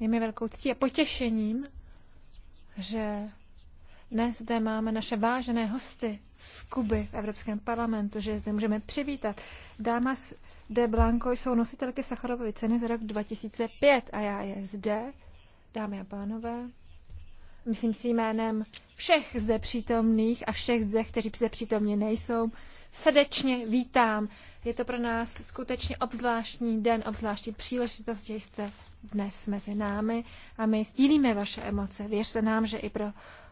Je mi velkou ctí a potěšením, že dnes zde máme naše vážené hosty z Kuby v Evropském parlamentu, že zde můžeme přivítat. Dámas de Blanco jsou nositelky Sacharovovy ceny za rok 2005 a já je zde, dámy a pánové, myslím si jménem všech zde přítomných a všech zde, kteří zde přítomně nejsou, srdečně vítám. Je to pro nás skutečně obzvláštní den, obzvláštní příležitost, že jste dnes mezi námi a my sdílíme vaše emoce. Věřte nám, že i pro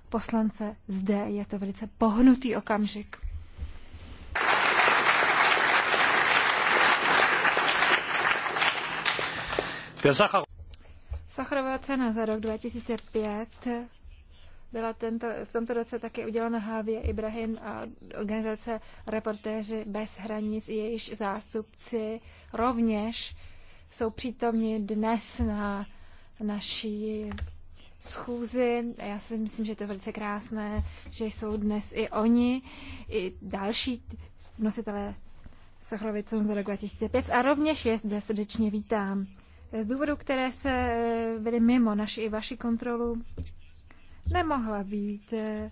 poslance zde je to velice pohnutý okamžik. Sacharová cena za rok 2005 byla tento, v tomto roce také udělena Hávě Ibrahim a organizace Reportéři bez hranic, jejíž zástupci rovněž jsou přítomni dnes na naší schůzi. Já si myslím, že to je velice krásné, že jsou dnes i oni, i další nositelé Sacharovy ceny za rok 2005 a rovněž je zde srdečně vítám. Z důvodu, které se byly mimo naši i vaši kontrolu, nemohla být eh,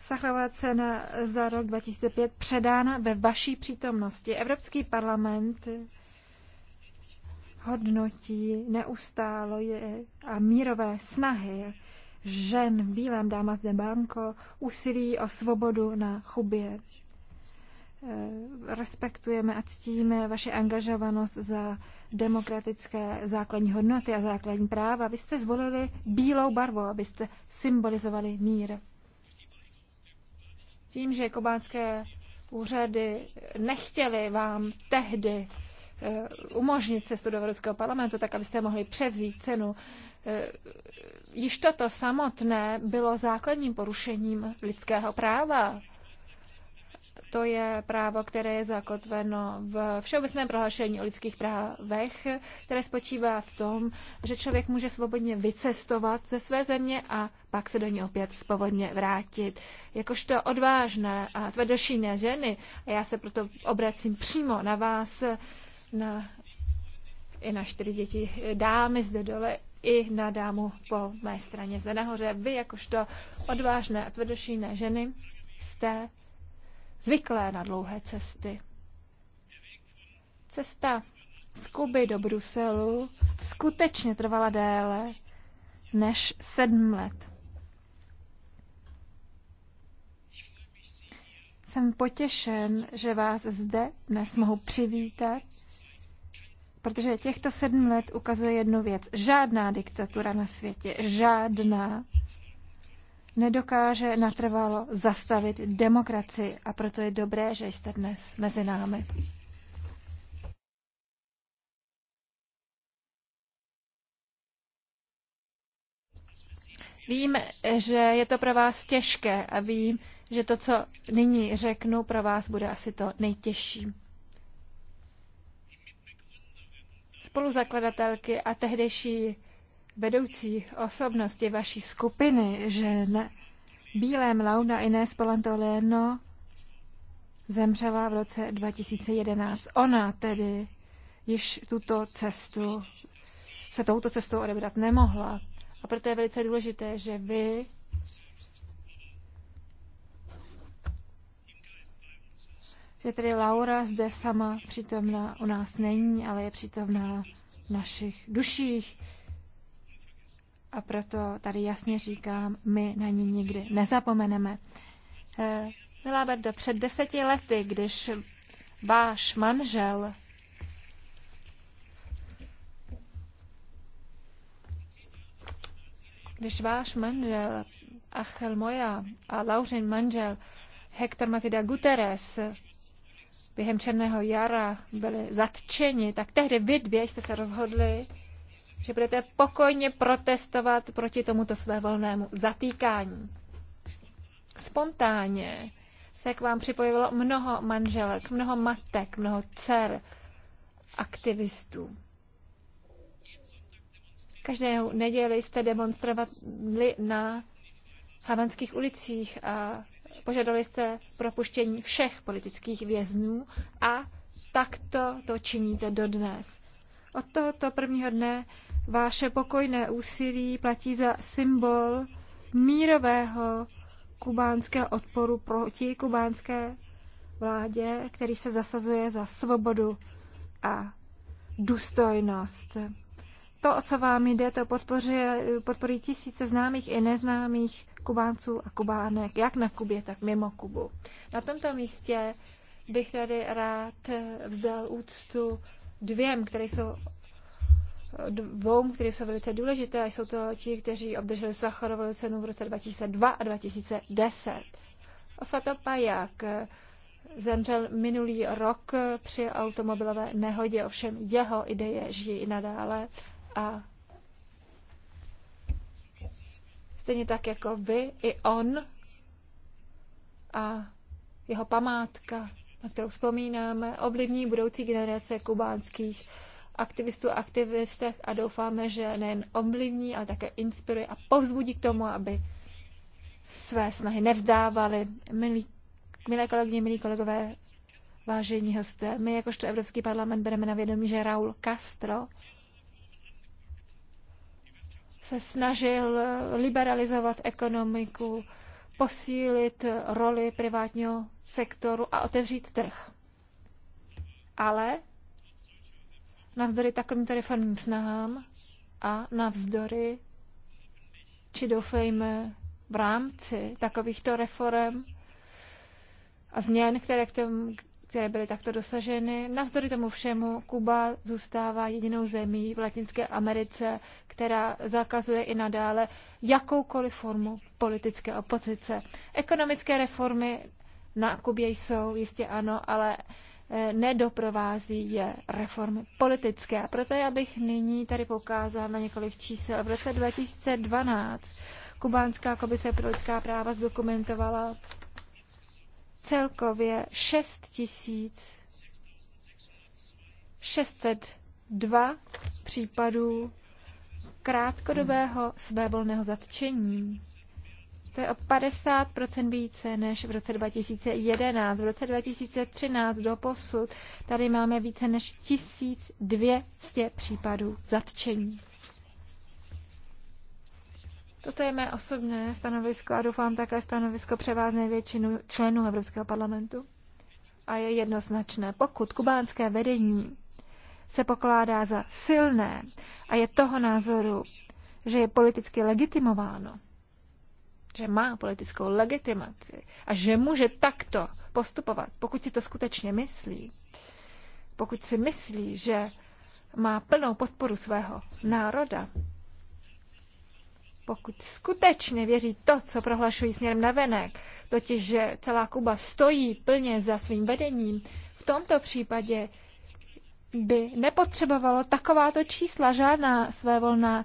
Sachová cena za rok 2005 předána ve vaší přítomnosti. Evropský parlament hodnotí neustálo je a mírové snahy žen v bílém, dáma zde banko, úsilí o svobodu na Chubě. Eh, respektujeme a ctíme vaše angažovanost za demokratické základní hodnoty a základní práva. Vy jste zvolili bílou barvu, abyste symbolizovali mír. Tím, že kubánské úřady nechtěli vám tehdy eh, umožnit cestu do Evropského parlamentu, tak abyste mohli převzít cenu. Eh, již toto samotné bylo základním porušením lidského práva. To je právo, které je zakotveno v Všeobecném prohlášení o lidských právech, které spočívá v tom, že člověk může svobodně vycestovat ze své země a pak se do ní opět svobodně vrátit. Jakožto odvážné a tvrdošíné ženy, a já se proto obracím přímo na vás, na, i na čtyři děti dámy zde dole, i na dámu po mé straně zde nahoře. Vy, jakožto odvážné a tvrdošíné ženy, jste zvyklé na dlouhé cesty. Cesta z Kuby do Bruselu skutečně trvala déle než sedm let. Jsem potěšen, že vás zde dnes mohu přivítat, protože těchto sedm let ukazuje jednu věc. Žádná diktatura na světě, žádná, nedokáže natrvalo zastavit demokracii a proto je dobré, že jste dnes mezi námi. Vím, že je to pro vás těžké a vím, že to, co nyní řeknu, pro vás bude asi to nejtěžší. Spoluzakladatelky a tehdejší vedoucí osobnosti vaší skupiny že žen Bílém Launa Inés Polantoleno zemřela v roce 2011. Ona tedy již tuto cestu se touto cestou odebrat nemohla. A proto je velice důležité, že vy že tedy Laura zde sama přítomná u nás není, ale je přítomná v našich duších. A proto tady jasně říkám, my na ní nikdy nezapomeneme. Eh, Milá Berdo, před deseti lety, když váš manžel když váš manžel Achel Moja a Laurin manžel Hector Mazida Guterres během Černého jara byli zatčeni, tak tehdy vy dvě jste se rozhodli, že budete pokojně protestovat proti tomuto svévolnému zatýkání. Spontánně se k vám připojilo mnoho manželek, mnoho matek, mnoho dcer, aktivistů. Každé neděli jste demonstrovali na havanských ulicích a požadovali jste propuštění všech politických vězňů a takto to činíte dodnes. Od tohoto prvního dne Váše pokojné úsilí platí za symbol mírového kubánského odporu proti kubánské vládě, který se zasazuje za svobodu a důstojnost. To, o co vám jde, to podpoří, podporí tisíce známých i neznámých Kubánců a Kubánek, jak na Kubě, tak mimo Kubu. Na tomto místě bych tady rád vzdal úctu dvěm, které jsou dvou, které jsou velice důležité, a jsou to ti, kteří obdrželi Sacharovou cenu v roce 2002 a 2010. Osvata jak zemřel minulý rok při automobilové nehodě, ovšem jeho ideje žijí i nadále a stejně tak jako vy, i on a jeho památka, na kterou vzpomínáme, ovlivní budoucí generace kubánských aktivistů a aktivistech a doufáme, že nejen ovlivní, ale také inspiruje a povzbudí k tomu, aby své snahy nevzdávali. Milí, milé kolegyně, milí kolegové, vážení hosté, my jakožto Evropský parlament bereme na vědomí, že Raul Castro se snažil liberalizovat ekonomiku, posílit roli privátního sektoru a otevřít trh. Ale navzdory takovýmto reformním snahám a navzdory, či doufejme, v rámci takovýchto reform a změn, které, k tomu, které byly takto dosaženy. Navzdory tomu všemu Kuba zůstává jedinou zemí v Latinské Americe, která zakazuje i nadále jakoukoliv formu politické opozice. Ekonomické reformy na Kubě jsou jistě ano, ale nedoprovází je reformy politické. A proto já bych nyní tady poukázal na několik čísel. V roce 2012 Kubánská komise pro lidská práva zdokumentovala celkově 6 602 případů krátkodobého svévolného zatčení. To je o 50% více než v roce 2011. V roce 2013 do posud tady máme více než 1200 případů zatčení. Toto je mé osobné stanovisko a doufám také stanovisko převázné většinu členů Evropského parlamentu. A je jednoznačné, pokud kubánské vedení se pokládá za silné a je toho názoru, že je politicky legitimováno, že má politickou legitimaci a že může takto postupovat, pokud si to skutečně myslí, pokud si myslí, že má plnou podporu svého národa, pokud skutečně věří to, co prohlašují směrem na venek, totiž že celá Kuba stojí plně za svým vedením, v tomto případě by nepotřebovalo takováto čísla, žádná volná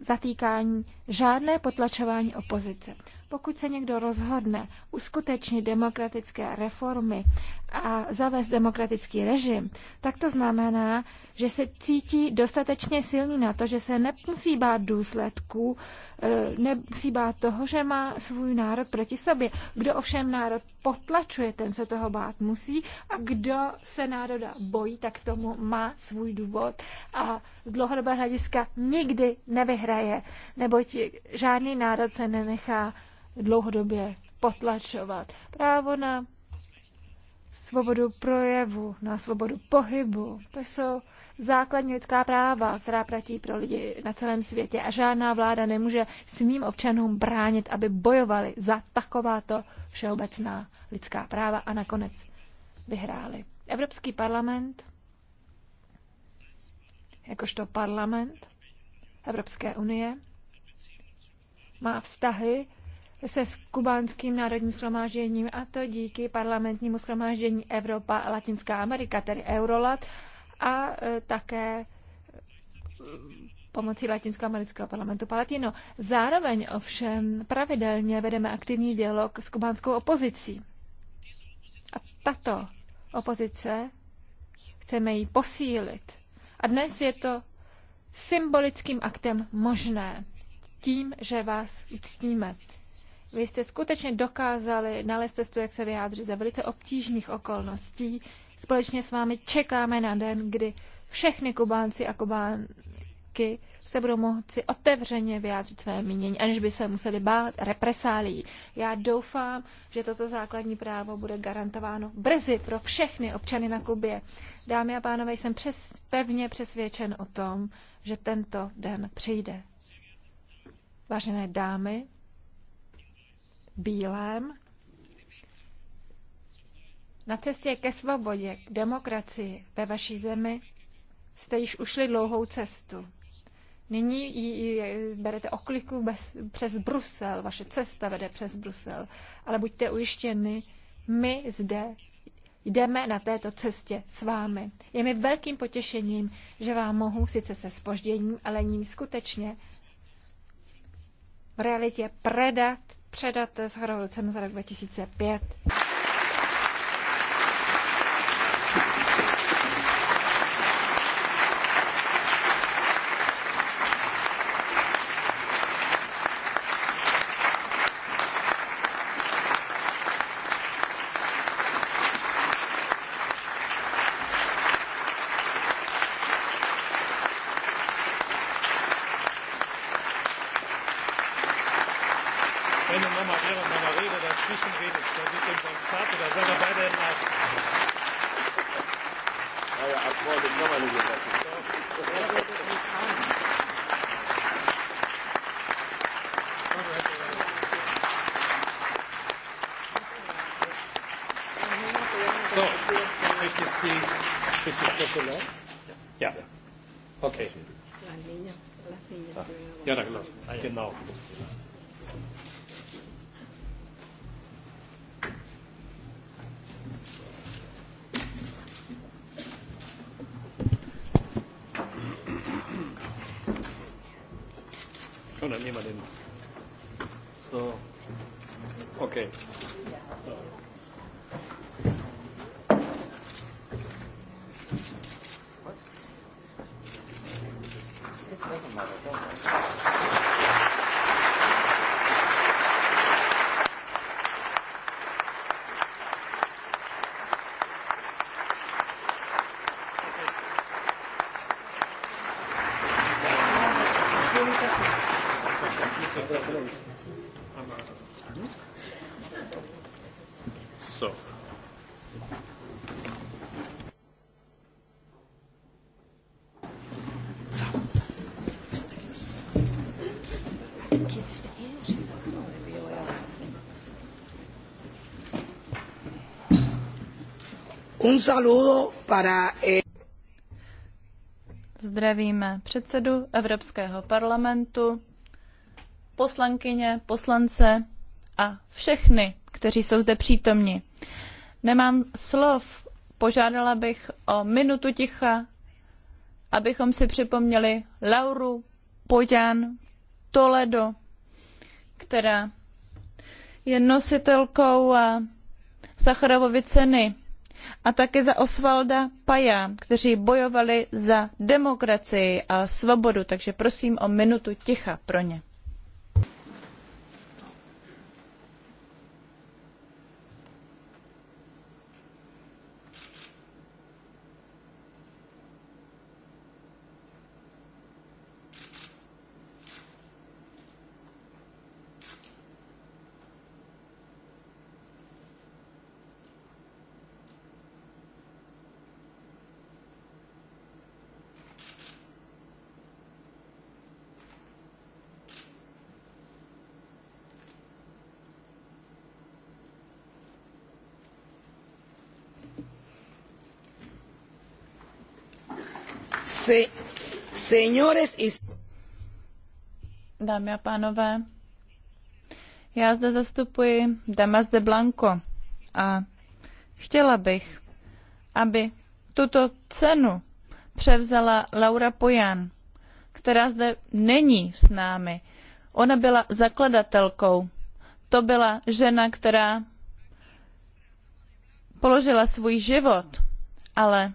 zatýkání, žádné potlačování opozice. Pokud se někdo rozhodne uskutečnit demokratické reformy a zavést demokratický režim, tak to znamená, že se cítí dostatečně silný na to, že se nemusí bát důsledků, e, nemusí bát toho, že má svůj národ proti sobě. Kdo ovšem národ potlačuje, ten se toho bát musí a kdo se národa bojí, tak tomu má svůj důvod a z dlouhodobého hlediska nikdy nevyhraje, neboť žádný národ se nenechá dlouhodobě potlačovat. Právo na svobodu projevu, na svobodu pohybu. To jsou základní lidská práva, která platí pro lidi na celém světě a žádná vláda nemůže svým občanům bránit, aby bojovali za takováto všeobecná lidská práva a nakonec vyhráli. Evropský parlament, jakožto parlament Evropské unie, má vztahy se s kubánským národním shromážděním a to díky parlamentnímu shromáždění Evropa a Latinská Amerika, tedy Eurolat a e, také e, pomocí Latinskoamerického parlamentu Palatino. Zároveň ovšem pravidelně vedeme aktivní dialog s kubánskou opozicí. A tato opozice chceme ji posílit. A dnes je to symbolickým aktem možné, tím, že vás uctíme. Vy jste skutečně dokázali nalézt cestu, jak se vyjádřit za velice obtížných okolností. Společně s vámi čekáme na den, kdy všechny Kubánci a Kubánky se budou moci otevřeně vyjádřit své mínění, aniž by se museli bát represálí. Já doufám, že toto základní právo bude garantováno brzy pro všechny občany na Kubě. Dámy a pánové, jsem přes, pevně přesvědčen o tom, že tento den přijde. Vážené dámy, bílém na cestě ke svobodě, k demokracii ve vaší zemi jste již ušli dlouhou cestu. Nyní ji berete okliku bez, přes Brusel, vaše cesta vede přes Brusel, ale buďte ujištěni, my zde jdeme na této cestě s vámi. Je mi velkým potěšením, že vám mohu, sice se spožděním, ale ním skutečně v realitě predat předat s hodou cenu za rok 2005. las niñas, las niñas. Ah, y ahora, claro, no, genau. Un saludo para... Eh, Zdravíme předsedu Evropského parlamentu, poslankyně, poslance a všechny, kteří jsou zde přítomni. Nemám slov, požádala bych o minutu ticha, abychom si připomněli Lauru Poďan Toledo, která je nositelkou eh, Sacharovovy ceny a také za Osvalda Paja, kteří bojovali za demokracii a svobodu, takže prosím o minutu ticha pro ně. Se, señores y... Dámy a pánové, já zde zastupuji Damas de Blanco a chtěla bych, aby tuto cenu převzala Laura Pojan, která zde není s námi. Ona byla zakladatelkou. To byla žena, která položila svůj život, ale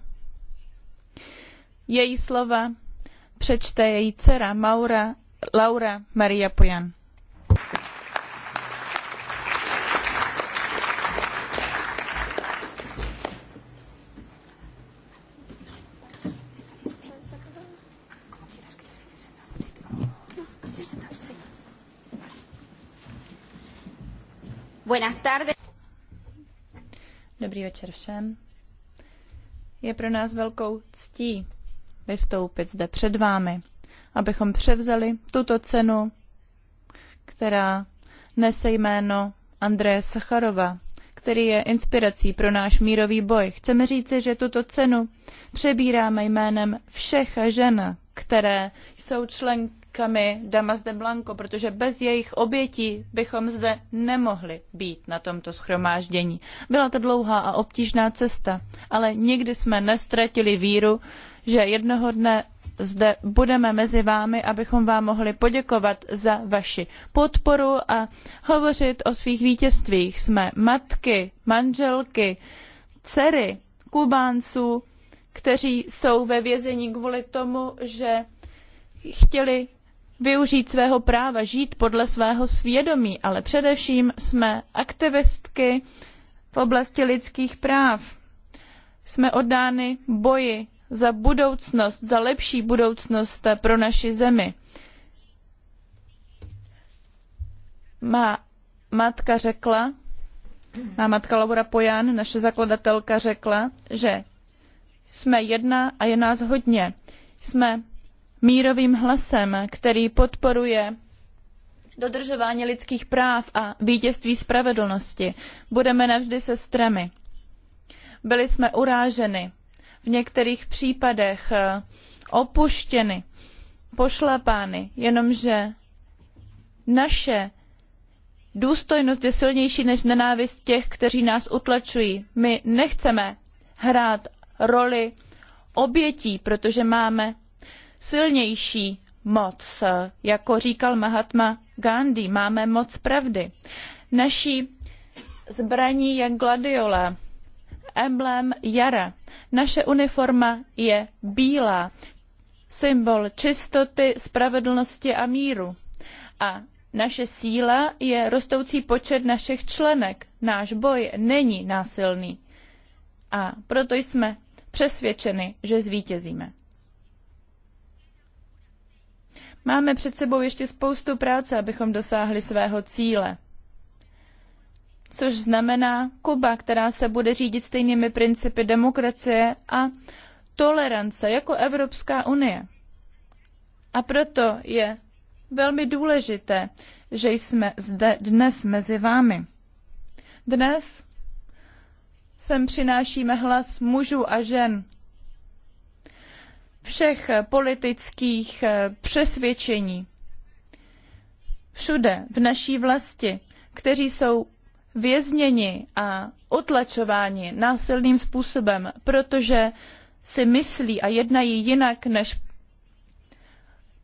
její slova přečte její dcera Maura, Laura Maria Pojan. Dobrý večer všem. Je pro nás velkou ctí vystoupit zde před vámi, abychom převzali tuto cenu, která nese jméno Andreje Sacharova, který je inspirací pro náš mírový boj. Chceme říci, že tuto cenu přebíráme jménem všech žen, které jsou člen, kami Damas de Blanco, protože bez jejich obětí bychom zde nemohli být na tomto schromáždění. Byla to dlouhá a obtížná cesta, ale nikdy jsme nestratili víru, že jednoho dne zde budeme mezi vámi, abychom vám mohli poděkovat za vaši podporu a hovořit o svých vítězstvích. Jsme matky, manželky, dcery Kubánců, kteří jsou ve vězení kvůli tomu, že chtěli využít svého práva žít podle svého svědomí, ale především jsme aktivistky v oblasti lidských práv. Jsme oddány boji za budoucnost, za lepší budoucnost pro naši zemi. Má matka řekla, má matka Laura Pojan, naše zakladatelka, řekla, že jsme jedna a je nás hodně. Jsme mírovým hlasem, který podporuje dodržování lidských práv a vítězství spravedlnosti. Budeme navždy sestrami. Byli jsme uráženi, v některých případech eh, opuštěny, pošlapány, jenomže naše důstojnost je silnější než nenávist těch, kteří nás utlačují. My nechceme hrát roli obětí, protože máme silnější moc. Jako říkal Mahatma Gandhi, máme moc pravdy. Naší zbraní je gladiola, emblém jara. Naše uniforma je bílá, symbol čistoty, spravedlnosti a míru. A naše síla je rostoucí počet našich členek. Náš boj není násilný. A proto jsme přesvědčeni, že zvítězíme. Máme před sebou ještě spoustu práce, abychom dosáhli svého cíle. Což znamená Kuba, která se bude řídit stejnými principy demokracie a tolerance jako Evropská unie. A proto je velmi důležité, že jsme zde dnes mezi vámi. Dnes sem přinášíme hlas mužů a žen, všech politických eh, přesvědčení všude v naší vlasti, kteří jsou vězněni a otlačováni násilným způsobem, protože si myslí a jednají jinak než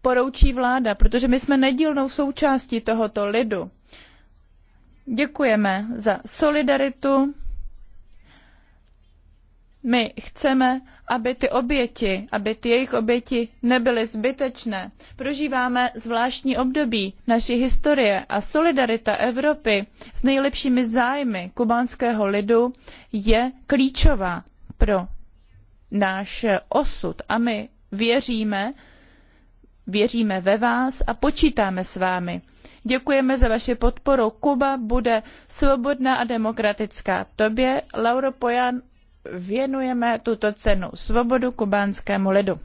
poroučí vláda, protože my jsme nedílnou součástí tohoto lidu. Děkujeme za solidaritu. My chceme aby ty oběti, aby ty jejich oběti nebyly zbytečné. Prožíváme zvláštní období naší historie a solidarita Evropy s nejlepšími zájmy kubánského lidu je klíčová pro náš osud a my věříme, věříme ve vás a počítáme s vámi. Děkujeme za vaši podporu. Kuba bude svobodná a demokratická. Tobě, Lauro Pojan, věnujeme tuto cenu svobodu kubánskému lidu.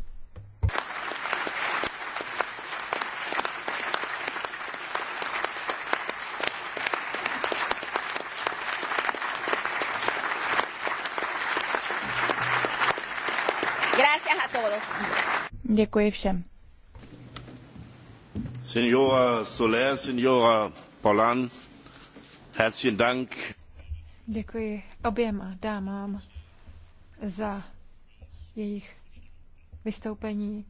Děkuji všem. Signora Soler, signora Polan, herzlichen Dank. Děkuji oběma dámám za jejich vystoupení,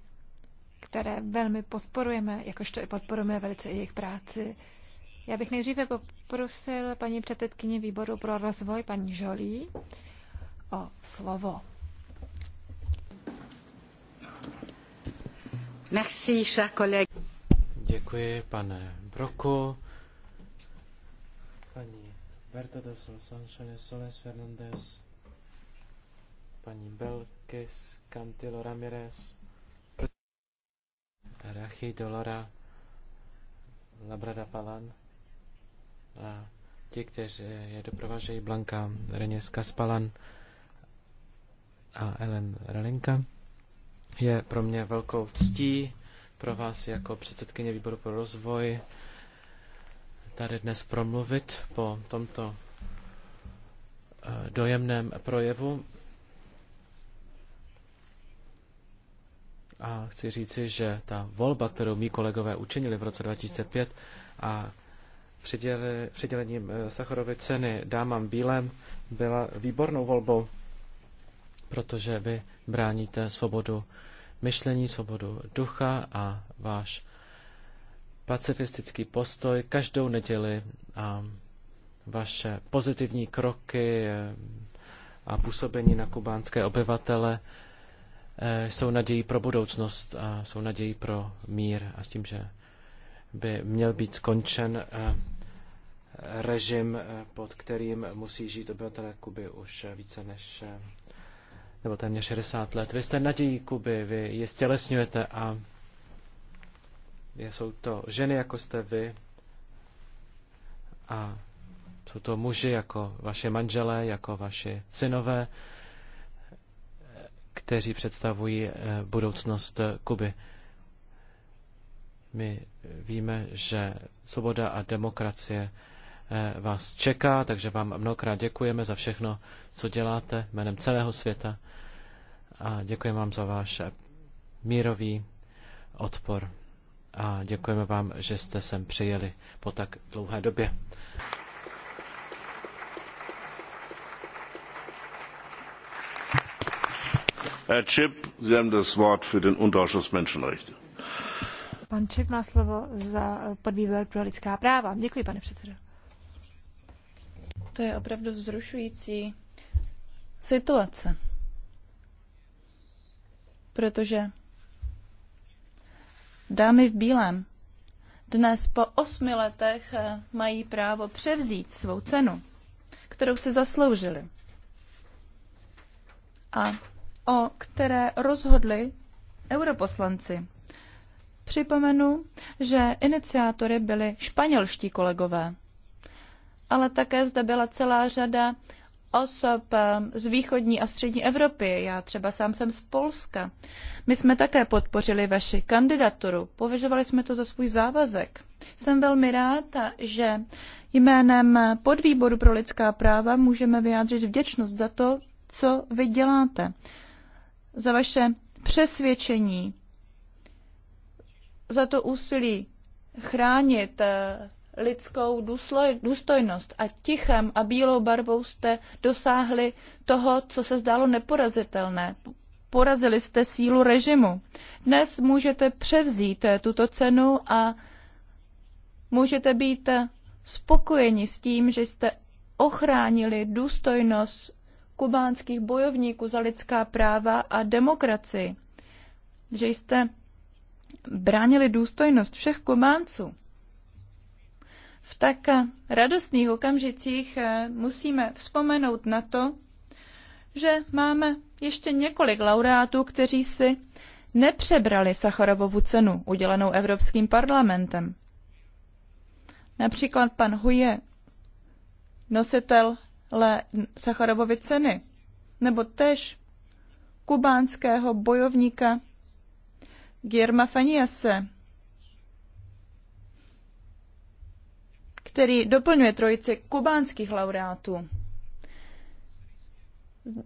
které velmi podporujeme, jakožto i podporujeme velice jejich práci. Já bych nejdříve poprosil paní předsedkyni výboru pro rozvoj, paní Žolí, o slovo. Merci, cher collègue. Děkuji, pane Broku. Paní Berta de Sánchez, Soles Fernández, paní Belkis, Cantilo Ramirez, Rachy Dolora, Labrada Palan a ti, kteří je doprovážejí Blanka Reněska Spalan a Ellen Relinka. Je pro mě velkou ctí pro vás jako předsedkyně výboru pro rozvoj tady dnes promluvit po tomto eh, dojemném projevu. A chci říci, že ta volba, kterou mý kolegové učinili v roce 2005 a přidělením eh, Sacharovy ceny dámám bílem, byla výbornou volbou, protože vy bráníte svobodu myšlení, svobodu ducha a váš pacifistický postoj každou neděli a vaše pozitivní kroky eh, a působení na kubánské obyvatele Eh, jsou naději pro budoucnost a jsou naději pro mír a s tím, že by měl být skončen eh, režim, eh, pod kterým musí žít obyvatelé Kuby už více než nebo téměř 60 let. Vy jste nadějí Kuby, vy je stělesňujete a jsou to ženy, jako jste vy a jsou to muži, jako vaše manželé, jako vaši synové kteří představují eh, budoucnost Kuby. My víme, že svoboda a demokracie eh, vás čeká, takže vám mnohokrát děkujeme za všechno, co děláte jménem celého světa a děkujeme vám za váš mírový odpor a děkujeme vám, že jste sem přijeli po tak dlouhé době. Herr Chip, Sie haben Pan Čip má slovo za eh, podvýbor pro lidská práva. Děkuji, pane předsedo. To je opravdu vzrušující situace. Protože dámy v bílém dnes po osmi letech eh, mají právo převzít svou cenu, kterou si zasloužili. A o které rozhodli europoslanci. Připomenu, že iniciátory byli španělští kolegové, ale také zde byla celá řada osob ehm, z východní a střední Evropy. Já třeba sám jsem z Polska. My jsme také podpořili vaši kandidaturu. Považovali jsme to za svůj závazek. Jsem velmi rád, že jménem podvýboru pro lidská práva můžeme vyjádřit vděčnost za to, co vy děláte za vaše přesvědčení, za to úsilí chránit eh, lidskou důstojnost a tichem a bílou barvou jste dosáhli toho, co se zdálo neporazitelné. Porazili jste sílu režimu. Dnes můžete převzít eh, tuto cenu a můžete být eh, spokojeni s tím, že jste ochránili důstojnost kubánských bojovníků za lidská práva a demokracii, že jste bránili důstojnost všech Kubánců. V tak radostných okamžicích eh, musíme vzpomenout na to, že máme ještě několik laureátů, kteří si nepřebrali Sacharovovu cenu udělenou Evropským parlamentem. Například pan Huje, nositel le Sacharovovi ceny, nebo tež kubánského bojovníka Guillerma Faniase, který doplňuje trojici kubánských laureátů.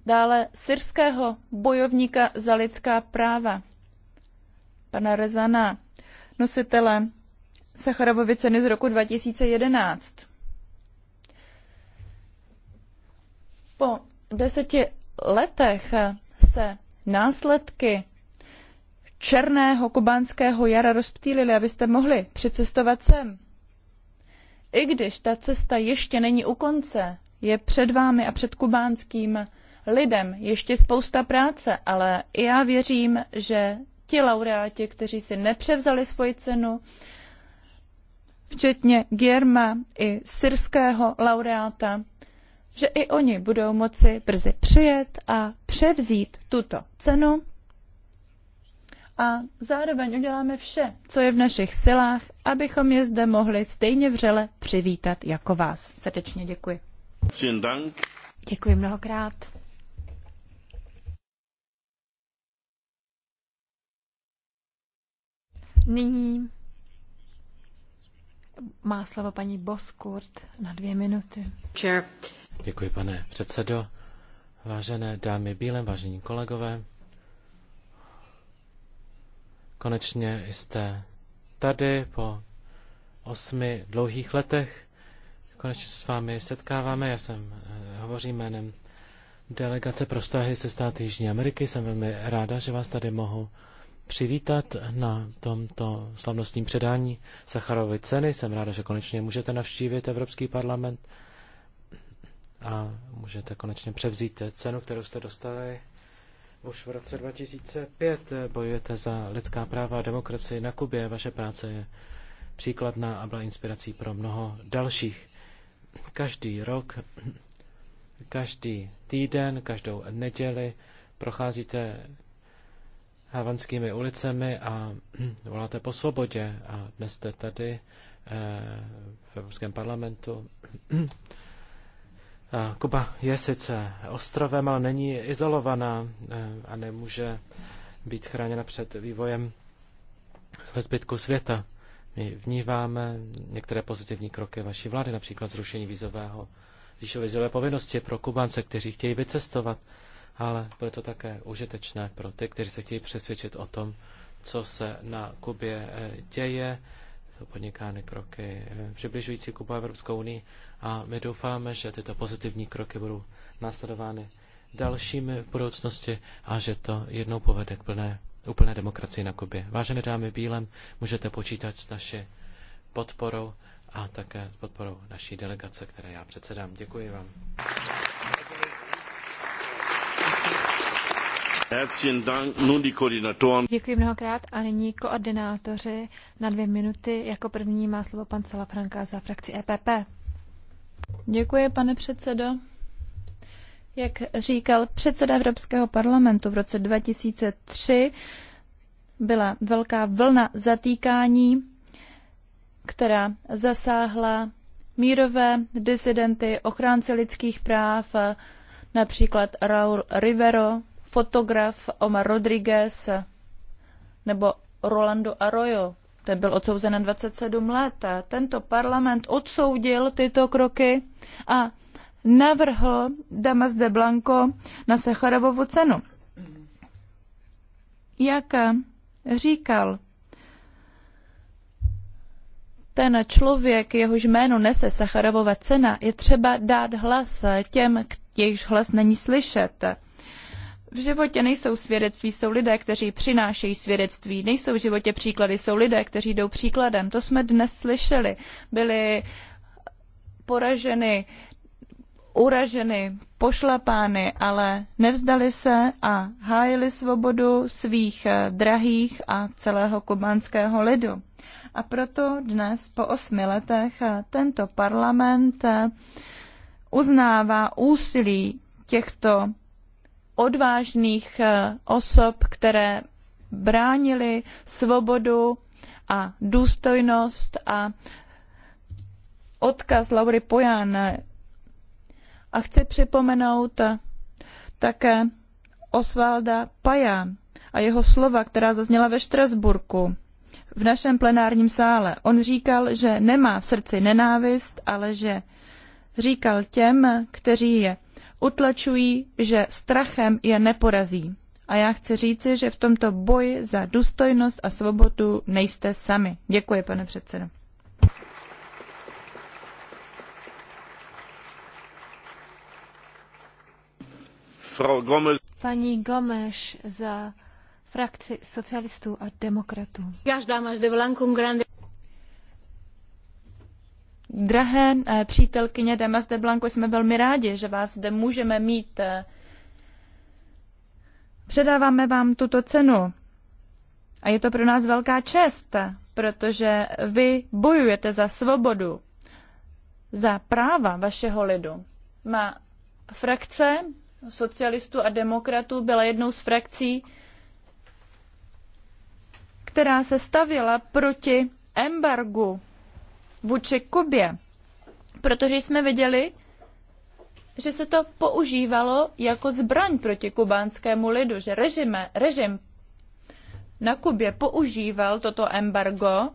Dále syrského bojovníka za lidská práva, pana Rezana, nositele Sacharovovy ceny z roku 2011. Po deseti letech se následky černého kubánského jara rozptýlily, abyste mohli přicestovat sem. I když ta cesta ještě není u konce, je před vámi a před kubánským lidem ještě spousta práce, ale já věřím, že ti laureáti, kteří si nepřevzali svoji cenu, včetně Gierma i syrského laureáta, že i oni budou moci brzy přijet a převzít tuto cenu. A zároveň uděláme vše, co je v našich silách, abychom je zde mohli stejně vřele přivítat jako vás. Srdečně děkuji. Děkuji mnohokrát. Nyní má slovo paní Boskurt na dvě minuty. Chair. Děkuji, pane předsedo. Vážené dámy Bílem, vážení kolegové, konečně jste tady po osmi dlouhých letech. Konečně se s vámi setkáváme. Já jsem eh, hovořím jménem delegace pro vztahy se státy Jižní Ameriky. Jsem velmi ráda, že vás tady mohu přivítat na tomto slavnostním předání Sacharovy ceny. Jsem ráda, že konečně můžete navštívit Evropský parlament a můžete konečně převzít cenu, kterou jste dostali. Už v roce 2005 bojujete za lidská práva a demokracii na Kubě. Vaše práce je příkladná a byla inspirací pro mnoho dalších. Každý rok, každý týden, každou neděli procházíte havanskými ulicemi a voláte po svobodě. A dnes jste tady eh, v Evropském parlamentu Kuba je sice ostrovem, ale není izolovaná eh, a nemůže být chráněna před vývojem ve zbytku světa. My vníváme některé pozitivní kroky vaší vlády, například zrušení vízového, vízové povinnosti pro Kubance, kteří chtějí vycestovat, ale bude to také užitečné pro ty, kteří se chtějí přesvědčit o tom, co se na Kubě eh, děje jsou podnikány kroky přibližující Kuba Evropskou unii a my doufáme, že tyto pozitivní kroky budou následovány dalšími v budoucnosti a že to jednou povede k plné, úplné demokracii na Kubě. Vážené dámy Bílem, můžete počítat s naši podporou a také s podporou naší delegace, které já předsedám. Děkuji vám. Děkuji mnohokrát a nyní koordinátoři na dvě minuty. Jako první má slovo pan Salafranka za frakci EPP. Děkuji, pane předsedo. Jak říkal předseda Evropského parlamentu v roce 2003, byla velká vlna zatýkání, která zasáhla mírové disidenty, ochránce lidských práv, například Raul Rivero, fotograf Omar Rodriguez nebo Rolando Arroyo. Ten byl odsouzen na 27 let. Tento parlament odsoudil tyto kroky a navrhl Damas de Blanco na Sacharovovu cenu. Jak říkal ten člověk, jehož jméno nese Sacharovova cena, je třeba dát hlas těm, jejichž hlas není slyšet. V životě nejsou svědectví, jsou lidé, kteří přinášejí svědectví. Nejsou v životě příklady, jsou lidé, kteří jdou příkladem. To jsme dnes slyšeli. Byli poraženy, uraženy, pošlapány, ale nevzdali se a hájili svobodu svých eh, drahých a celého kubánského lidu. A proto dnes po osmi letech eh, tento parlament eh, uznává úsilí těchto odvážných eh, osob, které bránili svobodu a důstojnost a odkaz Laury Pojan. A chci připomenout také Osvalda Paja a jeho slova, která zazněla ve Štrasburku v našem plenárním sále. On říkal, že nemá v srdci nenávist, ale že říkal těm, kteří je utlačují, že strachem je neporazí. A já chci říci, že v tomto boji za důstojnost a svobodu nejste sami. Děkuji, pane předsedo. Paní Gomes za frakci socialistů a demokratů. Drahé eh, přítelkyně Damas de Blanco, jsme velmi rádi, že vás zde můžeme mít. Eh. Předáváme vám tuto cenu. A je to pro nás velká čest, protože vy bojujete za svobodu, za práva vašeho lidu. Má frakce socialistů a demokratů byla jednou z frakcí, která se stavěla proti embargu vůči Kubě, protože jsme viděli, že se to používalo jako zbraň proti kubánskému lidu, že režime, režim na Kubě používal toto embargo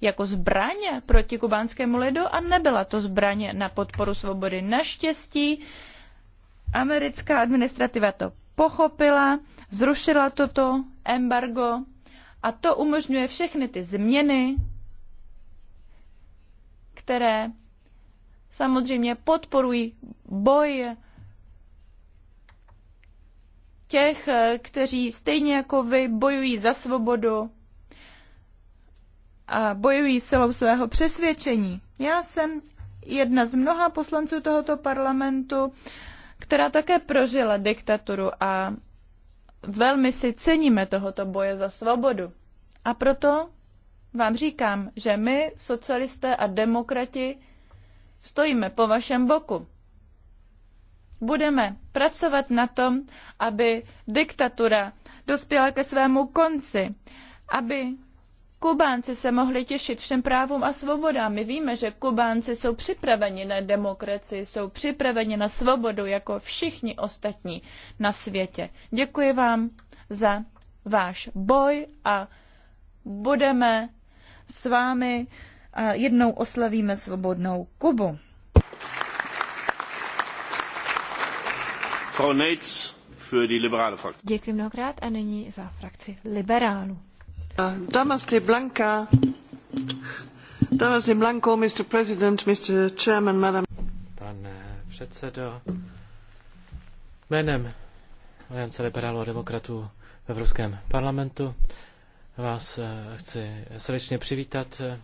jako zbraně proti kubánskému lidu a nebyla to zbraně na podporu svobody. Naštěstí americká administrativa to pochopila, zrušila toto embargo a to umožňuje všechny ty změny, které samozřejmě podporují boj těch, kteří stejně jako vy bojují za svobodu a bojují silou svého přesvědčení. Já jsem jedna z mnoha poslanců tohoto parlamentu, která také prožila diktaturu a velmi si ceníme tohoto boje za svobodu. A proto vám říkám, že my, socialisté a demokrati, stojíme po vašem boku. Budeme pracovat na tom, aby diktatura dospěla ke svému konci, aby Kubánci se mohli těšit všem právům a svobodám. My víme, že Kubánci jsou připraveni na demokracii, jsou připraveni na svobodu jako všichni ostatní na světě. Děkuji vám za váš boj a budeme s vámi a jednou oslavíme svobodnou Kubu. Frau Nates für die liberale Fraktion. Děkuji mnohokrát a nyní za frakci liberálů. Damas de Blanca. Damas Blanco, Mr. President, Mr. Chairman, Madam. Pane předsedo, jménem Aliance liberálů a demokratů v Evropském parlamentu vás eh, chci srdečně přivítat eh,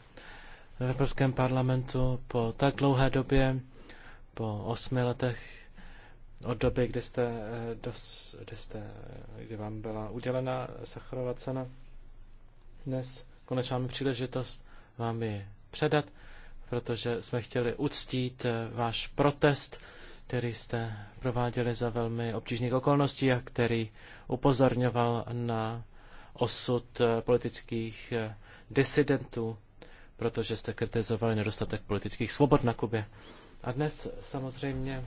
v Evropském parlamentu po tak dlouhé době, po osmi letech od doby, kdy, jste, eh, kdy, jste, kdy vám byla udělena Sacharova cena. Dnes konečně máme příležitost vám ji předat, protože jsme chtěli uctít váš protest, který jste prováděli za velmi obtížných okolností a který upozorňoval na osud eh, politických eh, disidentů, protože jste kritizovali nedostatek politických svobod na Kubě. A dnes samozřejmě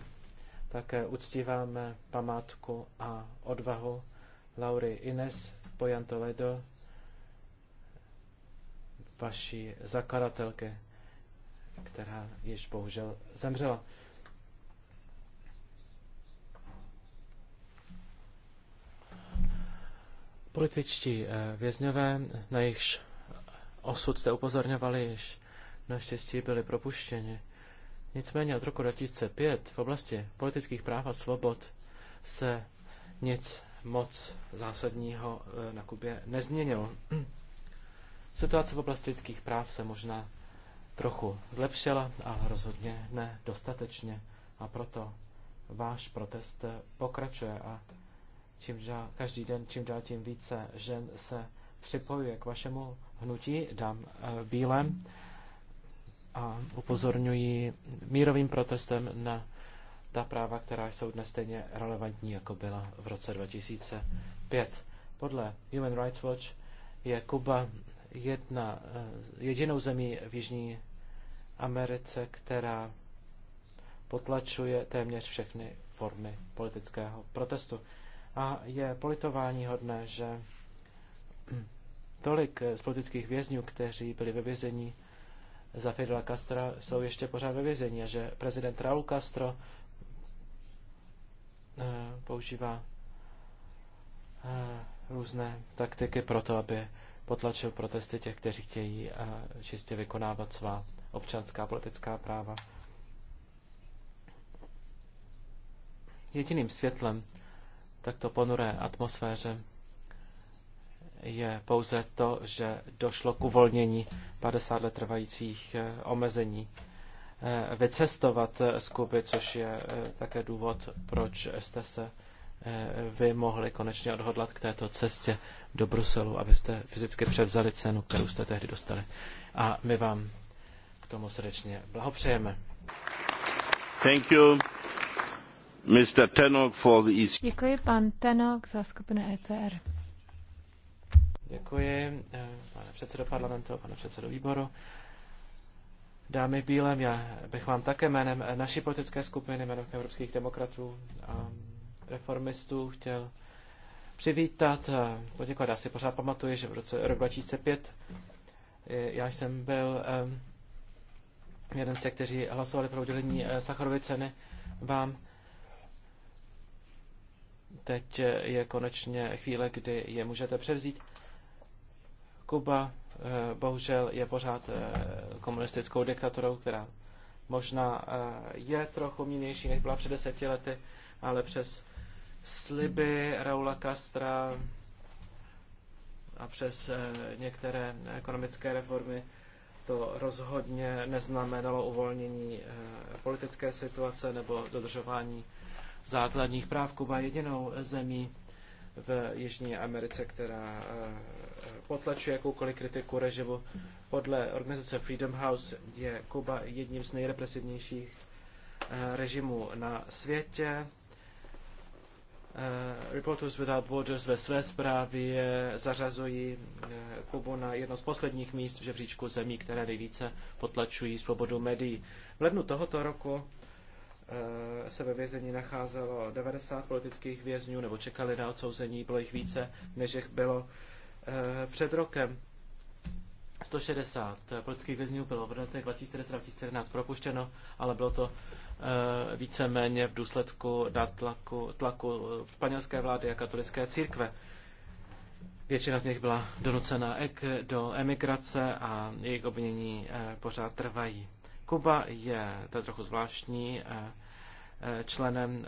také uctíváme památku a odvahu Laury Ines Pojantoledo, vaší zakladatelky, která již bohužel zemřela. Političtí eh, vězňové, na jejichž osud jste upozorňovali, již naštěstí byli propuštěni. Nicméně od roku 2005 v oblasti politických práv a svobod se nic moc zásadního eh, na Kubě nezměnilo. Situace v oblasti lidských práv se možná trochu zlepšila, ale rozhodně ne dostatečně. A proto váš protest eh, pokračuje a čím dál, každý den čím dál tím více žen se připojuje k vašemu hnutí Dám eh, Bílem a upozorňuji mírovým protestem na ta práva, která jsou dnes stejně relevantní, jako byla v roce 2005. Podle Human Rights Watch je Kuba jedna, eh, jedinou zemí v Jižní Americe, která potlačuje téměř všechny formy politického protestu. A je politování hodné, že tolik z politických vězňů, kteří byli ve vězení za Fidela Castra, jsou ještě pořád ve vězení a že prezident Raúl Castro eh, používá eh, různé taktiky pro to, aby potlačil protesty těch, kteří chtějí eh, čistě vykonávat svá občanská politická práva. Jediným světlem takto ponuré atmosféře je pouze to, že došlo k uvolnění 50 let trvajících eh, omezení eh, vycestovat z Kuby, což je eh, také důvod, proč jste se vy mohli konečně odhodlat k této cestě do Bruselu, abyste fyzicky převzali cenu, kterou jste tehdy dostali. A my vám k tomu srdečně blahopřejeme. Thank you. Tenok ECR. E e eh, pane předsedo parlamentu, pane předsedo výboru. Dámy v bílém, já bych vám také jménem naší politické skupiny, jménem evropských demokratů a reformistů chtěl přivítat, eh, poděkovat. Já si pořád pamatuju, že v roce rok 2005 eh, já jsem byl jeden z těch, kteří hlasovali pro udělení Sacharovy ceny vám Teď je konečně chvíle, kdy je můžete převzít. Kuba eh, bohužel je pořád eh, komunistickou diktaturou, která možná eh, je trochu mínější, než byla před deseti lety, ale přes sliby Raula Castra a přes některé ekonomické reformy to rozhodně neznamenalo uvolnění politické situace nebo dodržování základních práv. Kuba jedinou zemí v Jižní Americe, která eh, potlačuje jakoukoliv kritiku režimu. Podle organizace Freedom House je Kuba jedním z nejrepresivnějších eh, režimů na světě. Eh, Reporters Without Borders ve své zprávě zařazují Kubu na jedno z posledních míst v žebříčku zemí, které nejvíce potlačují svobodu médií. V lednu tohoto roku Eh, se ve vězení nacházelo 90 politických vězňů nebo čekali na odsouzení, bylo jich více, než jich bylo eh, před rokem. 160 eh, politických vězňů bylo v letech 2014-2014 propuštěno, ale bylo to víceméně v důsledku tlaku, tlaku španělské vlády a katolické církve. Většina z nich byla donucena ek do emigrace a jejich obvinění pořád trvají. Kuba je, to je trochu zvláštní, eh, eh, členem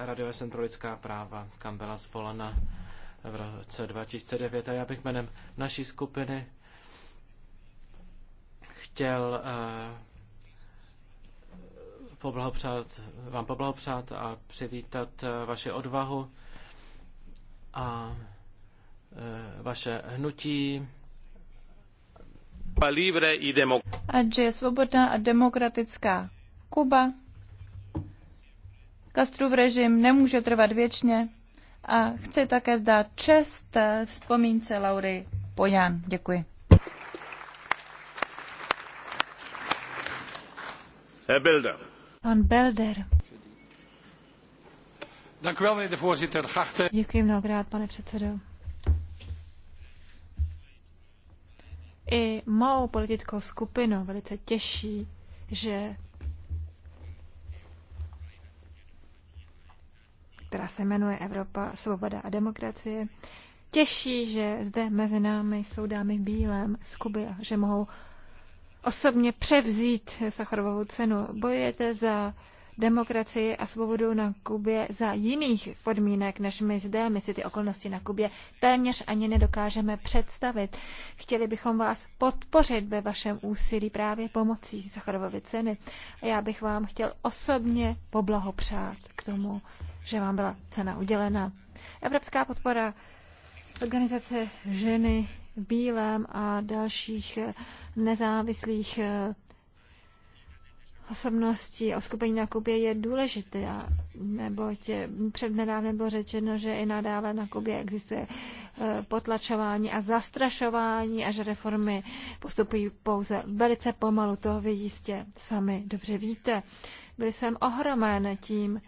eh, Rady OSN pro lidská práva, kam byla zvolena v roce 2009. A já bych jménem naší skupiny chtěl poblahopřát, vám poblahopřát a přivítat vaši odvahu a vaše hnutí Ať je svobodná a demokratická Kuba. Kastrův režim nemůže trvat věčně a chci také vzdát čest vzpomínce Laury Pojan. Děkuji. Herr Belder. Pan Belder. Děkuji mnohokrát, pane předsedo. i mou politickou skupinu velice těší, že která se jmenuje Evropa, svoboda a demokracie, těší, že zde mezi námi jsou dámy v bílém z Kuby a že mohou osobně převzít Sacharovou cenu. Bojujete za demokracii a svobodu na Kubě za jiných podmínek než my zde. My si ty okolnosti na Kubě téměř ani nedokážeme představit. Chtěli bychom vás podpořit ve vašem úsilí právě pomocí Sacharovovy ceny. A já bych vám chtěl osobně poblahopřát k tomu, že vám byla cena udělena. Evropská podpora organizace ženy bílém a dalších nezávislých eh, osobností o skupení na Kubě je důležitý, neboť nedávno bylo řečeno, že i nadále na Kubě existuje e, potlačování a zastrašování a že reformy postupují pouze velice pomalu, to vy jistě sami dobře víte. Byl jsem ohromen tím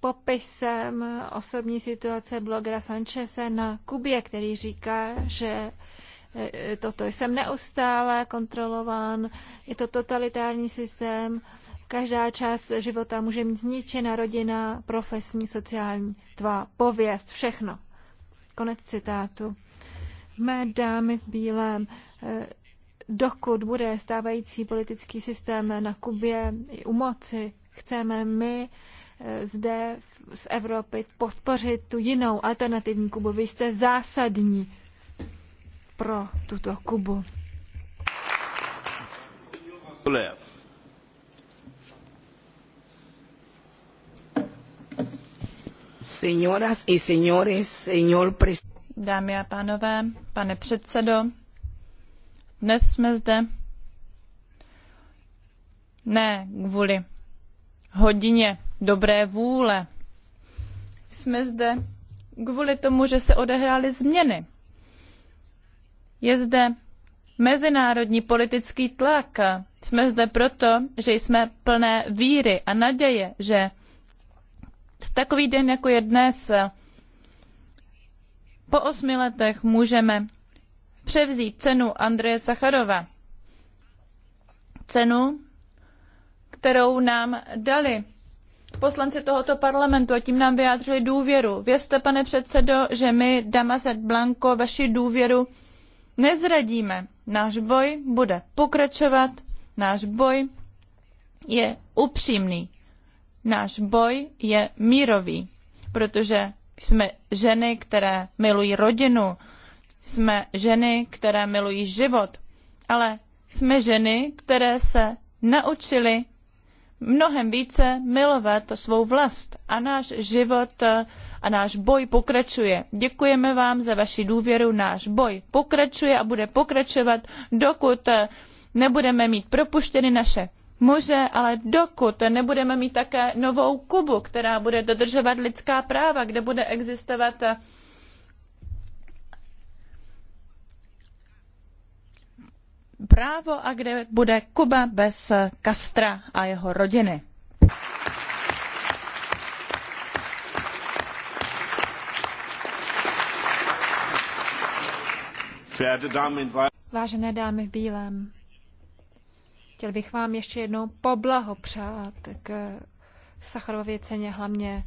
popisem osobní situace blogera Sancheze na Kubě, který říká, že Eh, toto. Jsem neustále kontrolován, je to totalitární systém, každá část života může mít zničena rodina, profesní, sociální tvá, pověst, všechno. Konec citátu. Mé dámy v bílém, eh, dokud bude stávající politický systém na Kubě u moci, chceme my eh, zde z Evropy podpořit tu jinou alternativní Kubu. Vy jste zásadní pro tuto Kubu. Señoras y señores, señor Dámy a pánové, pane předsedo, dnes jsme zde ne kvůli hodině dobré vůle. Jsme zde kvůli tomu, že se odehrály změny je zde mezinárodní politický tlak. Jsme zde proto, že jsme plné víry a naděje, že v takový den, jako je dnes, po osmi letech můžeme převzít cenu Andreje Sacharova. Cenu, kterou nám dali poslanci tohoto parlamentu a tím nám vyjádřili důvěru. Vězte, pane předsedo, že my, Damaset Blanco, vaši důvěru nezradíme. Náš boj bude pokračovat, náš boj je upřímný, náš boj je mírový, protože jsme ženy, které milují rodinu, jsme ženy, které milují život, ale jsme ženy, které se naučily mnohem více milovat svou vlast a náš život eh, a náš boj pokračuje. Děkujeme vám za vaši důvěru, náš boj pokračuje a bude pokračovat, dokud eh, nebudeme mít propuštěny naše muže, ale dokud nebudeme mít také novou Kubu, která bude dodržovat lidská práva, kde bude existovat eh, právo a kde bude Kuba bez Kastra a jeho rodiny. Vážené dámy v bílém, chtěl bych vám ještě jednou poblahopřát k Sacharově ceně hlavně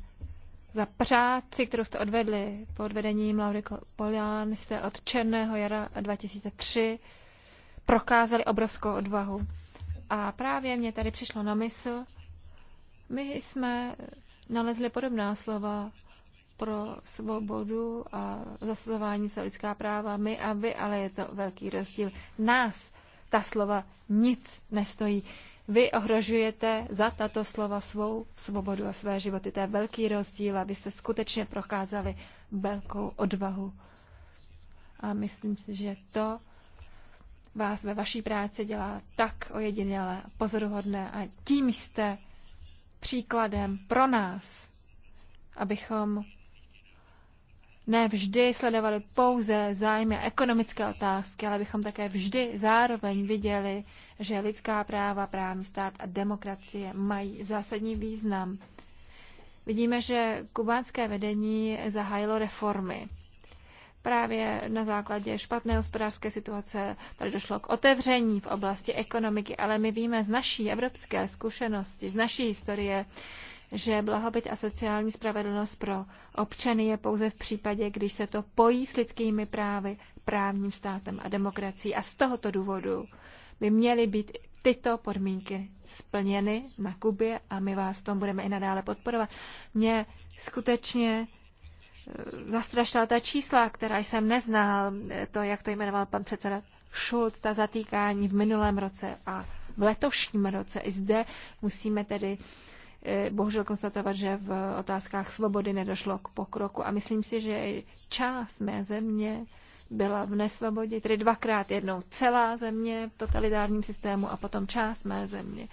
za práci, kterou jste odvedli pod vedením Laury Polián, jste od Černého jara 2003 prokázali obrovskou odvahu. A právě mě tady přišlo na mysl, my jsme nalezli podobná slova pro svobodu a zasazování se lidská práva, my a vy, ale je to velký rozdíl. Nás ta slova nic nestojí. Vy ohrožujete za tato slova svou svobodu a své životy. To je velký rozdíl a vy jste skutečně prokázali velkou odvahu. A myslím si, že to vás ve vaší práci dělá tak ojedinělé pozoruhodné a tím jste příkladem pro nás, abychom ne vždy sledovali pouze zájmy a ekonomické otázky, ale bychom také vždy zároveň viděli, že lidská práva, právní stát a demokracie mají zásadní význam. Vidíme, že kubánské vedení zahájilo reformy. Právě na základě špatné hospodářské situace tady došlo k otevření v oblasti ekonomiky, ale my víme z naší evropské zkušenosti, z naší historie, že blahobyt a sociální spravedlnost pro občany je pouze v případě, když se to pojí s lidskými právy, právním státem a demokracií. A z tohoto důvodu by měly být tyto podmínky splněny na Kubě a my vás v tom budeme i nadále podporovat. Mě skutečně zastrašila ta čísla, která jsem neznal, to, jak to jmenoval pan předseda Schulz, ta zatýkání v minulém roce a v letošním roce. I zde musíme tedy eh, bohužel konstatovat, že v otázkách svobody nedošlo k pokroku a myslím si, že část mé země byla v nesvobodě, tedy dvakrát jednou celá země v totalitárním systému a potom část mé země.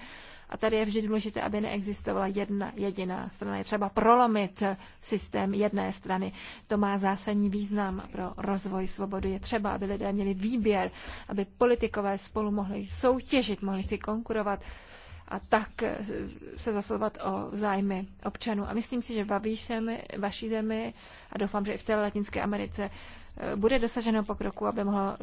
A tady je vždy důležité, aby neexistovala jedna jediná strana. Je třeba prolomit systém jedné strany. To má zásadní význam pro rozvoj svobody. Je třeba, aby lidé měli výběr, aby politikové spolu mohli soutěžit, mohli si konkurovat a tak eh, se zasovat o zájmy občanů. A myslím si, že v vaší zemi a doufám, že i v celé Latinské Americe bude dosaženo pokroku, aby mohlo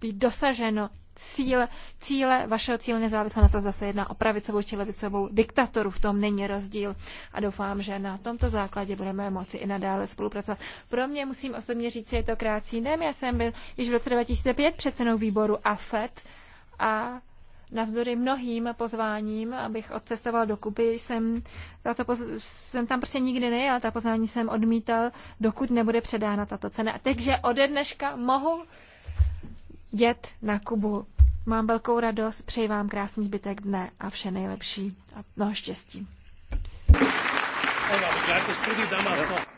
být dosaženo cíle, cíle vašeho cíle nezávisle na to, zase jedná o pravicovou či levicovou diktatoru. V tom není rozdíl a doufám, že na tomto základě budeme moci i nadále spolupracovat. Pro mě musím osobně říct, že je to krátcí den. Já jsem byl již v roce 2005 předsedou výboru AFET a navzdory mnohým pozváním, abych odcestoval do Kuby, jsem, za to poz, jsem tam prostě nikdy nejel, ta pozvání jsem odmítal, dokud nebude předána tato cena. Takže ode dneška mohu jet na Kubu. Mám velkou radost, přeji vám krásný zbytek dne a vše nejlepší a mnoho štěstí. Ona,